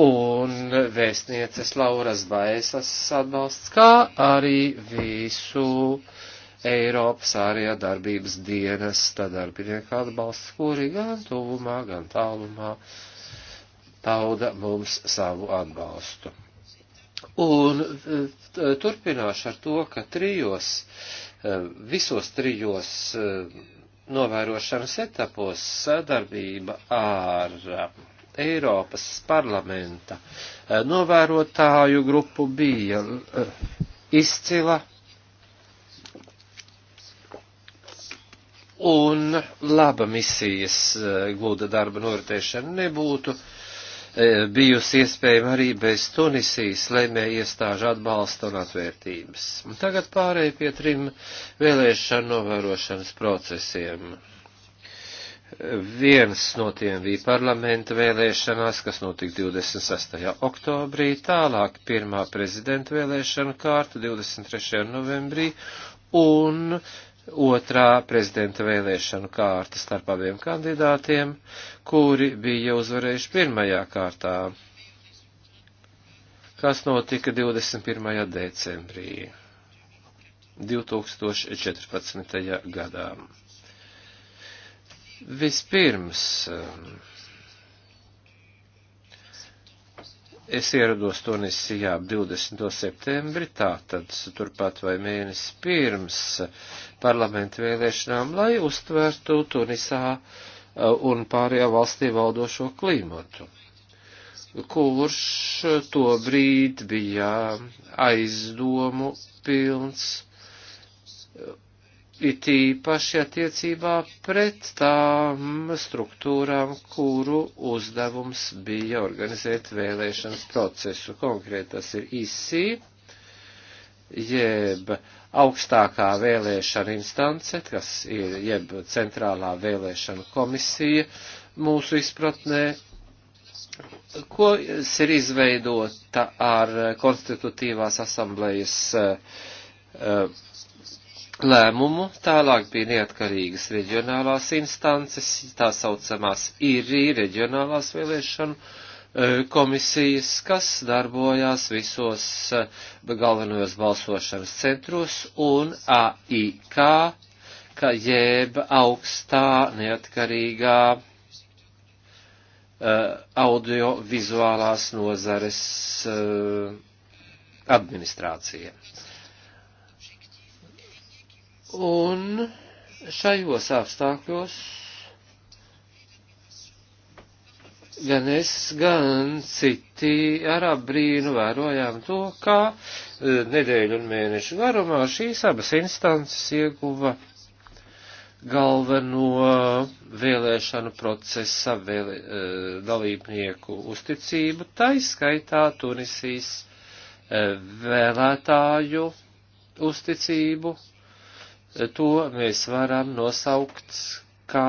un vēstnieces Lauras Baesas atbalsts, kā arī visu uh, Eiropas ārējā darbības dienesta darbinieku atbalsts, kuri gan tuvumā, gan tālumā pauda mums savu atbalstu. Un eh, turpināšu ar to, ka trijos, eh, visos trijos eh, novērošanas etapos sadarbība ar Eiropas parlamenta novērotāju grupu bija izcila un laba misijas e, gluda darba noritēšana nebūtu e, bijusi iespējama arī bez Tunisijas lēmēja iestāžu atbalsta un atvērtības. Un tagad pārēj pie trim vēlēšanu novērošanas procesiem. Viens no tiem bija parlamenta vēlēšanās, kas notika 26. oktobrī, tālāk pirmā prezidenta vēlēšana kārta 23. novembrī un otrā prezidenta vēlēšanu kārta starp abiem kandidātiem, kuri bija uzvarējuši pirmajā kārtā, kas notika 21. decembrī 2014. gadā. Vispirms um, Es ierados Tunisijā 20. septembri, tātad turpat vai mēnesi pirms parlamentu vēlēšanām, lai uztvērtu Tunisā e, un pārējā valstī valdošo klimatu, kurš to brīd bija aizdomu pilns it īpaši attiecībā pret tām struktūrām, kuru uzdevums bija organizēt vēlēšanas procesu. Konkrēt tas ir ISI, jeb augstākā vēlēšana instance, kas ir jeb centrālā vēlēšana komisija mūsu izpratnē, ko ir izveidota ar konstitutīvās asamblējas uh, eh, uh, lēmumu. Tālāk bija neatkarīgas reģionālās instances, tā saucamās IRI reģionālās vēlēšanu e, komisijas, kas darbojās visos e, galvenajos balsošanas centros un AIK, ka jeb augstā neatkarīgā e, audiovizuālās nozares administrācija. Un šajos apstākļos gan es, gan citi ar apbrīnu vērojām to, kā e, nedēļu un mēnešu garumā šīs abas instances ieguva galveno vēlēšanu procesa vēlē, e, dalībnieku uzticību, taiskaitā Tunisijas e, vēlētāju uzticību to mēs varam nosaukt kā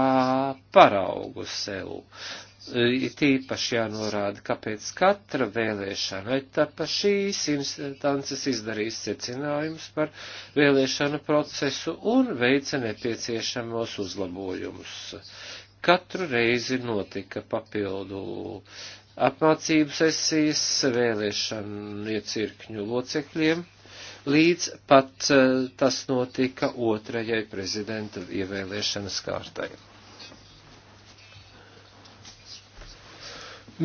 paraugu sev. Tīpaši jānorāda, kāpēc katra vēlēšana etapa šīs instances izdarīs secinājumus par vēlēšanu procesu un veica nepieciešamos uzlabojumus. Katru reizi notika papildu apmācību sesijas vēlēšanu iecirkņu locekļiem līdz pat eh, tas notika otrajai prezidenta ievēlēšanas kārtai.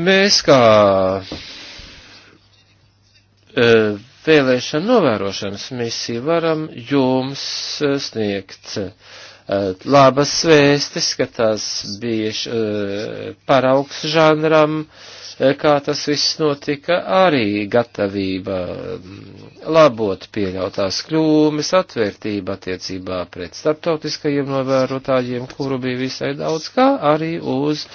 Mēs kā eh, vēlēšana novērošanas misija varam jums eh, sniegt uh, Eh, labas vēstis, ka tas bija eh, paraugs žanram, eh, kā tas viss notika, arī gatavība mm, labot pieļautās kļūmes, atvērtība attiecībā pret starptautiskajiem novērotājiem, kuru bija visai daudz, kā arī uz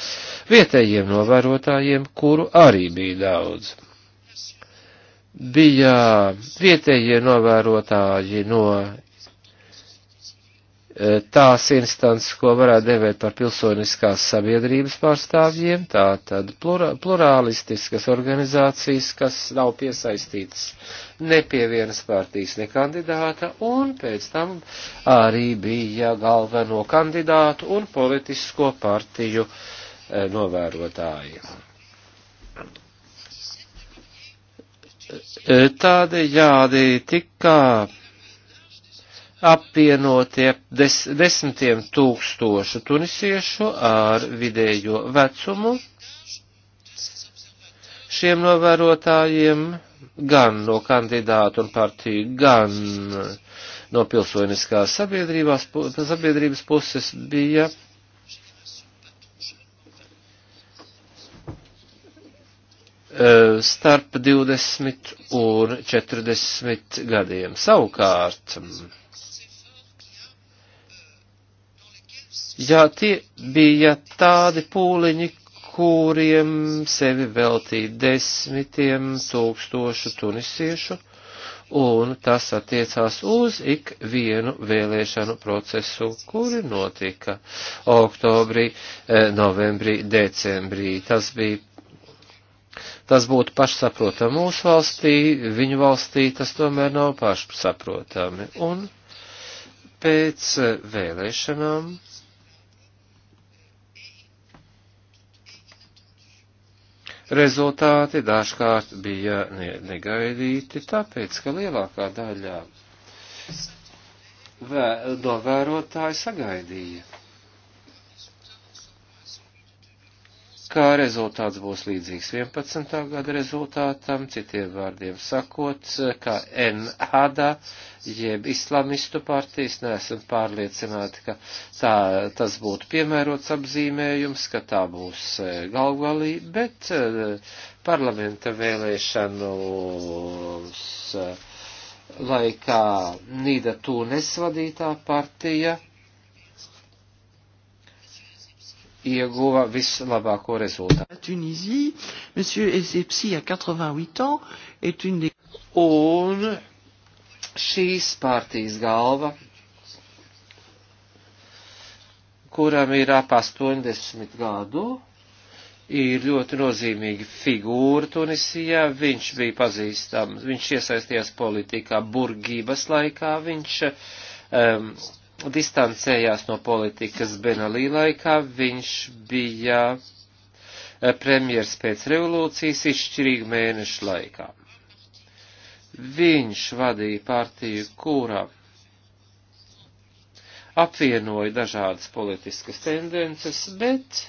vietējiem novērotājiem, kuru arī bija daudz. Bija vietējie novērotāji no Eh, tās instances, ko varētu devēt par pilsoniskās sabiedrības pārstāvjiem, tā tad plura, plurālistiskas organizācijas, kas nav piesaistītas ne pie vienas partijas, ne kandidāta, un pēc tam arī bija galveno kandidātu un politisko partiju e, novērotāji. E, Tādējādi tika apvienotie des, desmitiem tūkstošu tunisiešu ar vidējo vecumu. Šiem novērotājiem gan no kandidātu un partiju, gan no pilsoniskās sabiedrības puses bija e, starp 20 un 40 gadiem. Savukārt, Jā, tie bija tādi pūliņi, kuriem sevi veltīja desmitiem tūkstošu tunisiešu, un tas attiecās uz ik vienu vēlēšanu procesu, kuri notika oktobrī, eh, novembrī, decembrī. Tas bija Tas būtu pašsaprotami mūsu valstī, viņu valstī tas tomēr nav pašsaprotami. Un pēc eh, vēlēšanām rezultāti dažkārt bija negaidīti, tāpēc, ka lielākā daļā novērotāji sagaidīja ka rezultāts būs līdzīgs 11. gada rezultātam, citiem vārdiem sakot, ka NHD, jeb islamistu partijas, neesam pārliecināti, ka tā, tas būtu piemērots apzīmējums, ka tā būs e, galvgalī, bet e, parlamenta vēlēšanu e, laikā Nīda Tūnes vadītā partija ieguva vislabāko rezultātu. Un šīs partijas galva, kuram ir ap 80 gadu, ir ļoti nozīmīga figūra Tunisijā. Viņš bija pazīstams, viņš iesaistījās politikā Burgības laikā, viņš um, distancējās no politikas Benalī laikā, viņš bija eh, premjers pēc revolūcijas izšķirīgi mēnešu laikā. Viņš vadīja partiju, kurā apvienoja dažādas politiskas tendences, bet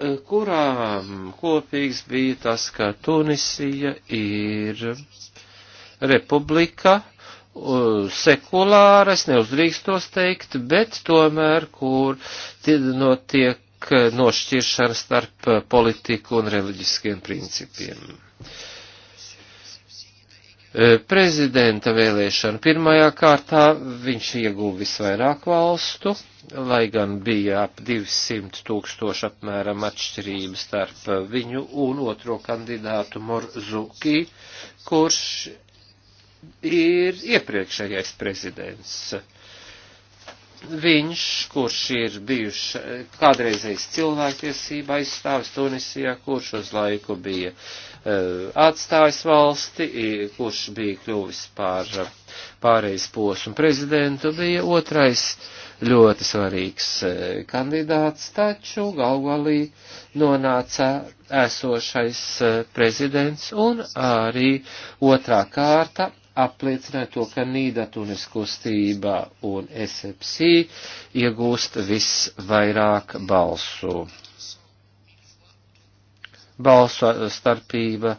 eh, kurām kopīgs bija tas, ka Tunisija ir republika, sekulāra, es neuzdrīkstos teikt, bet tomēr, kur notiek nošķiršana starp politiku un reliģiskiem principiem. E, prezidenta vēlēšana pirmajā kārtā viņš ieguva visvairāk valstu, lai gan bija ap 200 tūkstoši apmēram atšķirības starp viņu un otro kandidātu Morzuki, kurš ir iepriekšējais prezidents. Viņš, kurš ir bijuši kādreizējs cilvēktiesība aizstāvis Tunisijā, kurš uz laiku bija uh, atstājis valsti, kurš bija kļuvis par pārējais posmu prezidentu, bija otrais ļoti svarīgs uh, kandidāts, taču galvalī nonāca esošais uh, prezidents un arī otrā kārta apliecināja to, ka Nīdatunes kustība un SFC iegūst visvairāk balsu. Balsu starpība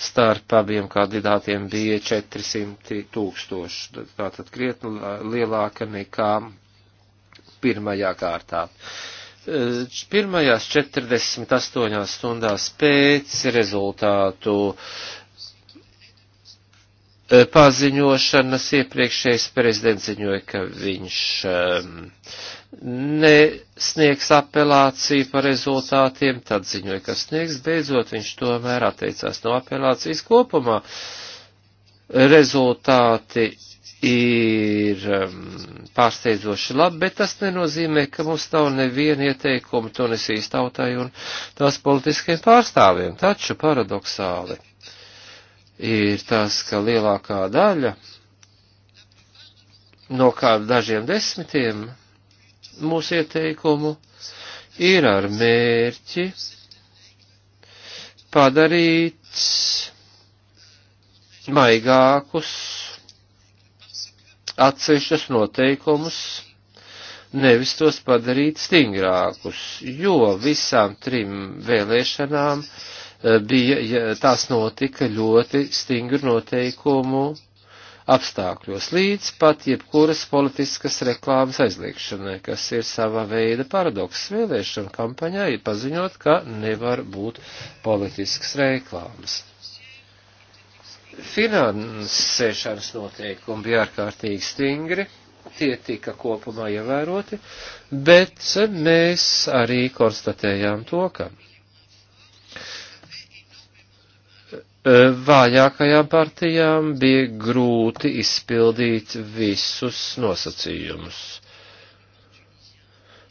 starp abiem kandidātiem bija 400 tūkstoši, tātad krietni lielāka nekā pirmajā kārtā. Pirmajās 48 stundās pēc rezultātu uh, Eh, paziņošanas iepriekšējais prezidents ziņoja, ka viņš um, nesniegs apelāciju par rezultātiem, tad ziņoja, ka sniegs, beidzot viņš tomēr atteicās no apelācijas kopumā. Rezultāti ir um, pārsteidzoši labi, bet tas nenozīmē, ka mums nav neviena ieteikuma Tunisijas tautai un tās politiskajiem pārstāvjiem. Taču paradoxāli ir tas, ka lielākā daļa no kādu dažiem desmitiem mūsu ieteikumu ir ar mērķi padarīt maigākus atsevišķus noteikumus, nevis tos padarīt stingrākus, jo visām trim vēlēšanām uh, Eh, bija, ja tās notika ļoti stingru noteikumu apstākļos, līdz pat jebkuras politiskas reklāmas aizliekšanai, kas ir sava veida paradoks. Vēlēšana kampaņā ir paziņot, ka nevar būt politiskas reklāmas. Finansēšanas noteikumi bija ārkārtīgi stingri, tie tika kopumā ievēroti, bet mēs arī konstatējām to, ka Eh, vājākajām partijām bija grūti izpildīt visus nosacījumus.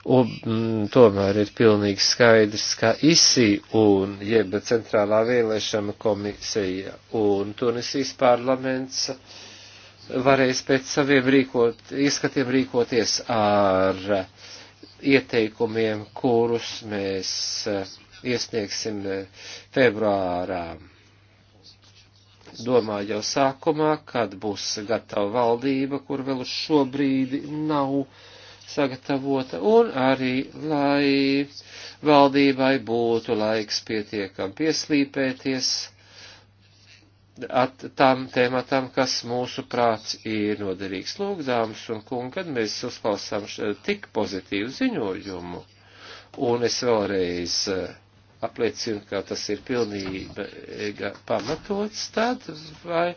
Un m, mm, tomēr ir pilnīgi skaidrs, ka ISI un jeb centrālā vēlēšana komisija un Tunisijas parlaments varēs pēc saviem rīkot, izskatiem rīkoties ar ieteikumiem, kurus mēs eh, iesniegsim eh, februārā domāju jau sākumā, kad būs gatava valdība, kur vēl uz šo brīdi nav sagatavota, un arī, lai valdībai būtu laiks pietiekam pieslīpēties at, tam tematam, kas mūsu prāts ir noderīgs. Lūk, dāmas un kungi, kad mēs uzklausām tik pozitīvu ziņojumu, un es vēlreiz uh, apliecina, ka tas ir pilnība pamatots, tad vai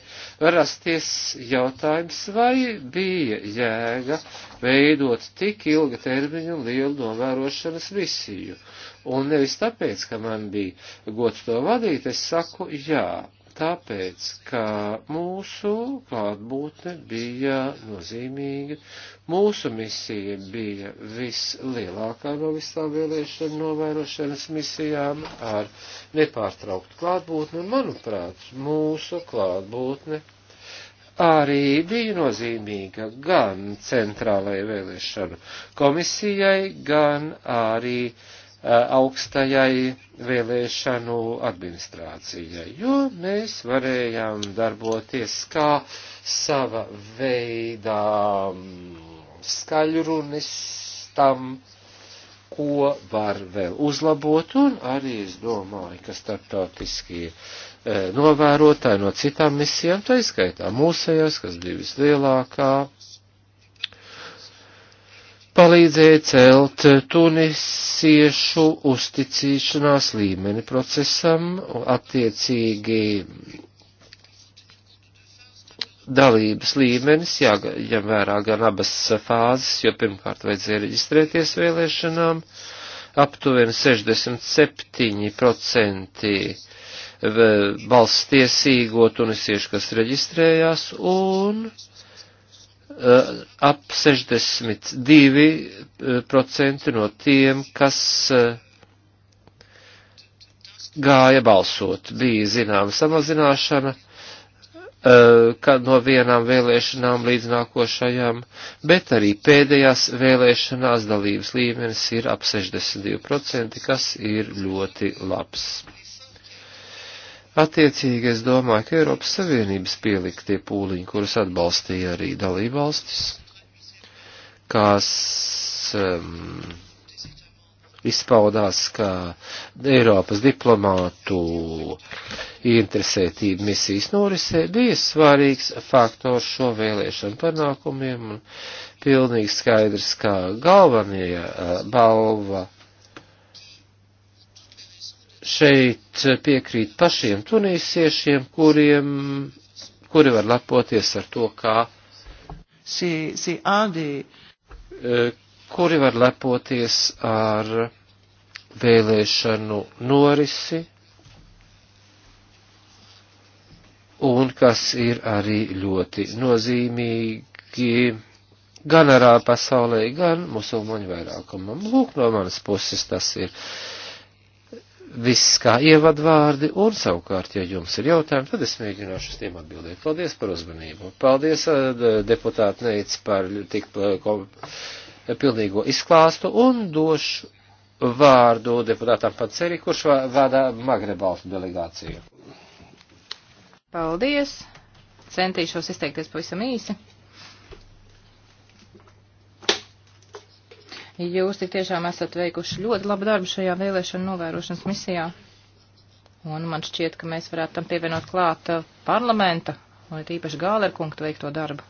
var rasties jautājums, vai bija jēga veidot tik ilga termiņu un lielu novērošanas misiju. Un nevis tāpēc, ka man bija gods to vadīt, es saku jā, tāpēc, ka mūsu klātbūtne bija nozīmīga, mūsu misija bija vislielākā no visām vēlēšana novērošanas misijām ar nepārtrauktu klātbūtni, un, manuprāt, mūsu klātbūtne arī bija nozīmīga gan centrālajai vēlēšanu komisijai, gan arī uh, Eh, augstajai vēlēšanu administrācijai, jo mēs varējām darboties kā sava veida mm, skaļrunis tam, ko var vēl uzlabot, un arī es domāju, ka starptautiskie eh, novērotāji no citām misijām, tā izskaitā mūsējās, kas divas lielākā palīdzēja celt tunisiešu uzticīšanās līmeni procesam, attiecīgi dalības līmenis, jāņem vērā gan abas fāzes, jo pirmkārt vajadzēja reģistrēties vēlēšanām, aptuveni 67% balsts tiesīgo tunisiešu, kas reģistrējās, un Eh, ap 62% eh, no tiem, kas eh, gāja balsot. Bija zināma samazināšana kad no vienām vēlēšanām līdz nākošajām, bet arī pēdējās vēlēšanās dalības līmenis ir ap 62%, kas ir ļoti labs. Attiecīgi es domāju, ka Eiropas Savienības pieliktie pūliņi, kurus atbalstīja arī dalībvalstis, kas um, izpaudās, ka Eiropas diplomātu interesētība misijas norisē bija svarīgs faktors šo vēlēšanu panākumiem un pilnīgi skaidrs, ka galvenie uh, balva šeit piekrīt pašiem tunīsiešiem, kuriem, kuri var lepoties ar to, kā. Si, si, adi. E, kuri var lepoties ar vēlēšanu norisi un kas ir arī ļoti nozīmīgi gan arā pasaulē, gan musulmaņu vairākumam. Lūk, no manas puses tas ir. Uh, viss kā ievadvārdi, un savukārt, ja jums ir jautājumi, tad es mēģināšu uz tiem atbildēt. Paldies par uzmanību. Paldies eh, deputāti Neic par tik eh, pilnīgo izklāstu un došu vārdu deputātam Panceri, kurš vada Magrebaltu delegāciju. Paldies! Centīšos izteikties pavisam īsi. Jūs tik tiešām esat veikuši ļoti labu darbu šajā vēlēšanu novērošanas misijā. Un man šķiet, ka mēs varētu tam pievienot klāt uh, parlamenta, un it īpaši Gālerkunga veikto darbu.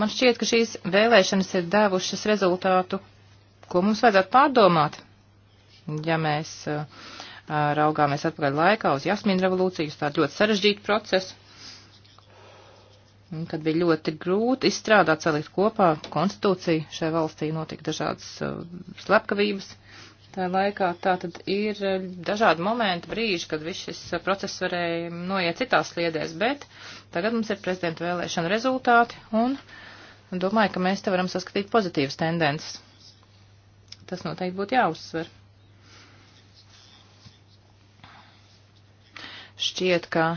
Man šķiet, ka šīs vēlēšanas ir devušas rezultātu, ko mums vajadzētu pārdomāt, ja mēs uh, raugāmies atpakaļ laikā uz Jasmīnu revolūciju, uz tādu ļoti sarežģītu procesu kad bija ļoti grūti izstrādāt, salikt kopā konstitūciju. Šai valstī notika dažādas uh, slepkavības. Tā laikā tā tad ir uh, dažādi momenti, brīži, kad viss šis uh, process varēja noiet citās sliedēs, bet tagad mums ir prezidenta vēlēšana rezultāti un domāju, ka mēs te varam saskatīt pozitīvas tendences. Tas noteikti būtu jāuzsver. Šķiet, ka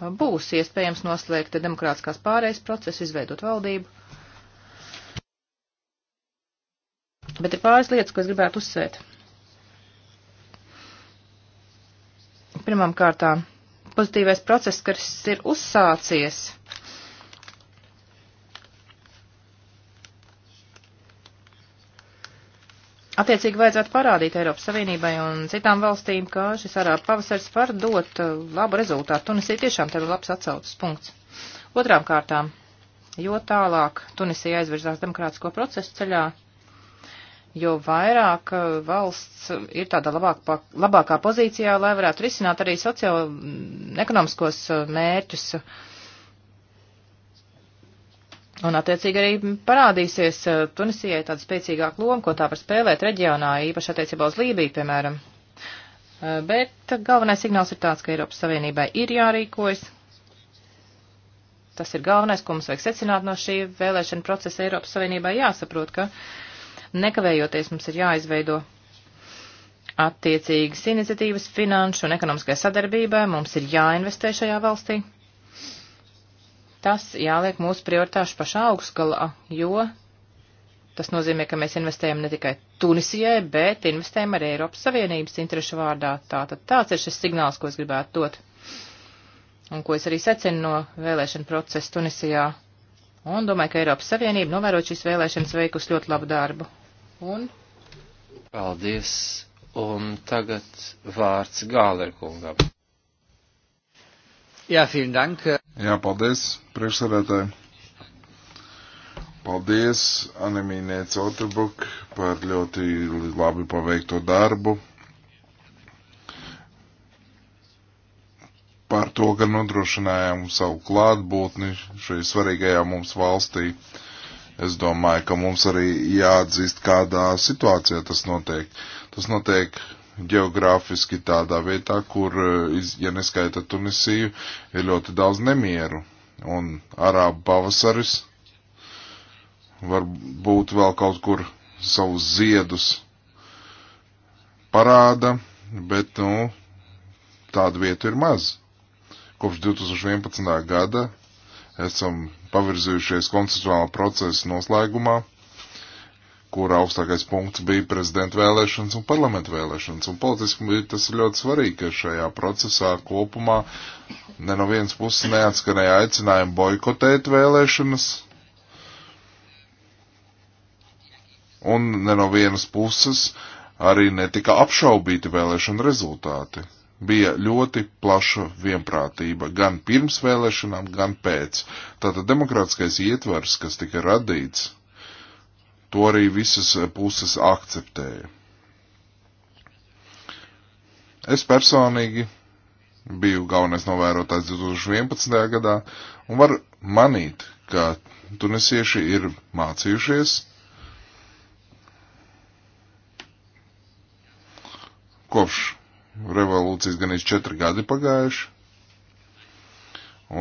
būs iespējams noslēgt demokrātiskās pārējas procesu, izveidot valdību. Bet ir pāris lietas, ko es gribētu uzsvērt. Pirmām kārtām, pozitīvais process, kas ir uzsācies Attiecīgi vajadzētu parādīt Eiropas Savienībai un citām valstīm, ka šis arābu pavasars var dot uh, labu rezultātu. Tunisija tiešām tev ir labs atsaucas punkts. Otrām kārtām, jo tālāk Tunisija aizvirzās demokrātisko procesu ceļā, jo vairāk uh, valsts ir tādā labāk, labākā pozīcijā, lai varētu risināt arī sociālo ekonomiskos uh, mērķus. Uh, Un, attiecīgi, arī parādīsies eh, Tunisijai tāda spēcīgāka loma, ko tā var spēlēt reģionā, īpaši attiecībā uz Lībiju, piemēram. Eh, bet galvenais signāls ir tāds, ka Eiropas Savienībai ir jārīkojas. Tas ir galvenais, ko mums vajag secināt no šī vēlēšana procesa Eiropas Savienībai. Jāsaprot, ka nekavējoties mums ir jāizveido attiecīgas iniciatīvas finanšu un ekonomiskai sadarbībai. Mums ir jāinvestē šajā valstī tas jāliek mūsu prioritāšu pašā augstgalā, jo tas nozīmē, ka mēs investējam ne tikai Tunisijai, bet investējam arī Eiropas Savienības interešu vārdā. Tātad tāds ir šis signāls, ko es gribētu dot. Un ko es arī secinu no vēlēšana procesa Tunisijā. Un domāju, ka Eiropas Savienība novērot šīs vēlēšanas veikus ļoti labu darbu. Un. Paldies. Un tagad vārds Gālerkungam. Jā, vielen dank. Jā, paldies, priekšsarētāji. Paldies Anemīnē Cotrbuk par ļoti labi paveikto darbu. Par to, ka nodrošinājām savu klātbūtni šai svarīgajā mums valstī. Es domāju, ka mums arī jāatzīst, kādā situācijā tas notiek. Tas notiek geogrāfiski tādā vietā, kur, eh, ja neskaita Tunisiju, ir ļoti daudz nemieru. Un Arābu pavasaris varbūt vēl kaut kur savus ziedus parāda, bet, nu, tādu vietu ir maz. Kopš 2011. gada esam pavirzījušies konceptuālā procesa noslēgumā kur augstākais punkts bija prezidenta vēlēšanas un parlamenta vēlēšanas. Un politiski tas ir ļoti svarīgi, ka šajā procesā kopumā ne no vienas puses neatskanēja aicinājumi boikotēt vēlēšanas, un ne no vienas puses arī netika apšaubīti vēlēšana rezultāti. Bija ļoti plaša vienprātība gan pirms vēlēšanām, gan pēc. Tātad demokrātiskais ietvers, kas tika radīts To arī visas puses akceptēja. Es personīgi biju galvenais novērotājs 2011. gadā un var manīt, ka tunisieši ir mācījušies, kopš revolūcijas gan iz četri gadi pagājuši,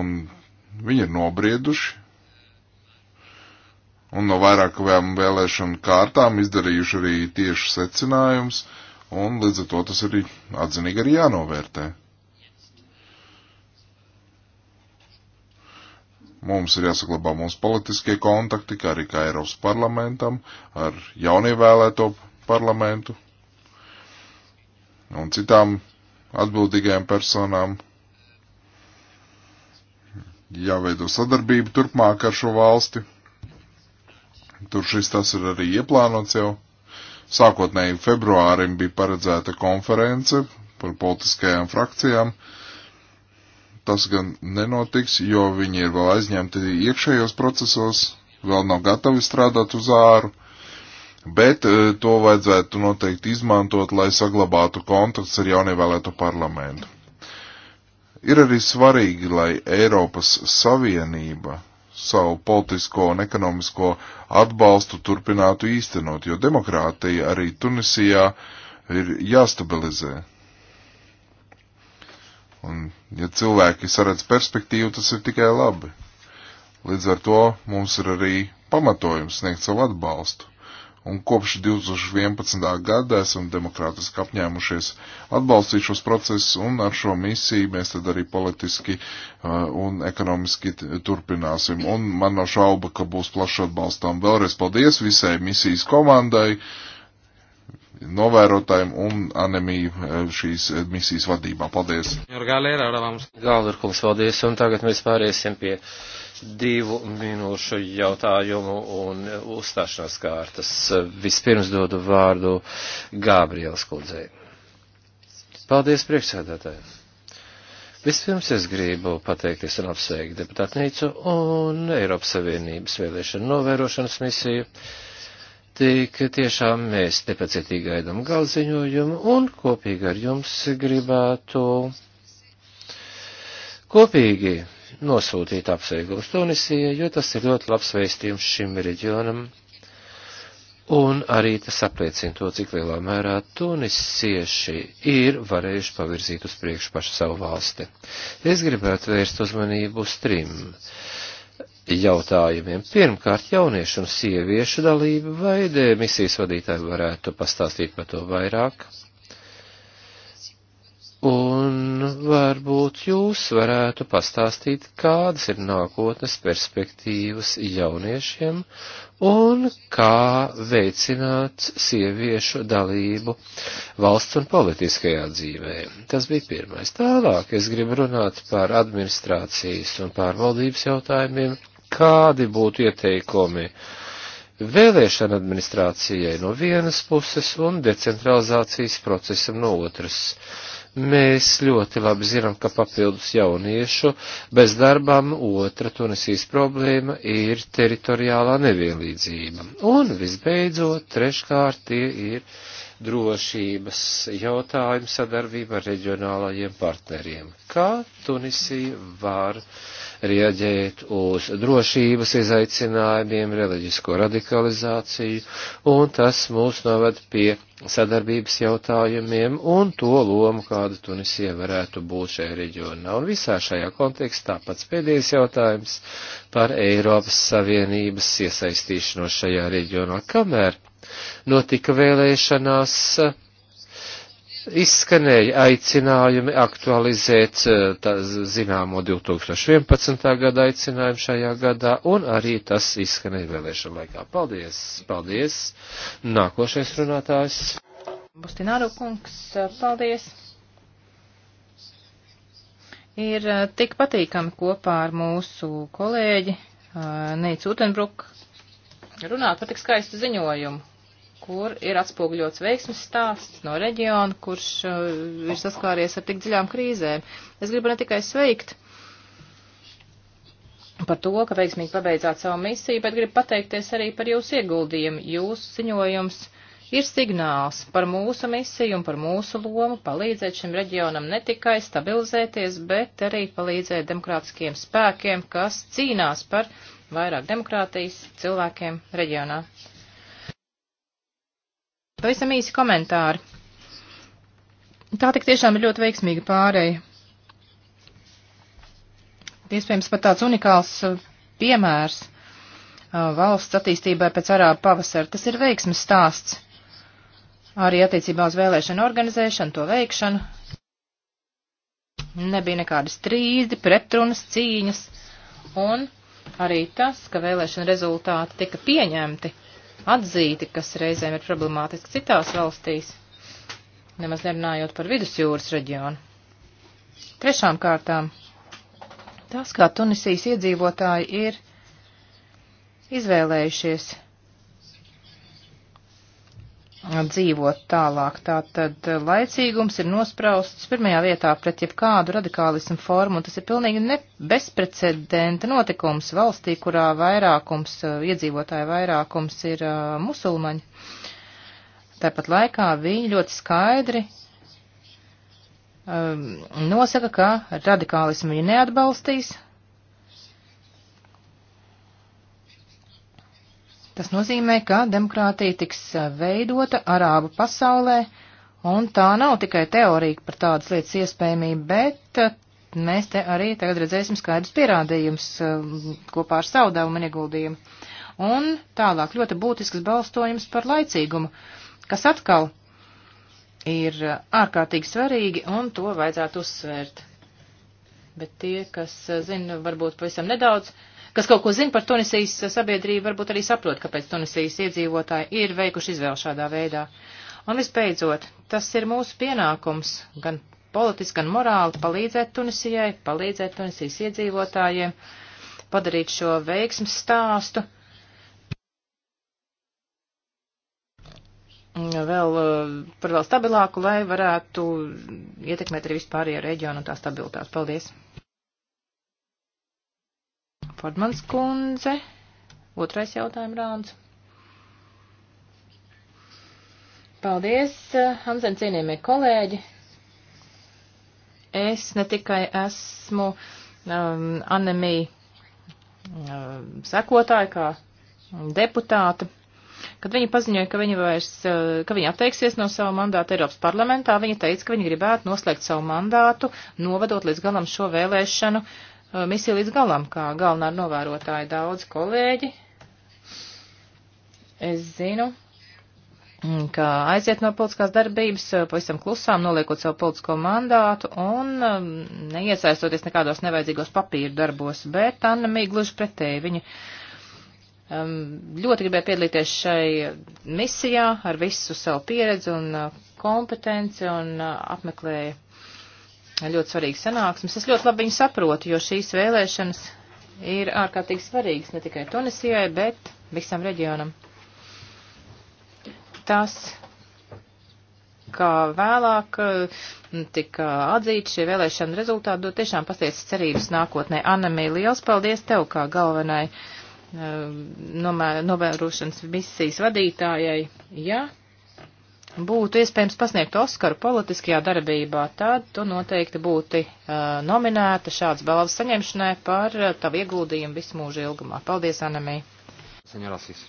un viņi ir nobrieduši, un no vairākajām vēlēšanu kārtām izdarījuši arī tieši secinājums, un līdz ar to tas arī atzinīgi arī jānovērtē. Mums ir jāsaglabā mūsu politiskie kontakti, kā arī kā Eiropas parlamentam, ar jaunievēlēto parlamentu un citām atbildīgajām personām jāveido sadarbība turpmāk ar šo valsti. Tur šis tas ir arī ieplānots jau. Sākotnēji februārim bija paredzēta konference par politiskajām frakcijām. Tas gan nenotiks, jo viņi ir vēl aizņemti iekšējos procesos, vēl nav gatavi strādāt uz āru, bet e, to vajadzētu noteikti izmantot, lai saglabātu kontakts ar jaunievēlēto parlamentu. Ir arī svarīgi, lai Eiropas Savienība savu politisko un ekonomisko atbalstu turpinātu īstenot, jo demokrātija arī Tunisijā ir jāstabilizē. Un, ja cilvēki saredz perspektīvu, tas ir tikai labi. Līdz ar to mums ir arī pamatojums sniegt savu atbalstu un kopš 2011. gada esam demokrātiski apņēmušies atbalstīt šos procesus, un ar šo misiju mēs tad arī politiski uh, un ekonomiski turpināsim. Un man nav šauba, ka būs plaši atbalstām. Vēlreiz paldies visai misijas komandai, novērotājiem un anemiju uh, šīs uh, misijas vadībā. Paldies! Galera, paldies, un tagad mēs pāriesim pie divu minūšu jautājumu un uzstāšanās kārtas. Vispirms dodu vārdu Gābrielas kundzei. Paldies priekšsēdētājiem! Vispirms es gribu pateikties un apsveikt deputātu Nīcu un Eiropas Savienības vēlēšanu novērošanas misiju. Tik tiešām mēs nepacitīgi gaidām galziņojumu un kopīgi ar jums gribētu kopīgi nosūtīt apsveikumus Tunisijai, jo tas ir ļoti labs vēstījums šim reģionam. Un arī tas apliecina to, cik lielā mērā tunisieši ir varējuši pavirzīt uz priekšu pašu savu valsti. Es gribētu vērst uzmanību uz trim jautājumiem. Pirmkārt, jauniešu un sieviešu dalība vai misijas vadītāji varētu pastāstīt par to vairāk. Un varbūt jūs varētu pastāstīt, kādas ir nākotnes perspektīvas jauniešiem un kā veicināt sieviešu dalību valsts un politiskajā dzīvē. Tas bija pirmais. Tālāk es gribu runāt par administrācijas un pārvaldības jautājumiem. Kādi būtu ieteikumi? Vēlēšana administrācijai no vienas puses un decentralizācijas procesam no otras Mēs ļoti labi zinām, ka papildus jauniešu bezdarbam otra Tunisijas problēma ir teritoriālā nevienlīdzība. Un visbeidzot, treškārt tie ir drošības jautājumu sadarbību ar reģionālajiem partneriem. Kā Tunisija var rieģēt uz drošības izaicinājumiem, reliģisko radikalizāciju, un tas mūs noved pie sadarbības jautājumiem un to lomu, kādu Tunisija varētu būt šajā reģionā. Un visā šajā kontekstā pats pēdējais jautājums par Eiropas Savienības iesaistīšanos šajā reģionā. Kamēr notika vēlēšanās, izskanēja aicinājumi aktualizēt eh, tā, zināmo 2011. gada aicinājumu šajā gadā, un arī tas izskanēja vēlēšana laikā. Paldies! Paldies! Nākošais runātājs. Bustināru kungs, paldies! Ir eh, tik patīkami kopā ar mūsu kolēģi eh, Neicu Utenbruku runāt par tik skaistu ziņojumu kur ir atspoguļots veiksmes stāsts no reģiona, kurš uh, ir saskāries ar tik dziļām krīzēm. Es gribu ne tikai sveikt par to, ka veiksmīgi pabeidzāt savu misiju, bet gribu pateikties arī par jūsu ieguldījumu. Jūsu ziņojums ir signāls par mūsu misiju un par mūsu lomu palīdzēt šim reģionam ne tikai stabilizēties, bet arī palīdzēt demokrātiskiem spēkiem, kas cīnās par vairāk demokrātijas cilvēkiem reģionā. Pavisam īsi komentāri. Tā tik tiešām ir ļoti veiksmīga pārēja. Iespējams, pat tāds unikāls uh, piemērs uh, valsts attīstībai pēc arāba pavasara. Tas ir veiksmes stāsts arī attiecībā uz vēlēšanu organizēšanu, to veikšanu. Nebija nekāda strīdi, pretrunas, cīņas, un arī tas, ka vēlēšana rezultāti tika pieņemti atzīti, kas reizēm ir problemātiski citās valstīs, nemaz nerunājot par vidusjūras reģionu. Trešām kārtām tas, kā Tunisijas iedzīvotāji ir izvēlējušies dzīvot tālāk. Tātad laicīgums ir nosprausts pirmajā vietā pret jebkādu radikālismu formu, un tas ir pilnīgi ne bezprecedenta notikums valstī, kurā vairākums, eh, iedzīvotāja vairākums ir uh, musulmaņi. Tāpat laikā viņi ļoti skaidri um, nosaka, ka radikālismu viņi neatbalstīs, Tas nozīmē, ka demokrātija tiks veidota arābu pasaulē, un tā nav tikai teorija par tādas lietas iespējamību, bet mēs te arī tagad redzēsim skaidrus pierādījumus kopā ar savu devumu un ieguldījumu. Un tālāk ļoti būtisks balstojums par laicīgumu, kas atkal ir ārkārtīgi svarīgi, un to vajadzētu uzsvērt. Bet tie, kas zina varbūt pavisam nedaudz, uh, kas kaut ko zina par Tunisijas sabiedrību, varbūt arī saprot, kāpēc Tunisijas iedzīvotāji ir veikuši izvēlu šādā veidā. Un visbeidzot, tas ir mūsu pienākums gan politiski, gan morāli palīdzēt Tunisijai, palīdzēt Tunisijas iedzīvotājiem, padarīt šo veiksmes stāstu. Vēl uh, par vēl stabilāku, lai varētu ietekmēt arī vispārējo reģionu un tā stabilitāti. Paldies! Fordmans kundze. Otrais jautājuma rāns. Paldies, Hamzen, cienījamie kolēģi. Es ne tikai esmu um, anemija um, sekotāja kā deputāta, Kad viņi paziņoja, ka viņi, vairs, uh, ka viņi atteiksies no sava mandāta Eiropas parlamentā, viņi teica, ka viņi gribētu noslēgt savu mandātu, novedot līdz galam šo vēlēšanu Uh, misiju līdz galam, kā galvenā novērotāja daudz kolēģi. Es zinu, mm, ka aiziet no politiskās darbības, uh, pavisam klusām noliekot savu politisko mandātu un um, neiesaistoties nekādos nevajadzīgos papīru darbos, bet Anna Mīgluži pretēji viņa. Um, ļoti gribēju piedalīties šai misijā ar visu savu pieredzi un uh, kompetenci un uh, apmeklēju ļoti svarīgas sanāksmes. Es ļoti labi viņu saprotu, jo šīs vēlēšanas ir ārkārtīgi svarīgas ne tikai Tunisijai, bet visam reģionam. Tas, kā vēlāk tika atzīti šie vēlēšana rezultāti, dod tiešām pasties cerības nākotnē. Anamī, liels paldies tev kā galvenai novērošanas misijas vadītājai. Ja būtu iespējams pasniegt Oskaru politiskajā darbībā, tad tu noteikti būti uh, nominēta šāds balvas saņemšanai par uh, tavu ieguldījumu visu mūžu ilgumā. Paldies, Anamī. Senjorasīs.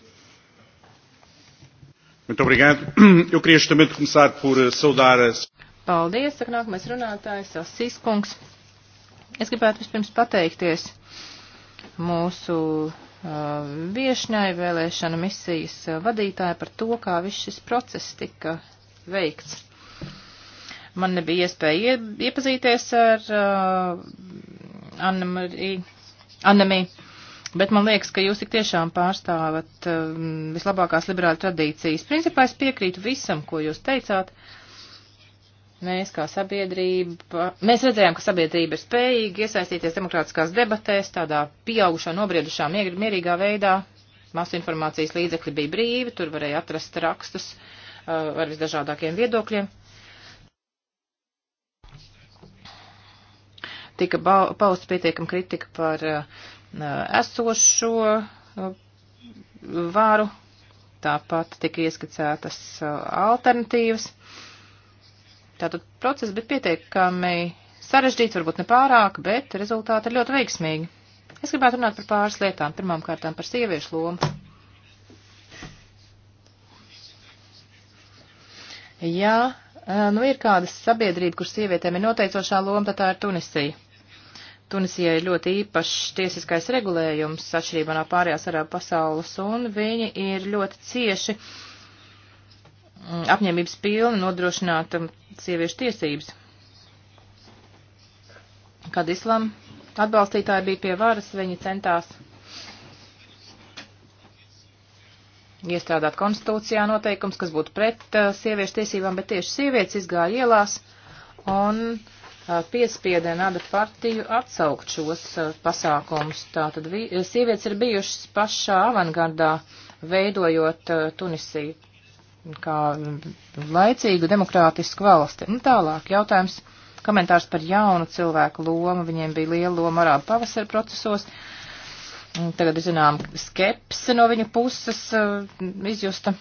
Muito obrigado. [CLEARS THROAT] Eu queria justamente começar por saudar as. Paldies, saka nākamais runātājs, Asīs kungs. Es gribētu vispirms pateikties mūsu Uh, viešņai, vēlēšana misijas uh, vadītāja par to, kā viss šis process tika veikts. Man nebija iespēja iepazīties ar uh, Annemiju, bet man liekas, ka jūs tik tiešām pārstāvat uh, vislabākās liberāļu tradīcijas. Principā es piekrītu visam, ko jūs teicāt. Uh, Mēs kā sabiedrība, mēs redzējām, ka sabiedrība ir spējīga iesaistīties demokrātiskās debatēs tādā pieaugušā, nobriedušā, mierīgā veidā. Masu informācijas līdzekļi bija brīvi, tur varēja atrast rakstus uh, ar visdažādākiem viedokļiem. Tika pausta pietiekama kritika par uh, esošo uh, vāru, tāpat tika ieskicētas uh, alternatīvas. Tātad process bija pietiekami sarežģīts, varbūt ne pārāk, bet rezultāti ir ļoti veiksmīgi. Es gribētu runāt par pāris lietām. Pirmām kārtām par sieviešu lomu. Ja eh, nu ir kāda sabiedrība, kur sievietēm ir noteicošā loma, tad tā ir Tunisija. Tunisija ir ļoti īpašs tiesiskais regulējums atšķirībā no pārējās arābu pasaules, un viņi ir ļoti cieši uh, Mm, apņēmības pilni nodrošināt um, sieviešu tiesības. Kad islam atbalstītāji bija pie varas, viņi centās iestrādāt konstitūcijā noteikums, kas būtu pret uh, sieviešu tiesībām, bet tieši sievietes izgāja ielās un uh, piespieda nada partiju atsaukt šos uh, pasākumus. Tātad vi, sievietes ir bijušas pašā avangardā, veidojot uh, Tunisiju kā mm, laicīgu demokrātisku valsti. Un nu, tālāk jautājums, komentārs par jaunu cilvēku lomu, viņiem bija liela loma arābu pavasara procesos. Un tagad, zinām, skepse no viņu puses uh, izjusta.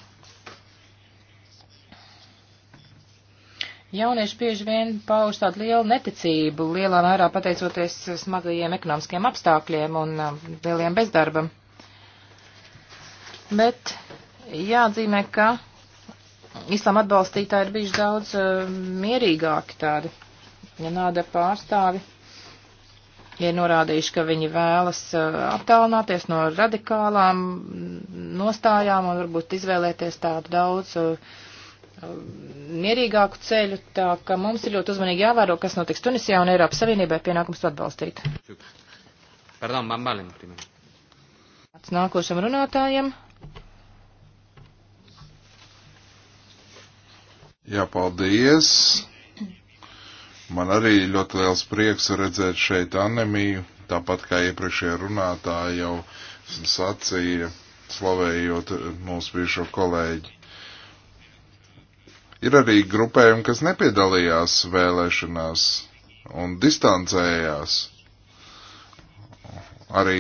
Jaunieši bieži vien pauž tādu lielu neticību, lielā mērā pateicoties smagajiem ekonomiskiem apstākļiem un uh, lieliem bezdarbam. Bet jāatzīmē, ka islāma atbalstītāji ir bijuši daudz uh, mierīgāki tādi. Ja nāda pārstāvi ir norādījuši, ka viņi vēlas uh, eh, attālināties no radikālām nostājām un varbūt izvēlēties tādu daudz uh, mierīgāku ceļu, tā ka mums ir ļoti uzmanīgi jāvēro, kas notiks Tunisijā un Eiropas Savienībai pienākums to atbalstīt. Pardon, man balim, Nākošam runātājiem. Jā, paldies. Man arī ļoti liels prieks redzēt šeit anemiju, tāpat kā iepriekšējā runātāja jau sacīja, slavējot mūsu bijušo kolēģi. Ir arī grupējumi, kas nepiedalījās vēlēšanās un distancējās, arī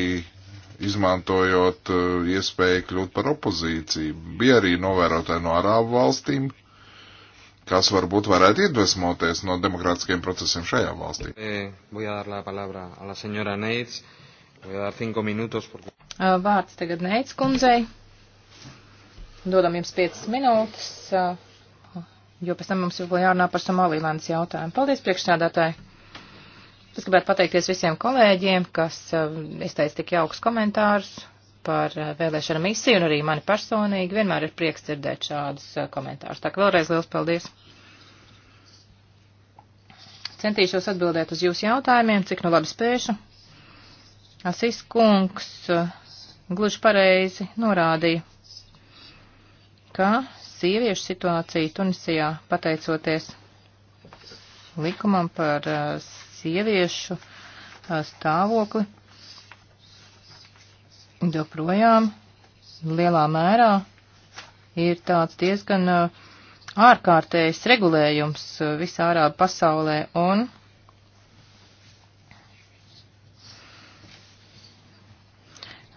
izmantojot uh, iespēju kļūt par opozīciju. Bija arī novērotāji no Arābu valstīm, kas varbūt varētu iedvesmoties no demokrātiskiem procesiem šajā valstī. Eh, eh, vārds tagad Neits kundzei. Dodam jums 5 minūtes, eh, jo pēc tam mums vēl jārunā par Somalilandes jautājumu. Paldies, priekšstādātāji! Es gribētu pateikties visiem kolēģiem, kas izteica tik jauks komentārus par eh, vēlēšanu misiju un arī mani personīgi vienmēr ir prieks dzirdēt šādus eh, komentārus. Tā kā vēlreiz liels paldies! Centīšos atbildēt uz jūsu jautājumiem, cik nu labi spēšu. Asis kungs eh, gluži pareizi norādīja, ka sieviešu situācija Tunisijā pateicoties likumam par sieviešu stāvokli joprojām lielā mērā ir tāds diezgan uh, ārkārtējs regulējums uh, visā ārābu pasaulē un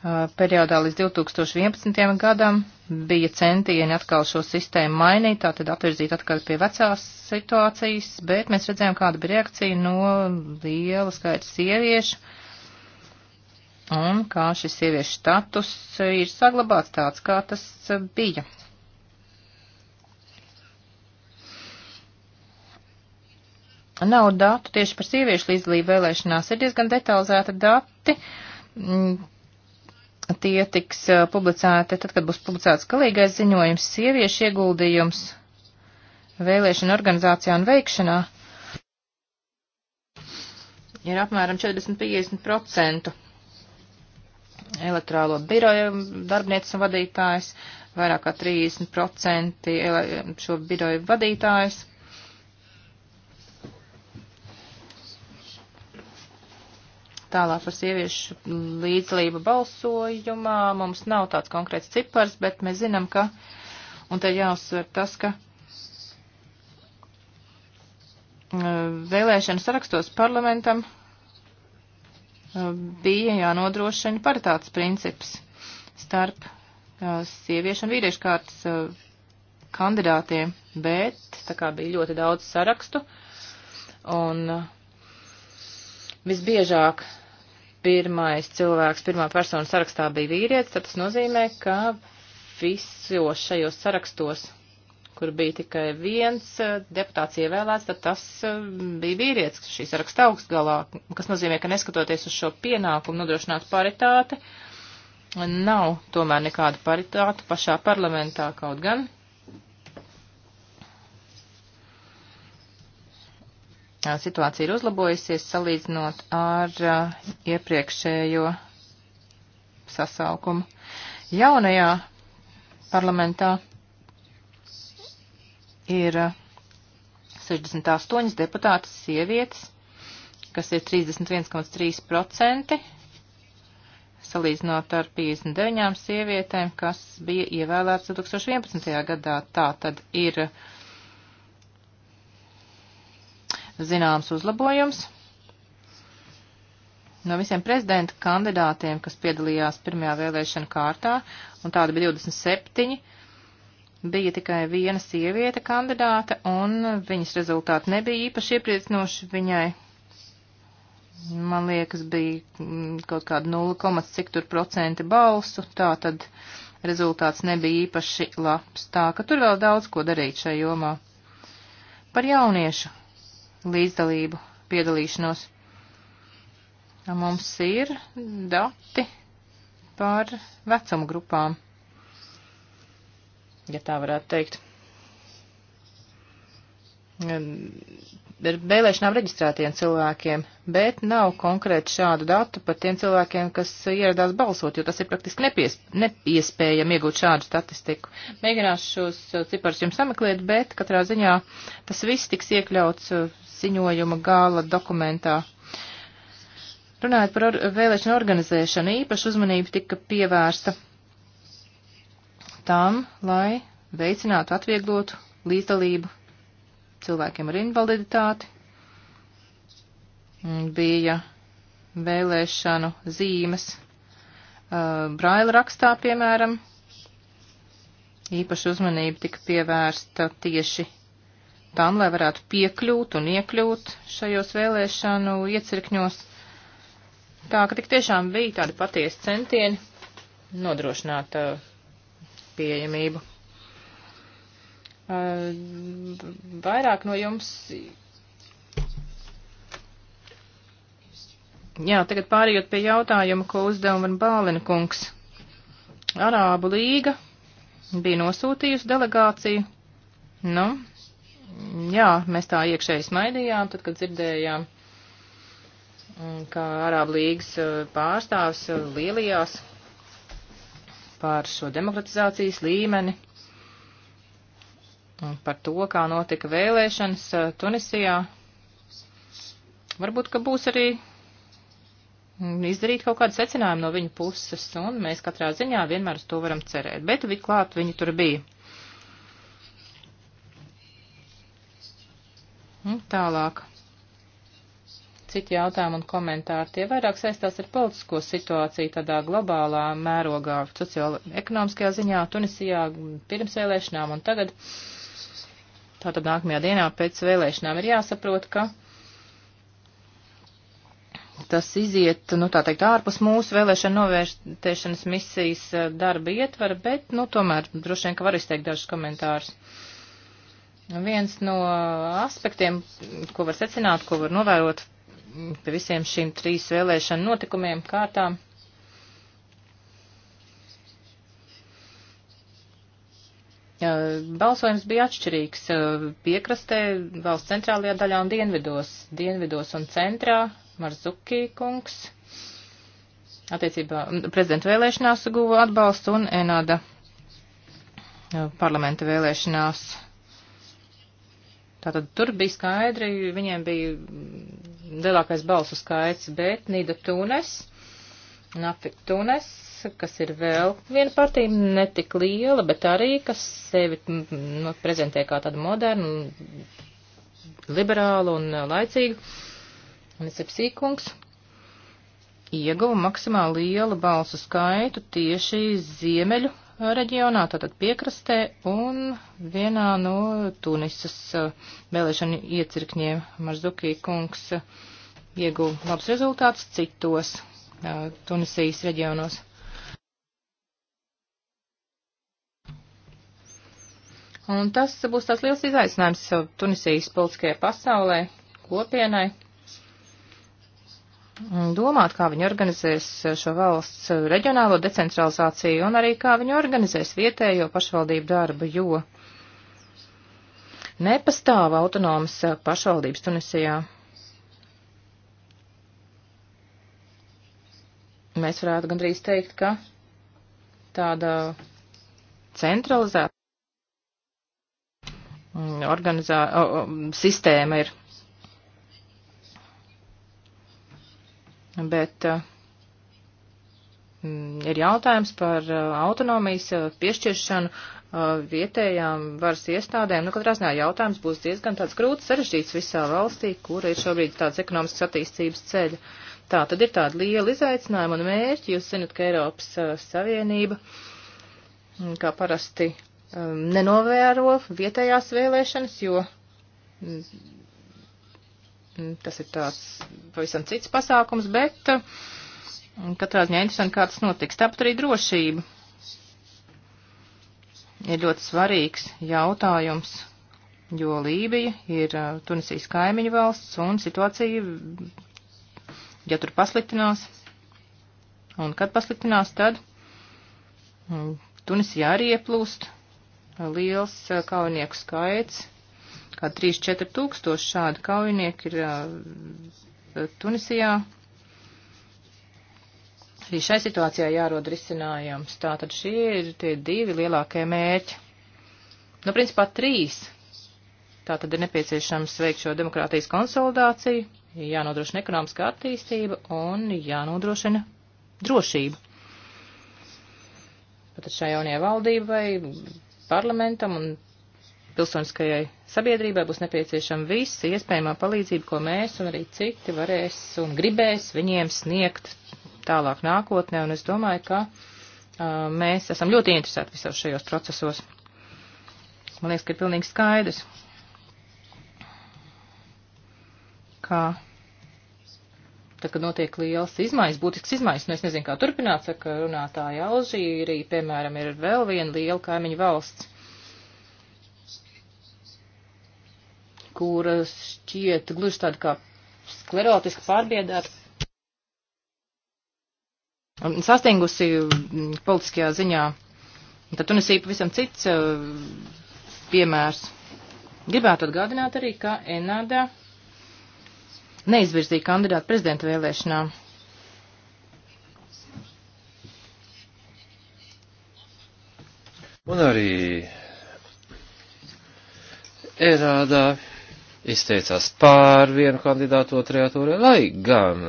uh, periodā līdz 2011. gadam bija centieni atkal šo sistēmu mainīt, tātad atvirzīt atkal pie vecās situācijas, bet mēs redzējām, kāda bija reakcija no liela skaita sieviešu, uh, un kā šis sieviešu status ir saglabāts tāds, kā tas bija. Nav datu tieši par sieviešu līdzdalību vēlēšanās, ir diezgan detalizēta dati. Mm, tie tiks eh, publicēti, tad, kad būs publicēts galīgais ziņojums, sieviešu ieguldījums vēlēšana organizācijā un veikšanā ir apmēram 40-50% elektrālo biroju darbnieces un vadītājs, vairāk kā 30% šo biroju vadītājs. Tālāk par sieviešu līdzlību balsojumā mums nav tāds konkrēts cipars, bet mēs zinām, ka, un te jāuzsver tas, ka uh, vēlēšanu sarakstos parlamentam bija jānodrošina paritātes princips starp sieviešu un vīriešu kārtas kandidātiem, bet tā kā bija ļoti daudz sarakstu un visbiežāk pirmais cilvēks, pirmā persona sarakstā bija vīrietis, tad tas nozīmē, ka visos šajos sarakstos kur bija tikai viens eh, deputāts ievēlēts, tad tas eh, bija vīrietis, kas šīs raksta augstgalā, kas nozīmē, ka neskatoties uz šo pienākumu nodrošināt paritāti, nav tomēr nekāda paritāte pašā parlamentā kaut gan. Situācija ir uzlabojusies salīdzinot ar eh, iepriekšējo sasaukumu. Jaunajā parlamentā ir 68 uh, deputātas sievietes, kas ir 31,3% salīdzinot ar 59 sievietēm, kas bija ievēlētas 2011. gadā. Tā tad ir zināms uzlabojums. No visiem prezidenta kandidātiem, kas piedalījās pirmajā vēlēšana kārtā, un tāda bija 27, bija tikai viena sieviete kandidāta, un viņas rezultāti nebija īpaši iepriecinoši viņai. Man liekas, bija mm, kaut kāda 0, cik tur procenti balsu, tā tad rezultāts nebija īpaši labs. Tā ka tur vēl daudz ko darīt šajā jomā. Par jauniešu līdzdalību, piedalīšanos. Mums ir dati par vecumu grupām ja tā varētu teikt. Ir vēlēšanām reģistrētiem cilvēkiem, bet nav konkrēti šādu datu par tiem cilvēkiem, kas ieradās balsot, jo tas ir praktiski nepies, neiespējami iegūt šādu statistiku. Mēģināšu šos uh, ciparus jums sameklēt, bet katrā ziņā tas viss tiks iekļauts uh, ziņojuma gala dokumentā. Runājot par or vēlēšanu organizēšanu, īpaši uzmanība tika pievērsta tam, lai veicinātu, atvieglotu līdzdalību cilvēkiem ar invaliditāti. Mm, bija vēlēšanu zīmes uh, braila rakstā, piemēram. Īpaši uzmanība tika pievērsta tieši tam, lai varētu piekļūt un iekļūt šajos vēlēšanu iecirkņos. Tā ka tik tiešām bija tādi patiesi centieni nodrošināt uh, pieejamību. Vairāk no jums. Jā, tagad pārējot pie jautājuma, ko uzdeva man Bālina kungs. Arābu līga bija nosūtījusi delegāciju. Nu, jā, mēs tā iekšēji smaidījām, tad, kad dzirdējām, kā Arābu līgas pārstāvs lielījās par šo demokratizācijas līmeni, par to, kā notika vēlēšanas eh, Tunisijā. Varbūt, ka būs arī izdarīt kaut kādu secinājumu no viņa puses, un mēs katrā ziņā vienmēr uz to varam cerēt. Bet viklāt viņi tur bija. Un tālāk citi jautājumi un komentāri. Tie vairāk saistās ar politisko situāciju tādā globālā mērogā, sociāla-ekonomiskajā ziņā, Tunisijā pirms vēlēšanām un tagad. Tātad nākamajā dienā pēc vēlēšanām ir jāsaprot, ka tas iziet, nu tā teikt, ārpus mūsu vēlēšana novērtēšanas misijas eh, darba ietvara, bet, nu, tomēr droši vien, ka var izteikt dažus komentārus. Viens no aspektiem, ko var secināt, ko var novērot pie visiem šīm trīs vēlēšanu notikumiem kārtām. Balsojums bija atšķirīgs piekrastē, valsts centrālajā daļā un dienvidos. Dienvidos un centrā Marzuki kungs attiecībā prezidenta vēlēšanās guva atbalstu un Enāda parlamenta vēlēšanās Tātad tur bija skaidri, viņiem bija lielākais balsu skaits, bet Nīda Tunes, Nafik Tunes, kas ir vēl viena partija, netik liela, bet arī, kas sevi mm, nu, prezentē kā tādu modernu, liberālu un laicīgu. Nesepsī kungs ieguva maksimāli lielu balsu skaitu tieši ziemeļu reģionā, tātad piekrastē un vienā no Tunisas uh, vēlēšana iecirkņiem Marzukī kungs uh, ieguva labs rezultāts citos uh, Tunisijas reģionos. Un tas būs tāds liels izaicinājums Tunisijas politiskajai pasaulē, kopienai, domāt, kā viņi organizēs šo valsts reģionālo decentralizāciju un arī kā viņi organizēs vietējo pašvaldību darbu, jo nepastāv autonomas pašvaldības Tunisijā. Mēs varētu gandrīz teikt, ka tāda centralizēta organizā, o, o, sistēma ir bet eh, mm, ir jautājums par eh, autonomijas eh, piešķiršanu vietējām varas iestādēm. Nu, katrā ziņā jautājums būs diezgan tāds grūts sarežģīts visā valstī, kura ir šobrīd tāds ekonomisks attīstības ceļa. Tā tad ir tāda liela izaicinājuma un mērķi. Jūs zinat, ka Eiropas Savienība, mm, kā parasti, nenovēro vietējās vēlēšanas, jo mm, Mm, tas ir tāds pavisam cits pasākums, bet mm, katrā ziņā interesanti, kā tas notiks. Tāpat arī drošība ir ļoti svarīgs jautājums, jo Lībija ir uh, Tunisijas kaimiņu valsts un situācija, ja tur pasliktinās, un kad pasliktinās, tad mm, Tunisijā arī ieplūst uh, liels uh, kaujinieku skaits kā 3-4 tūkstoši šādu kaujinieku ir Tunisijā. Arī šai situācijā jārod risinājums. Tātad šie ir tie divi lielākie mērķi. Nu, principā trīs. Tātad ir nepieciešams veikt šo demokrātijas konsolidāciju, jānodrošina ekonomiskā attīstība un jānodrošina drošība. Pat šai jaunajai valdībai, parlamentam un pilsoniskajai sabiedrībai būs nepieciešama visa iespējamā palīdzība, ko mēs un arī citi varēs un gribēs viņiem sniegt tālāk nākotnē, un es domāju, ka uh, mēs esam ļoti interesēti visos šajos procesos. Man liekas, ka ir pilnīgi skaidrs, ka tad, kad notiek liels izmaiņas, būtisks izmaiņas, nu es nezinu, kā turpināt, saka runātāja Alžīrija, piemēram, ir vēl viena liela kaimiņu valsts kura šķiet gluži tāda kā sklerotiski pārbiedēta. Un sastingusi mm, politiskajā ziņā. Tad Tunisija pavisam cits uh, piemērs. Gribētu atgādināt arī, ka Enāda neizvirzīja kandidātu prezidenta vēlēšanām. Un arī Enādā izteicās pār vienu kandidātu otrajā turē, lai gan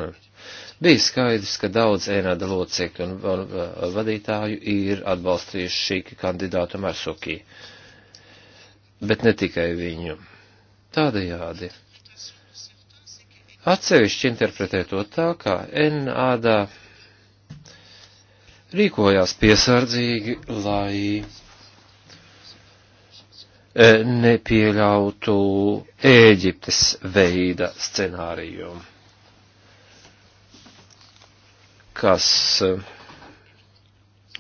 bija skaidrs, ka daudz ēnāda locekļu un, un, un vadītāju ir atbalstījuši šī kandidātu Marsukī. Bet ne tikai viņu. Tādējādi. Atsevišķi interpretē to tā, ka Enāda rīkojās piesardzīgi, lai E, nepieļautu Ēģiptes veida scenāriju, kas uh,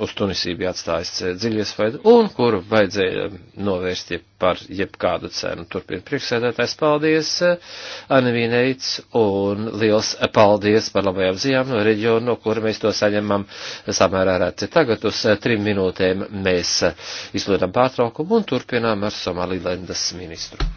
uz Tunisību jāatstājas dziļies veidu un kuru vajadzēja novērst jeb par jebkādu cenu. Turpin priekšsēdētājs paldies, Anivīneits, un liels paldies par labajām ziņām no reģiona, no kura mēs to saņemam samērā reci. Tagad uz trim minūtēm mēs izlūdam pārtraukumu un turpinām ar Somalilendas ministru.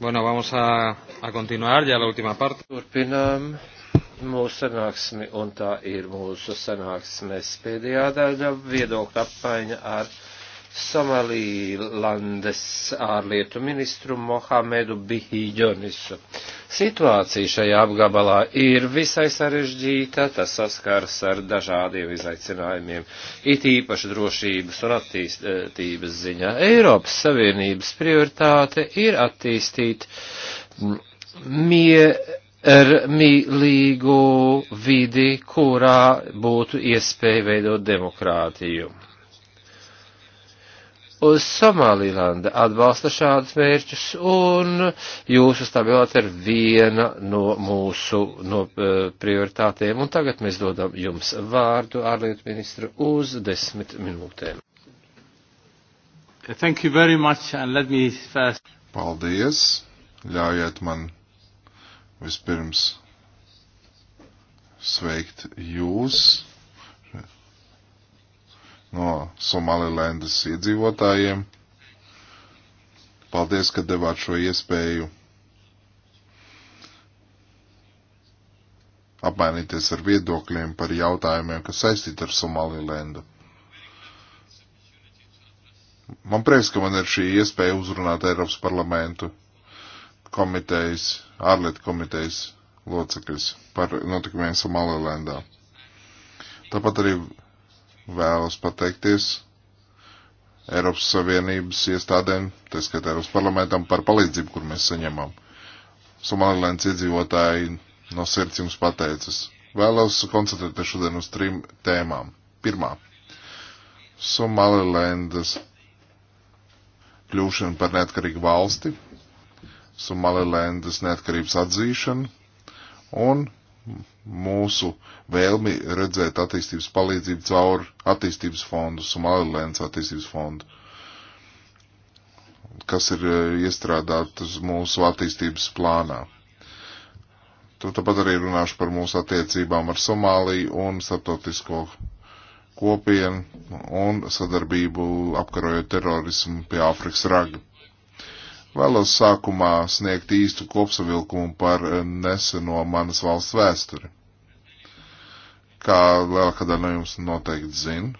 Bueno, vamos a, a continuar ya la última parte. Turpinām mūsu sanāksmi, un tā ir mūsu sanāksmes pēdējā daļa viedokļa apmaiņa ar Somalīlandes ārlietu ministru Mohamedu Bihijonisu. Situācija šajā apgabalā ir visai sarežģīta, tas saskars ar dažādiem izaicinājumiem, it īpaši drošības un attīstības ziņā. Eiropas Savienības prioritāte ir attīstīt miermīlīgu vidi, kurā būtu iespēja veidot demokrātiju uz Somālīlanda atbalsta šādus mērķus, un jūsu stabilitāte ir viena no mūsu no, uh, eh, prioritātēm. Un tagad mēs dodam jums vārdu, ārlietu ministru, uz desmit minūtēm. Thank you very much, and let me first. Paldies! Ļaujiet man vispirms sveikt jūs no Somalilendas iedzīvotājiem. Paldies, ka devāt šo iespēju apmainīties ar viedokļiem par jautājumiem, kas saistīti ar Somalilendu. Man prieks, ka man ir šī iespēja uzrunāt Eiropas parlamentu komitejas, ārlietu komitejas locekļus par notikumiem Somalilendā. Tāpat arī Vēlos pateikties Eiropas Savienības iestādēm, tā skaitā Eiropas parlamentam, par palīdzību, kur mēs saņemam. Somālilēns iedzīvotāji no sirds jums pateicas. Vēlos koncentrēties šodien uz trim tēmām. Pirmā. Somālilendas kļūšana par neatkarīgu valsti, Somālilendas neatkarības atzīšana un mūsu vēlmi redzēt attīstības palīdzību caur attīstības fondu, Somalilands attīstības fondu, kas ir eh, iestrādātas mūsu attīstības plānā. Tur tāpat arī runāšu par mūsu attiecībām ar Somāliju un starptautisko kopienu un sadarbību apkarojot terorismu pie Āfrikas raga. Vēlos sākumā sniegt īstu kopsavilkumu par eh, neseno manas valsts vēsturi. Kā lielākā daļa no jums noteikti zina,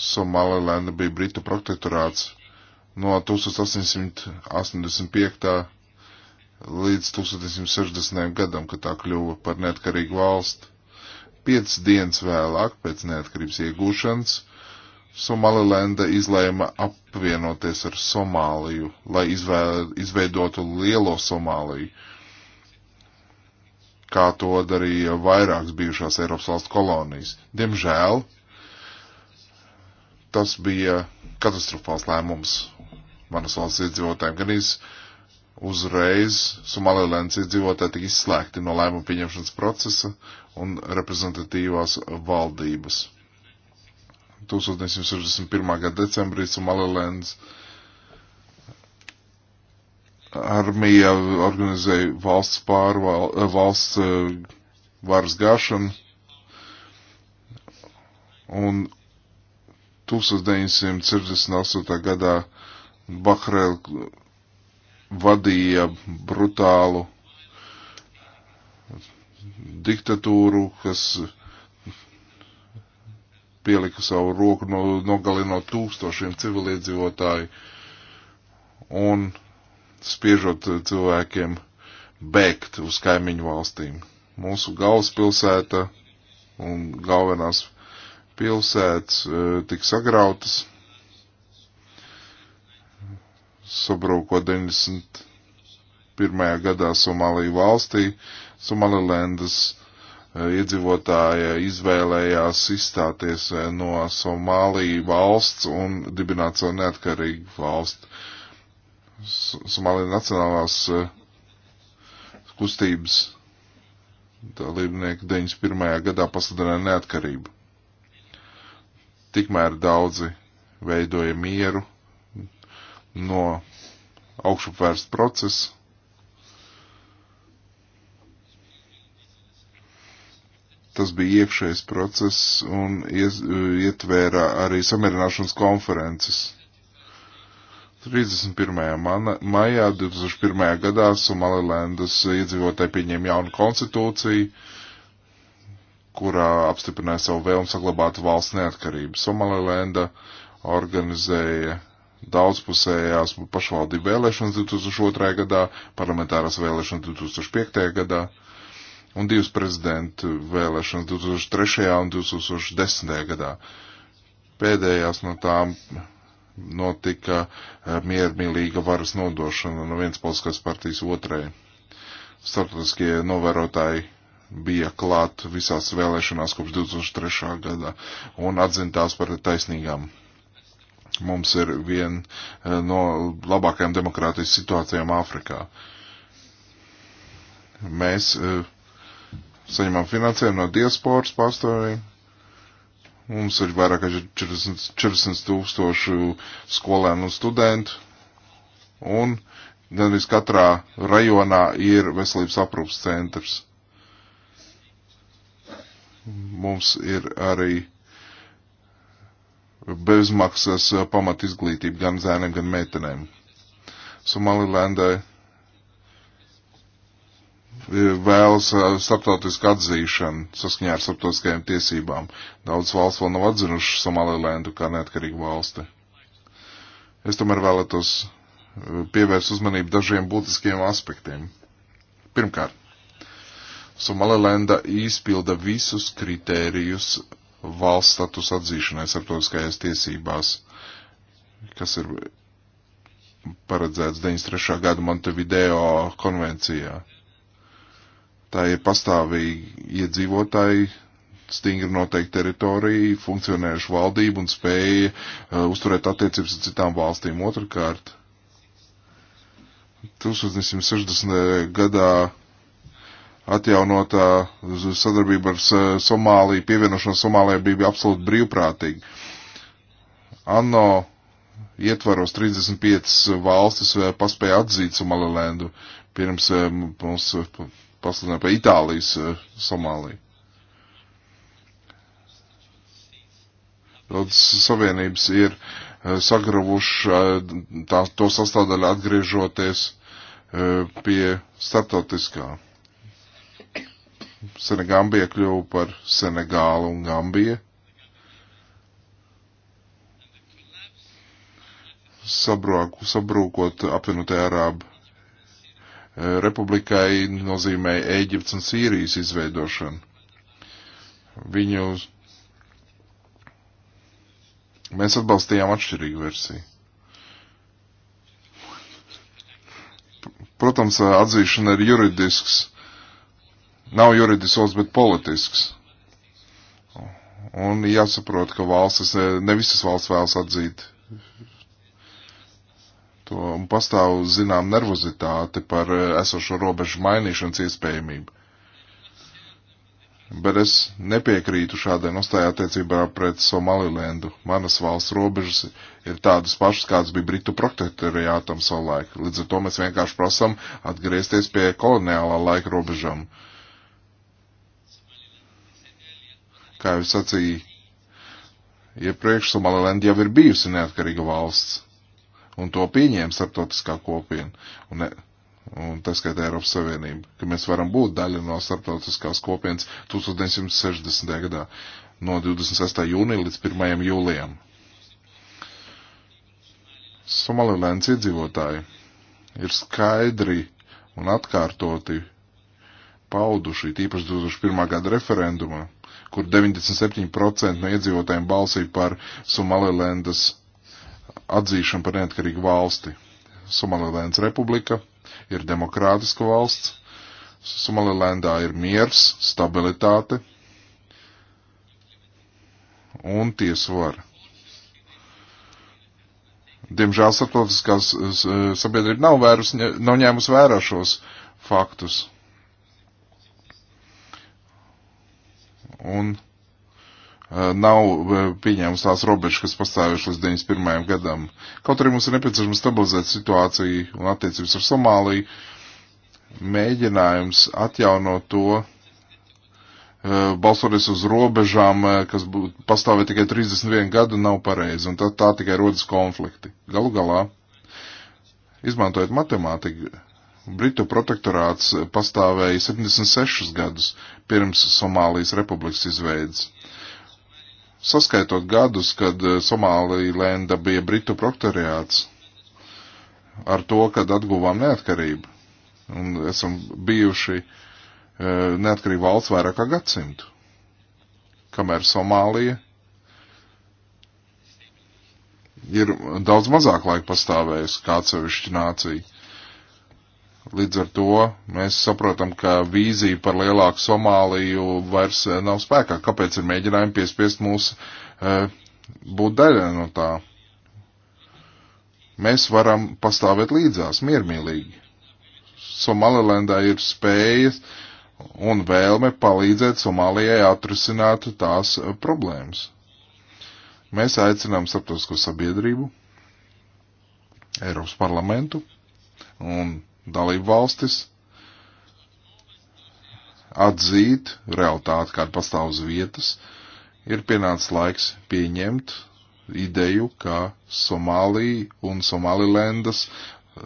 Somalilanda bija Britu protektorāts no 1885. līdz 1960. gadam, kad tā kļuva par neatkarīgu valsti. Piecas dienas vēlāk pēc neatkarības iegūšanas Somalilenda izlēma apvienoties ar Somāliju, lai izvēl, izveidotu lielo Somāliju, kā to darīja vairākas bijušās Eiropas valstu kolonijas. Diemžēl tas bija katastrofāls lēmums manas valsts iedzīvotājiem. Gan iz uzreiz Somalilens iedzīvotāji tika izslēgti no lēmumu pieņemšanas procesa un reprezentatīvās valdības. 1961. gada decembrī Somalilēns armija organizēja valsts pārval, eh, valsts eh, varas gāšanu un 1968. gadā Bahrēl vadīja brutālu diktatūru, kas pielika savu roku, no, nogalinot tūkstošiem civiliedzīvotāju un spiežot cilvēkiem bēgt uz kaimiņu valstīm. Mūsu galvaspilsēta un galvenās pilsētas e, tika sagrautas, sabruko 91. gadā Somāliju valstī, Somalilendas iedzīvotāja izvēlējās izstāties no Somālija valsts un dibināt savu neatkarīgu valsti. Somālija nacionālās eh, kustības dalībnieki 91. gadā pasludināja neatkarību. Tikmēr daudzi veidoja mieru no augšupvērst procesu Tas bija iekšējs process un ietvēra arī samierināšanas konferences. 31. maijā 2001. gadā Somalilendas iedzīvotāji pieņēma jaunu konstitūciju, kurā apstiprināja savu vēlmu saglabāt valsts neatkarību. Somalilenda organizēja daudzpusējās pašvaldību vēlēšanas 2002. gadā, parlamentārās vēlēšanas 2005. gadā un divas prezidentu vēlēšanas 2003. un 2010. gadā. Pēdējās no tām notika eh, miermīlīga varas nodošana no vienas politiskās partijas otrai. Startautiskie novērotāji bija klāt visās vēlēšanās kopš 2003. gada un atzintās par taisnīgām. Mums ir viena eh, no labākajām demokrātijas situācijām Āfrikā. Mēs uh, saņemam finansējumu no diasporas pastāvīgi. Mums ir vairāk kā 40, 40 tūkstošu skolēnu un studentu. Un gandrīz katrā rajonā ir veselības aprūpas centrs. Mums ir arī bezmaksas pamat izglītība gan zēniem, gan meitenēm. Somalilendai vēlas starptautisku atzīšanu saskaņā ar starptautiskajām tiesībām. Daudz valsts vēl nav atzinušas Somalilendu kā neatkarīgu valsti. Es tomēr vēlētos pievērst uzmanību dažiem būtiskiem aspektiem. Pirmkārt, Somalilenda izpilda visus kritērijus valsts status atzīšanai starptautiskajās tiesībās, kas ir paredzēts 93. gada Montevideo konvencijā. Tā ir pastāvīgi iedzīvotāji, stingri noteikti teritorija, funkcionējuša valdība un spēja uh, uzturēt attiecības ar citām valstīm. Otrakārt, 1960. Uh, gadā atjaunotā sadarbība ar Somāliju, pievienošanās Somālijai bija absolūti brīvprātīga. Anno ietvaros 35 valstis uh, paspēja atzīt Somalilendu pirms uh, mums pasludināja par Itālijas eh, Somāliju. Daudz savienības ir eh, sagravuši eh, tā, to sastāvdaļu atgriežoties pie startautiskā. Senegambija kļuva par Senegālu un Gambiju. sabrūkot apvienotie arābu republikai nozīmēja Ēģipts un Sīrijas izveidošanu. Viņu mēs atbalstījām atšķirīgu versiju. Protams, atzīšana ir juridisks, nav juridiskos, bet politisks. Un jāsaprot, ka valstis, ne visas valsts vēlas atzīt to, un pastāv zinām nervozitāte par eh, esošo robežu mainīšanas iespējamību. Bet es nepiekrītu šādai nostājā attiecībā pret Somalilendu. Manas valsts robežas ir tādas pašas, kādas bija Britu protektoriātam savulaik. Līdz ar to mēs vienkārši prasam atgriezties pie koloniālā laika robežām. Kā jau sacīju, iepriekš Somalilenda jau ir bijusi neatkarīga valsts un to pieņēma starptautiskā kopiena. Un, un tas, ka Eiropas Savienība, ka mēs varam būt daļa no starptautiskās kopienas 1960. gadā no 26. jūnija līdz 1. jūlijam. Somalilēns iedzīvotāji ir skaidri un atkārtoti pauduši, tīpaši 2001. gada referendumā, kur 97% no iedzīvotājiem balsīja par Somalilendas atzīšana par neatkarīgu valsti. Somalilands republika ir demokrātiska valsts, Somalilandā ir miers, stabilitāte un tiesvara. Diemžēl starptautiskās sabiedrība nav, vērus, nav ņēmus vērā šos faktus. Un Eh, nav eh, pieņēmusi tās robežas, kas pastāvējuši līdz 91. gadam. Kaut arī mums ir nepieciešams stabilizēt situāciju un attiecības ar Somāliju, mēģinājums atjaunot to, eh, balsoties uz robežām, kas pastāvē tikai 31 gadu, nav pareizi, un tad tā tikai rodas konflikti. Galu galā, izmantojot matemātiku, Britu protektorāts pastāvēja 76 gadus pirms Somālijas republikas izveidas saskaitot gadus, kad eh, Somālija bija Britu protektoriāts, ar to, kad atguvām neatkarību. Un esam bijuši e, eh, neatkarīgi valsts vairāk kā gadsimtu. Kamēr Somālija ir daudz mazāk laika pastāvējusi kā atsevišķa nācija. Līdz ar to mēs saprotam, ka vīzija par lielāku Somāliju vairs eh, nav spēkā. Kāpēc ir mēģinājumi piespiest mūs e, būt daļai no tā? Mēs varam pastāvēt līdzās miermīlīgi. Somalilendā ir spējas un vēlme palīdzēt Somālijai atrisināt tās eh, problēmas. Mēs aicinām starptautisko sabiedrību, Eiropas parlamentu un dalību valstis atzīt realitāti, kāda pastāv uz vietas, ir pienācis laiks pieņemt ideju, ka Somālija un Somālilendas eh,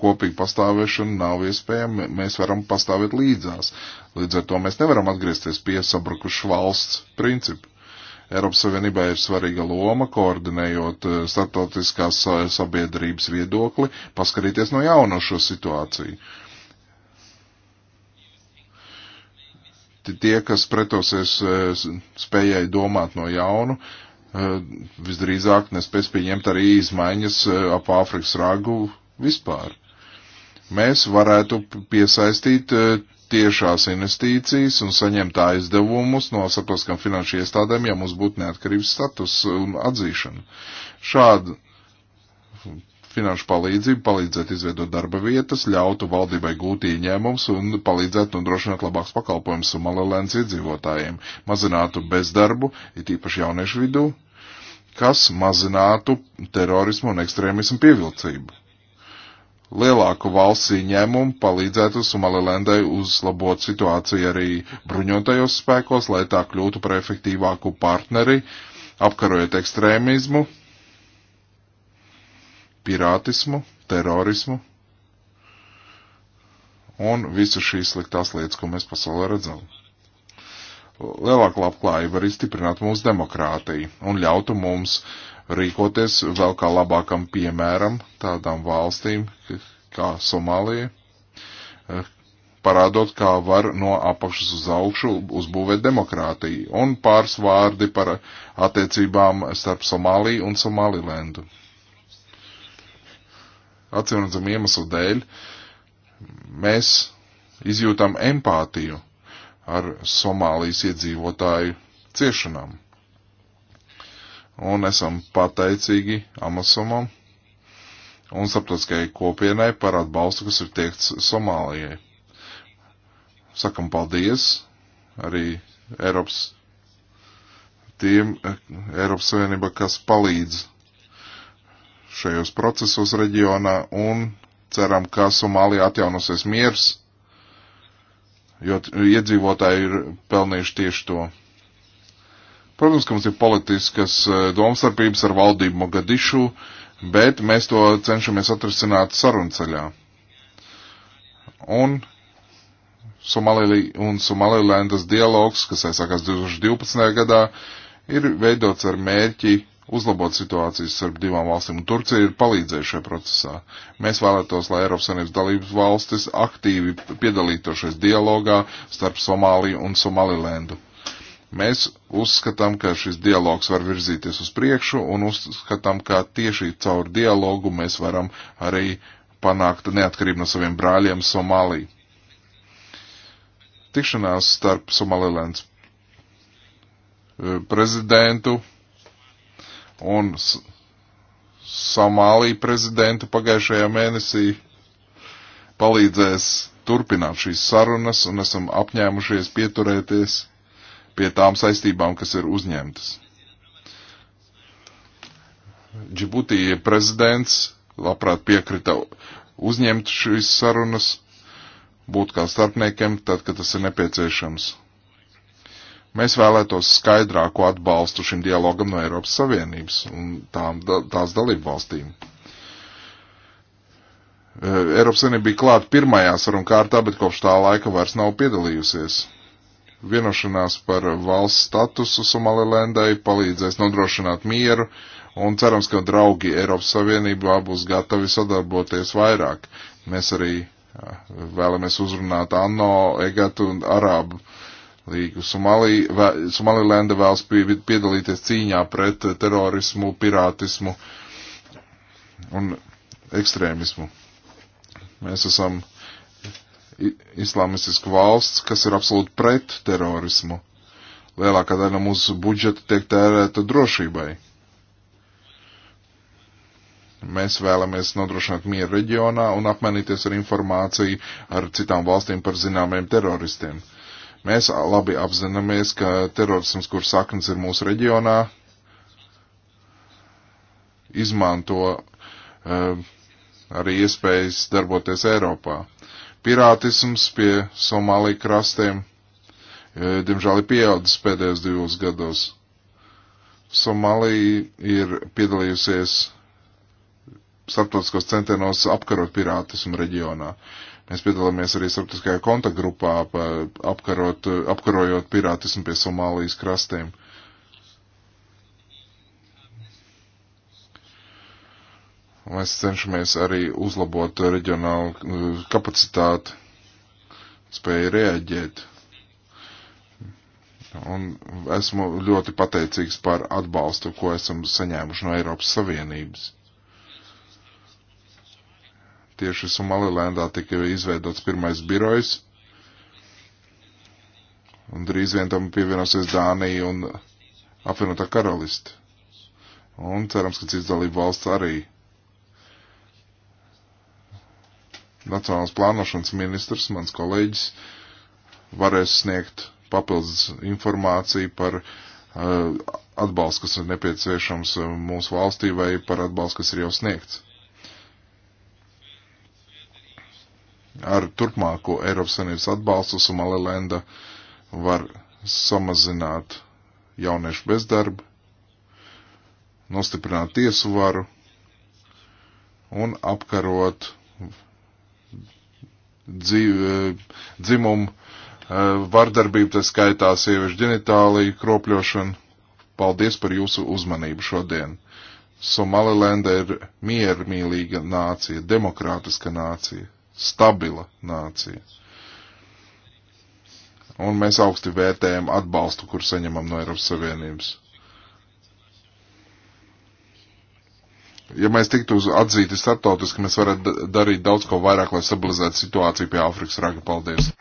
kopīga pastāvēšana nav iespējama, mēs varam pastāvēt līdzās. Līdz ar to mēs nevaram atgriezties pie sabrukušu valsts principu. Eiropas Savienībā ir svarīga loma, koordinējot eh, starptautiskās eh, sabiedrības viedokli, paskatīties no jauno šo situāciju. Tie, kas pretosies eh, spējai domāt no jaunu, visdrīzāk nespēs pieņemt arī izmaiņas ap Āfrikas ragu vispār. Mēs varētu piesaistīt tiešās investīcijas un saņemt aizdevumus no sakoskam finanšu iestādēm, ja mums būtu neatkarības status un atzīšana. Šāda finanšu palīdzību palīdzētu izveidot darba vietas, ļautu valdībai gūt ieņēmums un palīdzētu nodrošināt labāks pakalpojums Somalilēns iedzīvotājiem, mazinātu bezdarbu, it īpaši jauniešu vidū, kas mazinātu terorismu un ekstrēmismu pievilcību lielāku valstī ņēmumu palīdzētu Somalilendai uzlabot situāciju arī bruņotajos spēkos, lai tā kļūtu par efektīvāku partneri, apkarojot ekstrēmismu, pirātismu, terorismu un visu šīs sliktās lietas, ko mēs pasaulē redzam. Lielāka labklājība var izstiprināt mūsu demokrātiju un ļautu mums uh, rīkoties vēl kā labākam piemēram tādām valstīm kā Somālija, eh, parādot, kā var no apakšas uz augšu uzbūvēt demokrātiju un pāris vārdi par attiecībām starp Somāliju un Somālilendu. Atcīmredzam iemeslu dēļ mēs izjūtam empātiju ar Somālijas iedzīvotāju ciešanām un esam pateicīgi Amasomam un starptautiskajai kopienai par atbalstu, kas ir tiekts Somālijai. Sakam paldies arī Eiropas tiem Eiropas Savienība, kas palīdz šajos procesos reģionā un ceram, ka Somālijā atjaunosies miers, jo iedzīvotāji ir pelnījuši tieši to. Protams, ka mums ir politiskas eh, domstarpības ar valdību Mogadišu, bet mēs to cenšamies atrisināt sarunceļā. Un Somalija un Somalilendas dialogs, kas aizsākās 2012. gadā, ir veidots ar mērķi uzlabot situācijas starp divām valstīm, un Turcija ir palīdzējusi šajā procesā. Mēs vēlētos, lai Eiropas Savienības dalības valstis aktīvi piedalītos šajā dialogā starp Somāliju un Somalilendu. Mēs uzskatām, ka šis dialogs var virzīties uz priekšu un uzskatām, ka tieši caur dialogu mēs varam arī panākt neatkarību no saviem brāļiem Somālī. Tikšanās starp Somalilands e, prezidentu un Somālī prezidentu pagājušajā mēnesī palīdzēs turpināt šīs sarunas un esam apņēmušies pieturēties pie tām saistībām, kas ir uzņemtas. Džibutī prezidents labprāt piekrita uzņemt šīs sarunas, būt kā starpniekiem, tad, kad tas ir nepieciešams. Mēs vēlētos skaidrāku atbalstu šim dialogam no Eiropas Savienības un tām, tās dalību valstīm. Eiropas Savienība bija klāta pirmajā sarunkārtā, bet kopš tā laika vairs nav piedalījusies. Vienošanās par valsts statusu Somalilendai palīdzēs nodrošināt mieru un cerams, ka draugi Eiropas Savienībā būs gatavi sadarboties vairāk. Mēs arī vēlamies uzrunāt ANO, Egatu un Arābu līgu. Somali, vē, Somalilenda vēlas piedalīties cīņā pret terorismu, pirātismu un ekstrēmismu. Mēs esam islamistisku valsts, kas ir absolūti pret terorismu. Lielākā daļa mūsu budžeta tiek tērēta drošībai. Mēs vēlamies nodrošināt mieru reģionā un apmainīties ar informāciju ar citām valstīm par zināmiem teroristiem. Mēs labi apzināmies, ka terorisms, kur saknes ir mūsu reģionā, izmanto uh, arī iespējas darboties Eiropā pirātisms pie Somālija krastiem, e, diemžēl ir pieaudzis pēdējos divos gados. Somālija ir piedalījusies starptautiskos centienos apkarot pirātismu reģionā. Mēs piedalāmies arī starptautiskajā kontaktgrupā, apkarot, apkarojot pirātismu pie Somālijas krastiem. Mēs cenšamies arī uzlabot reģionālu eh, kapacitāti, spēju reaģēt. Un esmu ļoti pateicīgs par atbalstu, ko esam saņēmuši no Eiropas Savienības. Tieši Somalilendā tika izveidots pirmais birojs, un drīz vien tam pievienosies Dānija un apvienotā karaliste. Un cerams, ka cits dalību valsts arī Nacionālās plānošanas ministrs, mans kolēģis, varēs sniegt papildus informāciju par uh, atbalstu, kas ir nepieciešams eh, mūsu valstī vai par atbalstu, kas ir jau sniegts. Ar turpmāko Eiropas Savienības atbalstu Somalilenda var samazināt jauniešu bezdarbu, nostiprināt tiesu varu un apkarot E, dzimumu e, vardarbību, tā skaitā sieviešu ģenitāliju kropļošanu. Paldies par jūsu uzmanību šodien. Somalilanda ir miermīlīga nācija, demokrātiska nācija, stabila nācija. Un mēs augsti vērtējam atbalstu, kur saņemam no Eiropas Savienības. ja mēs tiktu atzīti startautiski, mēs varētu darīt daudz ko vairāk, lai stabilizētu situāciju pie Āfrikas raga. Paldies!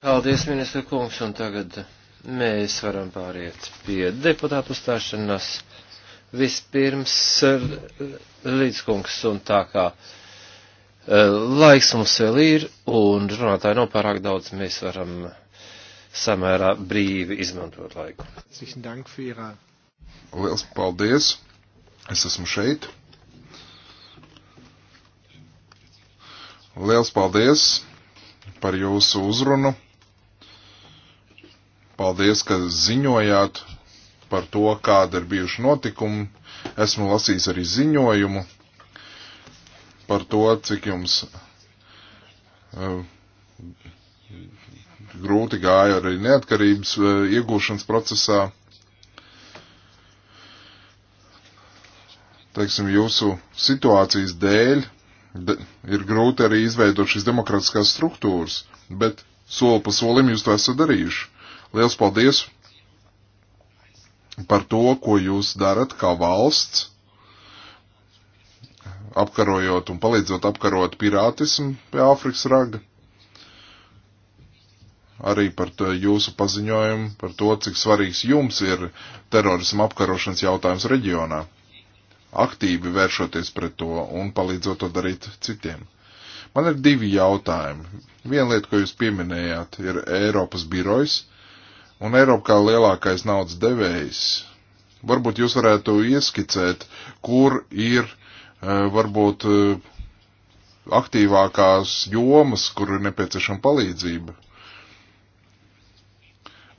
Paldies, ministra kungs, un tagad mēs varam pāriet pie deputātu stāšanās. Vispirms eh, līdzkungs un tā kā eh, laiks mums vēl ir, un runātāji nav pārāk daudz, mēs varam samērā brīvi izmantot laiku. Liels paldies! Es esmu šeit. Liels paldies par jūsu uzrunu. Paldies, ka ziņojāt par to, kāda ir bijuši notikumi. Esmu lasījis arī ziņojumu par to, cik jums uh, grūti gāja arī neatkarības e, iegūšanas procesā. Teiksim, jūsu situācijas dēļ de, ir grūti arī izveidot šīs demokratiskās struktūras, bet soli pa solim jūs to esat darījuši. Liels paldies par to, ko jūs darat kā valsts, apkarojot un palīdzot apkarot pirātismu pie Āfrikas raga arī par jūsu paziņojumu, par to, cik svarīgs jums ir terorismu apkarošanas jautājums reģionā. Aktīvi vēršoties pret to un palīdzot to darīt citiem. Man ir divi jautājumi. Viena lieta, ko jūs pieminējāt, ir Eiropas birojs un Eiropa kā lielākais naudas devējs. Varbūt jūs varētu ieskicēt, kur ir e, varbūt e, aktīvākās jomas, kur ir nepieciešama palīdzība.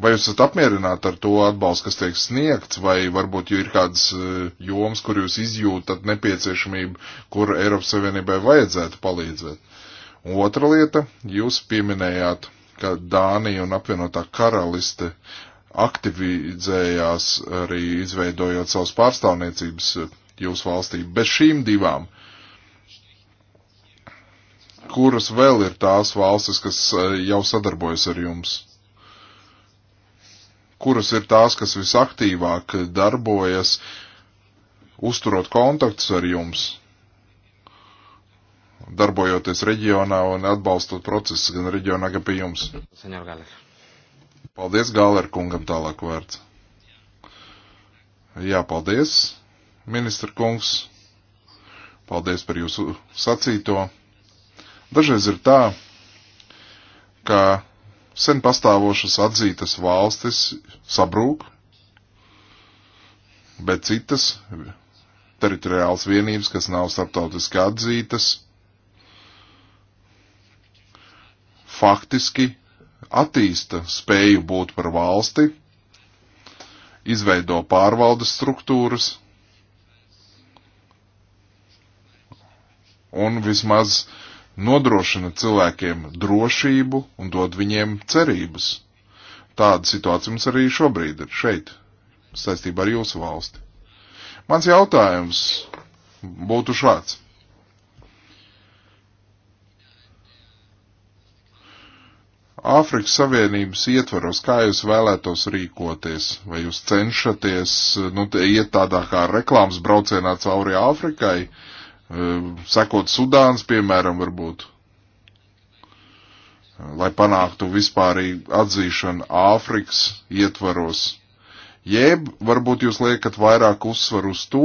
Vai jūs esat apmierināti ar to atbalstu, kas tiek sniegts, vai varbūt ir kādas e, jomas, kur jūs izjūtat nepieciešamību, kur Eiropas Savienībai vajadzētu palīdzēt? Un otra lieta, jūs pieminējāt, ka Dānija un apvienotā karaliste aktivizējās arī izveidojot savas pārstāvniecības jūsu valstī. Bez šīm divām, kuras vēl ir tās valstis, kas e, jau sadarbojas ar jums? kuras ir tās, kas visaktīvāk darbojas, uzturot kontaktus ar jums, darbojoties reģionā un atbalstot procesus gan reģionā, gan pie jums. Paldies Gāler kungam tālāk vērts. Jā, paldies, ministra kungs. Paldies par jūsu sacīto. Dažreiz ir tā, ka sen pastāvošas atzītas valstis sabrūk, bet citas teritoriāls vienības, kas nav starptautiski atzītas, faktiski attīsta spēju būt par valsti, izveido pārvaldes struktūras un vismaz uh, nodrošina cilvēkiem drošību un dod viņiem cerības. Tāda situācija mums arī šobrīd ir šeit, saistībā ar jūsu valsti. Mans jautājums būtu šāds. Āfrikas Savienības ietvaros, kā jūs vēlētos rīkoties, vai jūs cenšaties nu, iet tādā kā reklāmas braucienā cauri Āfrikai, uh, Ehm, sekot Sudāns, piemēram, varbūt, ehm, lai panāktu vispārīgu atzīšanu Āfrikas ietvaros. Jeb varbūt jūs liekat vairāk uzsvaru uz to,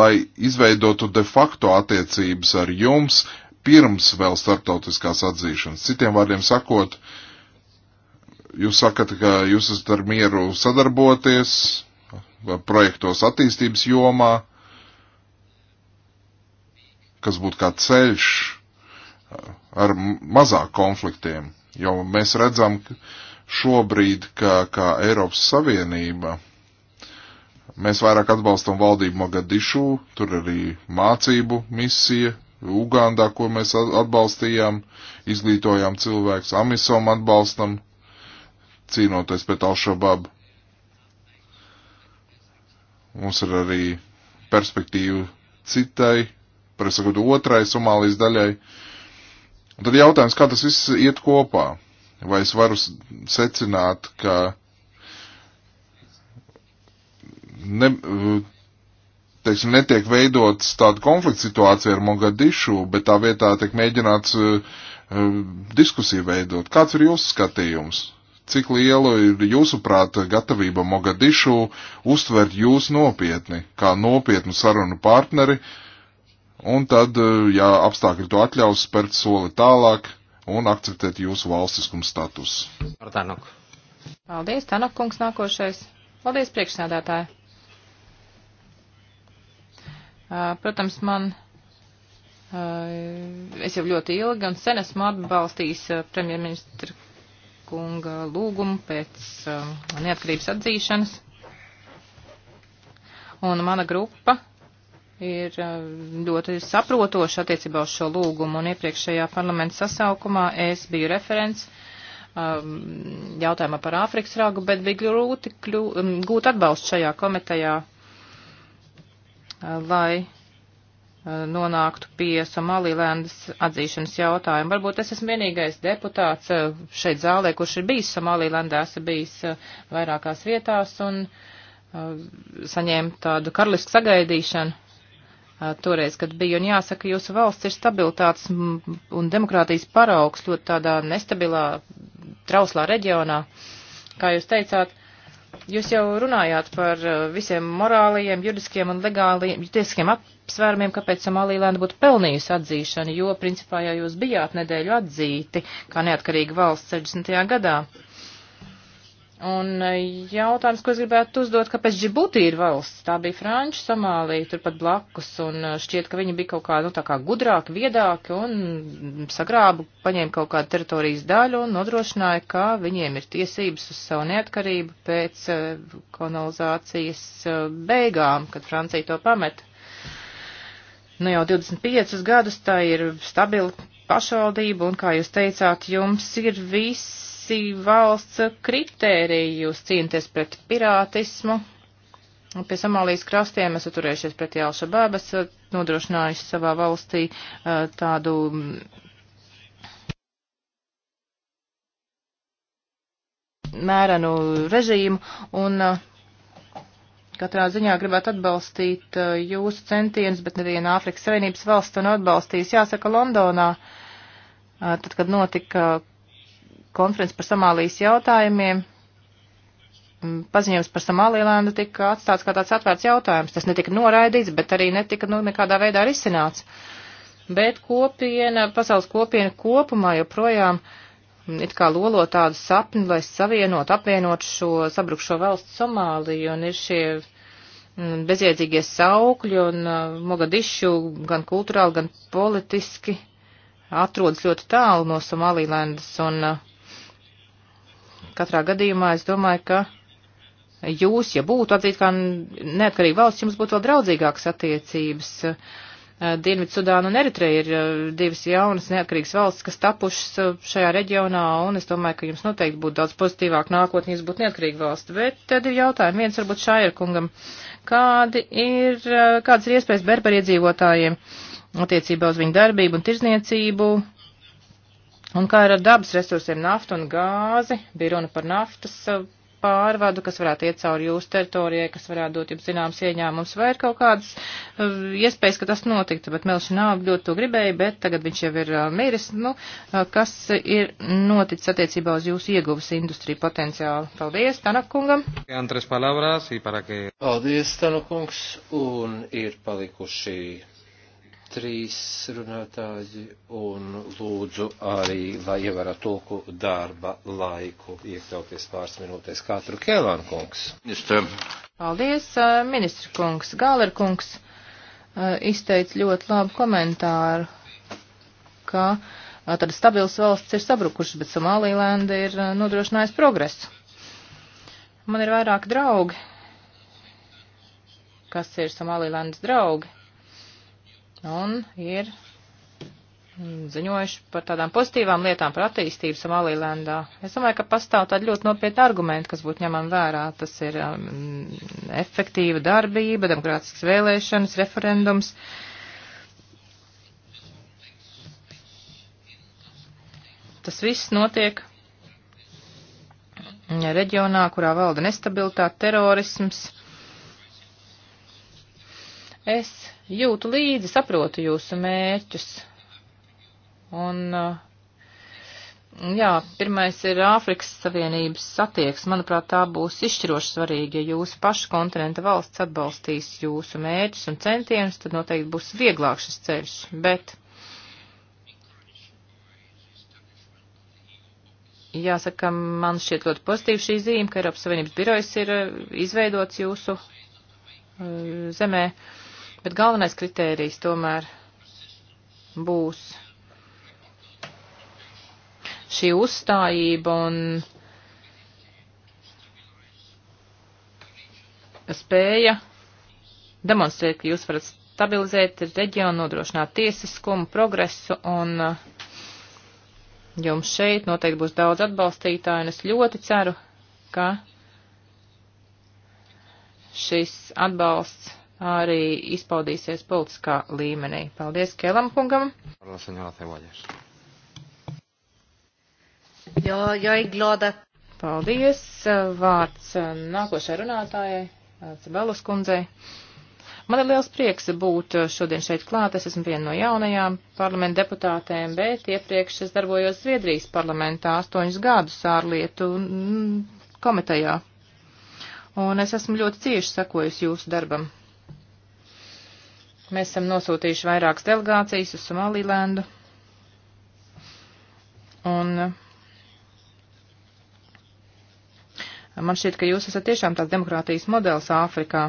lai izveidotu de facto attiecības ar jums pirms vēl starptautiskās atzīšanas. Citiem vārdiem sakot, jūs sakat, ka jūs esat ar mieru sadarboties projektos attīstības jomā, kas būtu kā ceļš ar mazāk konfliktiem, jo mēs redzam šobrīd, ka kā Eiropas Savienība mēs vairāk atbalstam valdību Mogadišu, tur arī mācību misija, Ugandā, ko mēs atbalstījām, izglītojām cilvēks, Amisom atbalstam, cīnoties pret Alšababu. Mums ir arī perspektīva citai presakot, otrai Somālijas daļai. Un tad jautājums, kā tas viss iet kopā? Vai es varu secināt, ka ne, teiksim, netiek veidots tāda konflikta situācija ar Mogadišu, bet tā vietā tiek mēģināts uh, diskusiju veidot. Kāds ir jūsu skatījums? Cik lielu ir jūsuprāt gatavība Mogadišu uztvert jūs nopietni, kā nopietnu sarunu partneri, uh, Un tad, eh, ja apstākļi to atļaus, spērt soli tālāk un akceptēt jūsu valstiskums status. Tanuk. Paldies, Tanok kungs nākošais. Paldies, priekšsēdētāji. Protams, man. Es jau ļoti ilgi un sen esmu atbalstījis premjerministra kunga lūgumu pēc neatkarības atzīšanas. Un mana grupa ir eh, ļoti saprotoši attiecībā uz šo lūgumu, un iepriekšējā parlamenta sasaukumā es biju referents um, jautājumā par Āfrikas ragu, bet bija grūti kļu, um, gūt atbalstu šajā komitejā, uh, lai uh, nonāktu pie Somalilendas atzīšanas jautājuma. Varbūt es esmu vienīgais deputāts uh, šeit zālē, kurš ir bijis Somalilendā, esmu bijis vairākās vietās un saņēmu tādu karalisku sagaidīšanu toreiz, kad bija, un jāsaka, jūsu valsts ir stabilitātes un demokrātijas paraugs ļoti tādā nestabilā, trauslā reģionā, kā jūs teicāt. Jūs jau runājāt par visiem morālajiem, juridiskiem un legāliem, juridiskiem apsvērumiem, kāpēc Somālīlēna būtu pelnījusi atzīšanu, jo principā jau jūs bijāt nedēļu atzīti kā neatkarīga valsts 60. gadā. Un e, jautājums, ko es gribētu uzdot, kāpēc Džibutī ir valsts? Tā bija Franča, Somālija, turpat blakus, un e, šķiet, ka viņi bija kaut kā, nu, tā kā gudrāki, viedāki, un sagrābu paņēma kaut kādu teritorijas daļu un nodrošināja, ka viņiem ir tiesības uz savu neatkarību pēc e, kolonizācijas beigām, kad Francija to pameta. Nu, jau 25 gadus tā ir stabila pašvaldība, un, kā jūs teicāt, jums ir viss visi valsts kritēriji. Jūs cīnties pret pirātismu, pie Somālijas krastiem esat turējušies pret Jālšabābu, esat nodrošinājuši savā valstī tādu. Mm, mērenu režīmu un katrā ziņā gribētu atbalstīt jūsu centienus, bet neviena Āfrikas Savienības valsts to nav atbalstījis. Jāsaka, Londonā, tad, kad notika konferences par Somālijas jautājumiem mm, paziņojums par Somālīlēnu tika atstāts kā tāds atvērts jautājums. Tas netika noraidīts, bet arī netika nu, nekādā veidā risināts. Bet kopiena, pasaules kopiena kopumā joprojām mm, it kā lolo tādu sapni, lai savienot, apvienot šo sabrukšo valstu Somāliju, un ir šie mm, bezjēdzīgie saukļi, un uh, Mogadišu gan kulturāli, gan politiski atrodas ļoti tālu no Somālīlendas, un uh, Katrā gadījumā es domāju, ka jūs, ja būtu atzīt kā neatkarīga valsts, jums būtu vēl draudzīgākas attiecības. Eh, Dienvidu Sudāna un Eritreja ir eh, divas jaunas neatkarīgas valsts, kas tapušas eh, šajā reģionā, un es domāju, ka jums noteikti būtu daudz pozitīvāk nākotnē, ja būtu neatkarīga valsts. Bet tad ir jautājumi, viens varbūt šāir kungam, kādi ir, kādas ir iespējas berberi iedzīvotājiem attiecībā uz viņu darbību un tirzniecību Un kā ir ar dabas resursiem naftu un gāzi, bija runa par naftas eh, pārvadu, kas varētu iet cauri jūsu teritorijai, kas varētu dot jums zināms ieņēmums, vai ir kaut kādas uh, iespējas, ka tas notiktu, bet Melšanā ļoti to gribēja, bet tagad viņš jau ir uh, miris. Nu, uh, kas ir noticis attiecībā uz jūsu ieguvas industriju potenciālu? Paldies, Tanakungam! Paldies, Tanakungs, un ir palikuši trīs runātāji un lūdzu arī, lai ievērā tulku darba laiku, iekļauties pāris minūtēs katru Kēlānu kungs. Paldies, ministra kungs. Gāler kungs izteica ļoti labu komentāru, ka tad stabils valsts ir sabrukušas, bet Somālīlanda ir nodrošinājusi progresu. Man ir vairāk draugi, kas ir Somālīlandas draugi un ir ziņojuši par tādām pozitīvām lietām par attīstību Somalilendā. Es domāju, ka pastāv tādi ļoti nopietni argumenti, kas būtu ņemami vērā. Tas ir um, efektīva darbība, demokrātiskas vēlēšanas, referendums. Tas viss notiek reģionā, kurā valda nestabilitāte, terorisms. Es jūtu līdzi, saprotu jūsu mērķus. Un, uh, jā, pirmais ir Āfrikas Savienības satieks. Manuprāt, tā būs izšķiroši svarīga. Ja jūsu paša kontinenta valsts atbalstīs jūsu mērķus un centienus, tad noteikti būs vieglāk šis ceļš. Bet jāsaka, man šķiet ļoti pozitīva šī zīme, ka Eiropas Savienības birojs ir uh, izveidots jūsu uh, zemē. Uh, Bet galvenais kritērijs tomēr būs šī uzstājība un spēja demonstrēt, ka jūs varat stabilizēt reģionu, nodrošināt tiesiskumu, progresu un uh, jums šeit noteikti būs daudz atbalstītāju un es ļoti ceru, ka šis atbalsts arī izpaudīsies politiskā līmenī. Paldies Kelam kungam. Jo, jo ir gloda. Paldies. Vārds nākošai runātājai, Cebelas kundzei. Man ir liels prieks būt šodien šeit klāt. Es esmu viena no jaunajām parlamenta deputātēm, bet iepriekš es darbojos Zviedrijas parlamentā astoņus gadus ārlietu komitejā. Un es esmu ļoti cieši sekojusi jūsu darbam. Mēs esam nosūtījuši vairākas delegācijas uz Somalilendu. Un eh, man šķiet, ka jūs esat tiešām tāds demokrātijas modelis Āfrikā.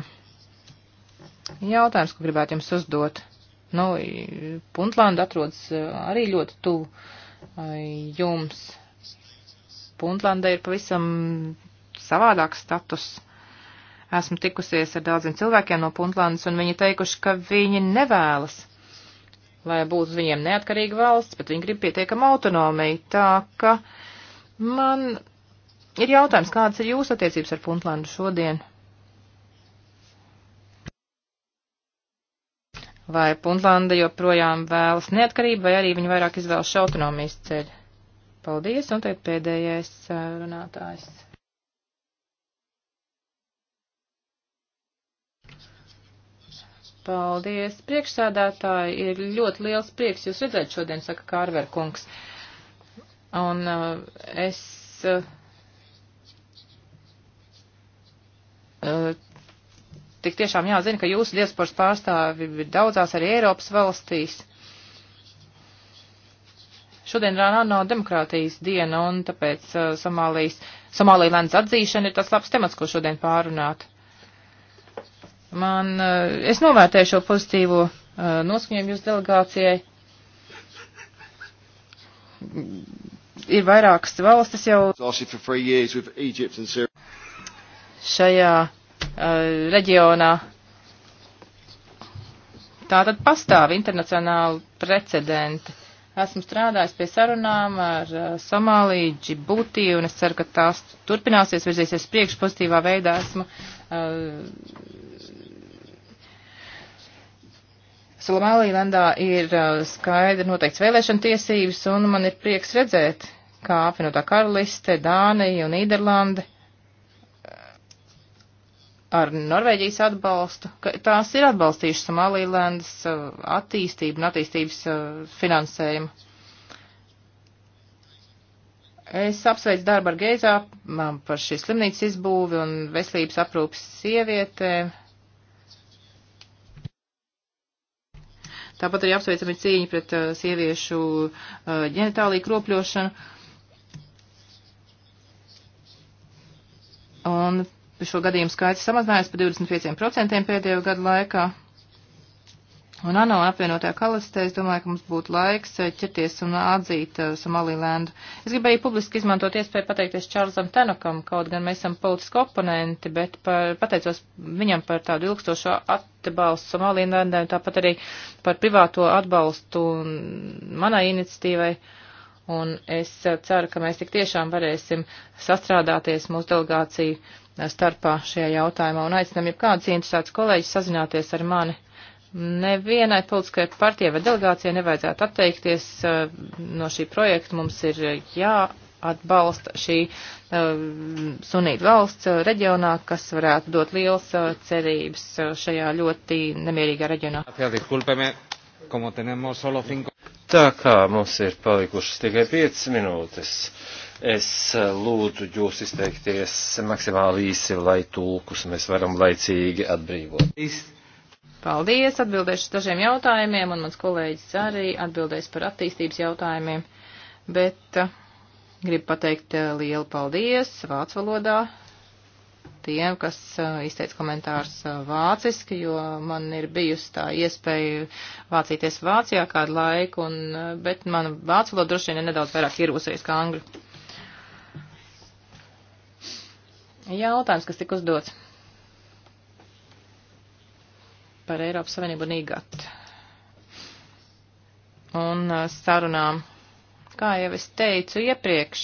Jautājums, ko gribētu jums uzdot. Nu, Puntlanda atrodas eh, arī ļoti tuvu eh, jums. Puntlanda ir pavisam savādāks status Esmu tikusies ar daudziem cilvēkiem no Puntlandas, un viņi teikuši, ka viņi nevēlas, lai būtu viņiem neatkarīga valsts, bet viņi grib pietiekama autonomija. Tā ka man ir jautājums, kādas ir jūsu attiecības ar Puntlandu šodien? Vai Puntlanda joprojām vēlas neatkarību, vai arī viņi vairāk izvēlas autonomijas ceļu? Paldies, un tagad pēdējais runātājs. Paldies. Priekšsēdētāji ir ļoti liels prieks jūs redzēt šodien, saka Kārver kungs. Un uh, es uh, uh, tik tiešām jāzina, ka jūsu diasporas pārstāvi ir daudzās arī Eiropas valstīs. Šodien rānā nav demokrātijas diena, un tāpēc uh, Somālijas, Somālija lēns atzīšana ir tas labs temats, ko šodien pārunāt. Man, eh, es novērtēju šo pozitīvo eh, noskaņojumu jūsu delegācijai. Ir vairākas valstis jau šajā uh, reģionā. Tātad pastāv internacionāli precedenti. Esmu strādājis pie sarunām ar Somāliju, Džibūti, un es ceru, ka tās turpināsies, virzīsies priekš pozitīvā veidā. Esmu uh, Somālīlandā ir uh, skaidri noteikts vēlēšana tiesības, un man ir prieks redzēt, kā apvienotā karaliste, Dānija un Nīderlande uh, ar Norvēģijas atbalstu, ka tās ir atbalstījušas Somālīlandas uh, attīstību un attīstības finansējumu. Es apsveicu darbu ar Geizā par šīs slimnīcas izbūvi un veselības aprūpas sievietēm Tāpat arī apsveicam ir cīņa pret uh, sieviešu uh, ģenitāliju kropļošanu. Un šo gadījumu skaits samazinājās par 25% pēdējo gadu laikā. Un ANO apvienotā kalistē, es domāju, ka mums būtu laiks eh, ķerties un atzīt uh, eh, Somalilendu. Es gribēju publiski izmantot iespēju pateikties Čārlzam Tenokam, kaut gan mēs esam politiski oponenti, bet par, pateicos viņam par tādu ilgstošo atbalstu Somalilendai, tāpat arī par privāto atbalstu manai iniciatīvai. Un es eh, ceru, ka mēs tik tiešām varēsim sastrādāties mūsu delegāciju starpā šajā jautājumā un aicinam jebkādus interesētus kolēģus sazināties ar mani Nevienai politiskai partijai vai delegācijai nevajadzētu atteikties uh, no šī projekta. Mums ir jāatbalsta šī uh, sunīta valsts uh, reģionā, kas varētu dot liels cerības šajā ļoti nemierīgā reģionā. Tā kā mums ir palikušas tikai 5 minūtes, es lūdzu jūs izteikties maksimāli īsi, lai tūkus mēs varam laicīgi atbrīvot. Ist Paldies, atbildēšu uz dažiem jautājumiem, un mans kolēģis arī atbildēs par attīstības jautājumiem, bet uh, gribu pateikt uh, lielu paldies vācu valodā tiem, kas uh, izteica komentārs uh, vāciski, jo man ir bijusi tā iespēja vācīties Vācijā kādu laiku, un, uh, bet mana vācu valoda droši vien ir nedaudz vairāk ierūsējusi kā angļu. Jautājums, kas tika uzdots par Eiropas Savienību un IGAT un uh, sarunām. Kā jau es teicu iepriekš,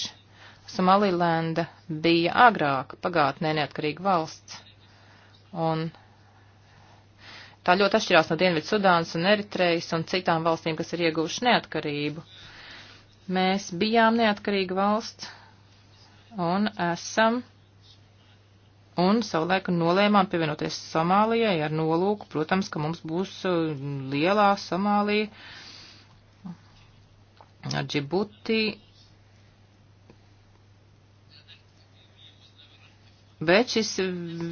Somalilanda bija agrāk pagātnē neatkarīga valsts, un tā ļoti atšķirās no Dienvidu Sudānas un Eritrejas un citām valstīm, kas ir ieguvuši neatkarību. Mēs bijām neatkarīga valsts un esam un savulaik nolēmām pievienoties Somālijai ar nolūku, protams, ka mums būs uh, lielā Somālija ar Džibuti. Bet šis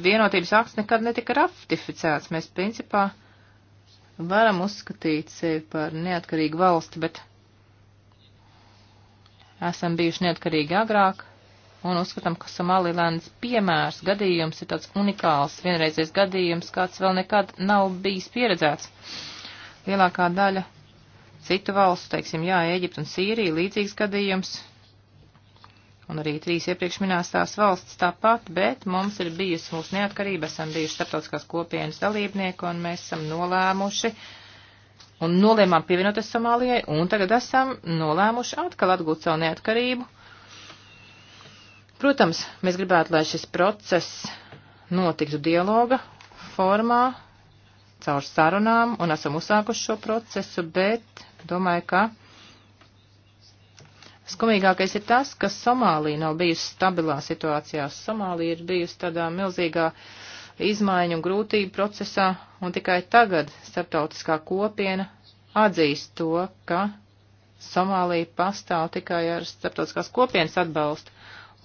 vienotības akts nekad netika ratificēts. Mēs principā varam uzskatīt sevi par neatkarīgu valsti, bet esam bijuši neatkarīgi agrāk un uzskatām, ka Somalilands piemērs gadījums ir tāds unikāls, vienreizies gadījums, kāds vēl nekad nav bijis pieredzēts. Lielākā daļa citu valstu, teiksim, jā, Ēģipta un Sīrija, līdzīgs gadījums, un arī trīs iepriekš minētās valsts tāpat, bet mums ir bijusi mūsu neatkarība, esam bijuši starptautiskās kopienas dalībnieki, un mēs esam nolēmuši un nolēmām pievienoties Somālijai, un tagad esam nolēmuši atkal atgūt savu neatkarību Protams, mēs gribētu, lai šis process notiktu dialoga formā, caur sarunām, un esam uzsākuši šo procesu, bet domāju, ka skumīgākais ir tas, ka Somālija nav bijusi stabilā situācijā. Somālija ir bijusi tādā milzīgā izmaiņu un grūtību procesā, un tikai tagad starptautiskā kopiena atzīst to, ka Somālija pastāv tikai ar starptautiskās kopienas atbalstu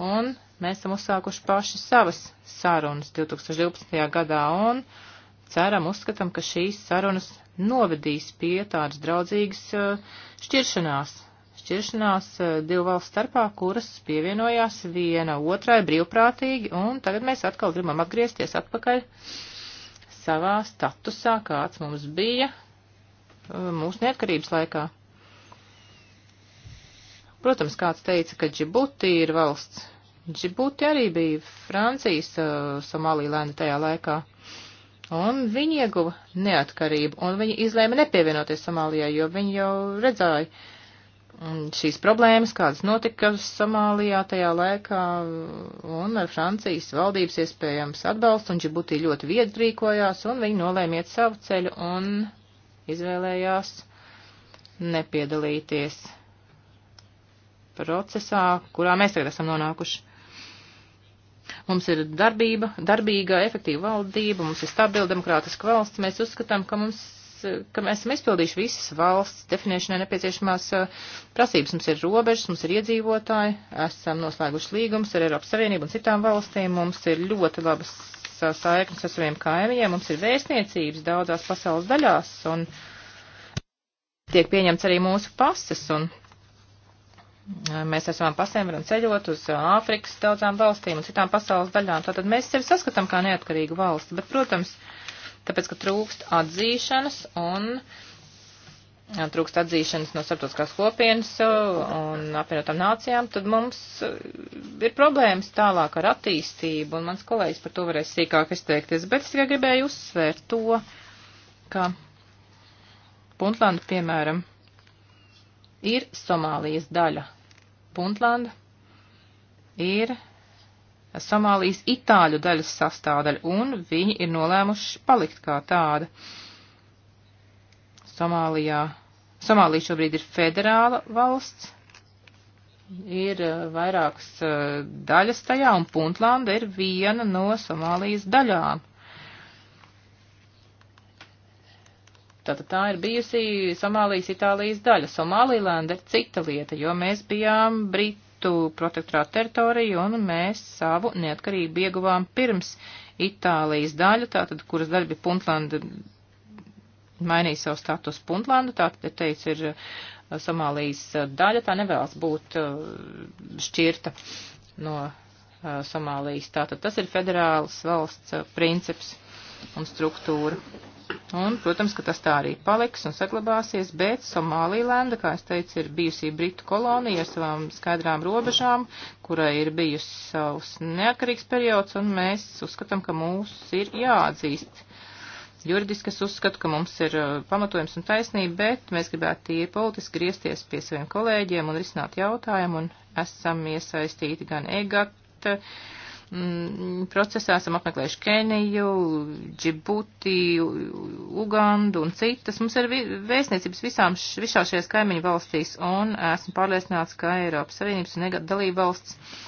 un mēs esam uzsākuši paši savas sarunas 2012. gadā un ceram, uzskatām, ka šīs sarunas novedīs pie tādas draudzīgas uh, šķiršanās. Šķiršanās uh, divu valstu starpā, kuras pievienojās viena otrai brīvprātīgi, un tagad mēs atkal gribam atgriezties atpakaļ savā statusā, kāds mums bija uh, mūsu neatkarības laikā. Protams, kāds teica, ka Džibuti ir valsts. Džibuti arī bija Francijas uh, Somālīlēna tajā laikā. Un viņi ieguva neatkarību, un viņi izlēma nepievienoties Somālijai, jo viņi jau redzēja mm, šīs problēmas, kādas notika Somālijā tajā laikā, un ar Francijas valdības iespējams atbalstu, un Džibutī ļoti viegli rīkojās, un viņi nolēma iet savu ceļu un izvēlējās nepiedalīties procesā, kurā mēs tagad esam nonākuši. Mums ir darbība, darbīga, efektīva valdība, mums ir stabila demokrātiska valsts. Mēs uzskatām, ka, mums, ka mēs esam izpildījuši visas valsts definēšanai nepieciešamās uh, prasības. Mums ir robežas, mums ir iedzīvotāji, esam noslēguši līgumus ar Eiropas Savienību un citām valstīm. Mums ir ļoti labas uh, saiknes ar saviem kaimiņiem, mums ir vēstniecības daudzās pasaules daļās un tiek pieņemts arī mūsu pasas. Un, Mēs esam pasēmri un ceļot uz Āfrikas daudzām valstīm un citām pasaules daļām. Tātad mēs sevi saskatām kā neatkarīgu valsti, bet, protams, tāpēc, ka trūkst atzīšanas un trūkst atzīšanas no starptautiskās kopienas un apvienotām nācijām, tad mums ir problēmas tālāk ar attīstību, un mans kolēģis par to varēs sīkāk izteikties, bet es tikai gribēju uzsvērt to, ka Puntlanda, piemēram, ir Somālijas daļa, Puntlandu ir Somālijas itāļu daļas sastāvdaļa, un viņi ir nolēmuši palikt kā tāda. Somālijā, Somālija šobrīd ir federāla valsts, ir eh, vairākas eh, daļas tajā, un Puntlanda ir viena no Somālijas daļām. Tātad tā ir bijusi Somālijas Itālijas daļa. Somālilanda ir cita lieta, jo mēs bijām Britu protektorāta teritorija un mēs savu neatkarību ieguvām pirms Itālijas daļa, tātad kuras daļa bija Puntlanda, mainīja savu status Puntlandu, tātad, ja teicu, ir uh, Somālijas uh, daļa, tā nevēlas būt uh, šķirta no Somālijas. Tātad tas ir federāls valsts princips un struktūra. Un, protams, ka tas tā arī paliks un saglabāsies, bet Somālīlanda, kā es teicu, ir bijusī Britu kolonija ar savām skaidrām robežām, kurai ir bijusi savs neatkarīgs periods, un mēs uzskatām, ka mūs ir jāatzīst. Juridiski es uzskatu, ka mums ir uh, pamatojums un taisnība, bet mēs gribētu tie politiski griezties pie saviem kolēģiem un risināt jautājumu, un esam iesaistīti gan EGAT, Mm, procesā esam apmeklējuši Keniju, Džibuti, Ugandu un citas. Mums ir vēstniecības visām, visā šajās kaimiņu valstīs, un esmu pārliecināts, ka Eiropas Savienības un dalība valsts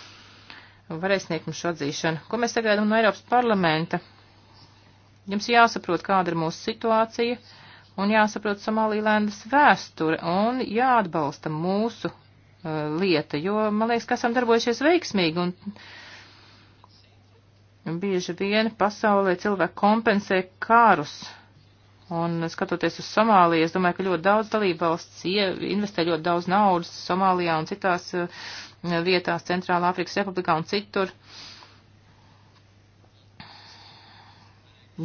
varēs sniegt mums šo atzīšanu. Ko mēs sagaidām no Eiropas parlamenta? Jums jāsaprot, kāda ir mūsu situācija, un jāsaprot Somālīlēndas vēsture, un jāatbalsta mūsu uh, lieta, jo, man liekas, ka esam darbojušies veiksmīgi, un uh, Bieži vien pasaulē cilvēki kompensē kārus. Un skatoties uz Somāliju, es domāju, ka ļoti daudz dalībvalsts investē ļoti daudz naudas Somālijā un citās eh, vietās, Centrāla Afrikas Republikā un citur.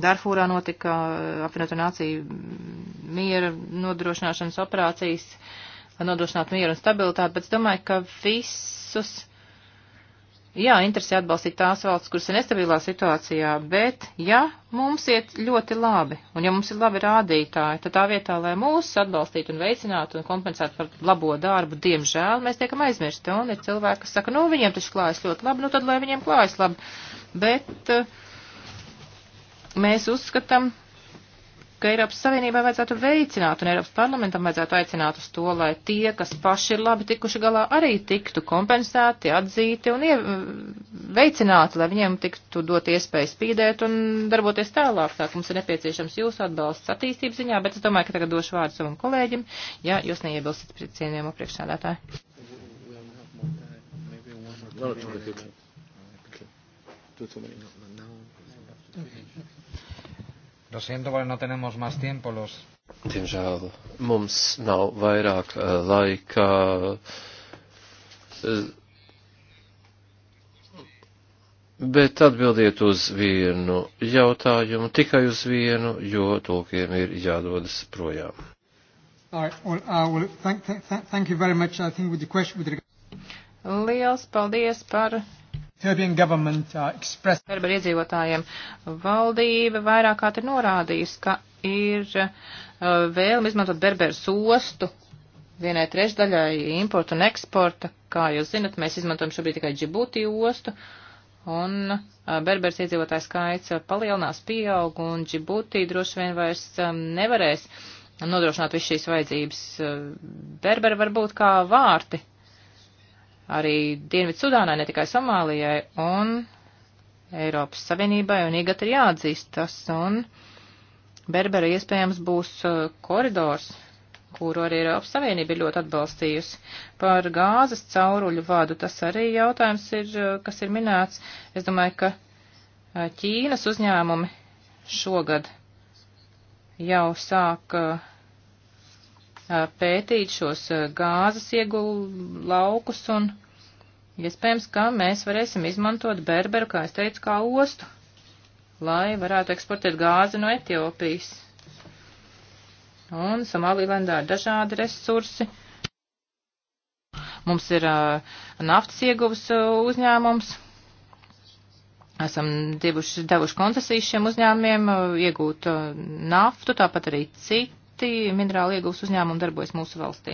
Darfūrā notika eh, apvienoto nāciju mm, miera nodrošināšanas operācijas, nodrošināt mieru un stabilitāti, bet es domāju, ka visus jā, interesē atbalstīt tās valsts, kuras ir nestabilā situācijā, bet ja mums iet ļoti labi, un ja mums ir labi rādītāji, tad tā vietā, lai mūs atbalstītu un veicinātu un kompensētu par labo darbu, diemžēl mēs tiekam aizmirsti, un ir cilvēki, kas saka, nu, viņiem taču klājas ļoti labi, nu, tad lai viņiem klājas labi, bet uh, mēs uzskatām, ka Eiropas Savienībai vajadzētu veicināt un Eiropas parlamentam vajadzētu aicināt uz to, lai tie, kas paši ir labi tikuši galā, arī tiktu kompensēti, atzīti un ie, veicināti, lai viņiem tiktu dot iespēju spīdēt un darboties tālāk. Tā mums ir nepieciešams jūsu atbalsts attīstības ziņā, bet es domāju, ka tagad došu vārdu savam kolēģim, ja jūs neiebilstat pret cienījamo priekšsēdētāju. No, no, no, no, no, no, no, no, no, no, no, no, no, no, no, no, no, no, no, Lo siento, porque no tenemos más tiempo. Los... Diemžēl mums nav vairāk uh, laika. Uh, bet atbildiet uz vienu jautājumu, tikai uz vienu, jo tūkiem ir jādodas projām. Right, well, uh, well, thank, thank, thank you very much, I think, with the question with regard... Liels paldies par Uh, Expressed... Serba iedzīvotājiem valdība vairāk kārt ir norādījusi, ka ir uh, vēlme izmantot Berberu ostu vienai trešdaļai importa un eksporta. Kā jūs zinat, mēs izmantojam šobrīd tikai Džibuti ostu, un uh, Berberas iedzīvotāju skaits palielinās, pieaug, un Džibuti droši vien vairs um, nevarēs nodrošināt visu šīs vajadzības. Uh, berberi var būt kā vārti arī Dienvidsudānai, ne tikai Somālijai un Eiropas Savienībai, un IGAT ir jāatzīst tas, un Berbera iespējams būs uh, koridors, kuru arī Eiropas Savienība ir ļoti atbalstījusi. Par gāzes cauruļu vadu tas arī jautājums ir, uh, kas ir minēts. Es domāju, ka uh, Ķīnas uzņēmumi šogad jau sāk uh, pētīt šos gāzes iegulu laukus un iespējams, ka mēs varēsim izmantot Berberu, kā es teicu, kā ostu, lai varētu eksportēt gāzi no Etiopijas. Un Somālīlendā ir dažādi resursi. Mums ir uh, naftas ieguvas uh, uzņēmums. Esam devuši, devuši koncesijas šiem uzņēmumiem uh, iegūt uh, naftu, tāpat arī citu citi minerāli iegūs uzņēmumi darbojas mūsu valstī.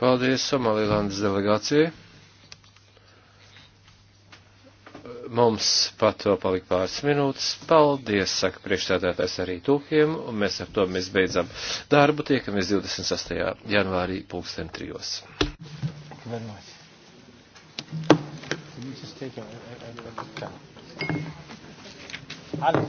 Paldies Somalilandes delegācijai. Mums pat vēl palika pāris minūtes. Paldies, saka priekšstādātājs arī tūkiem, un mēs ar to mēs beidzam darbu. Tiekamies 26. janvārī pulksten trijos. Very much. Can you just take a, a, a, a, a. Hello.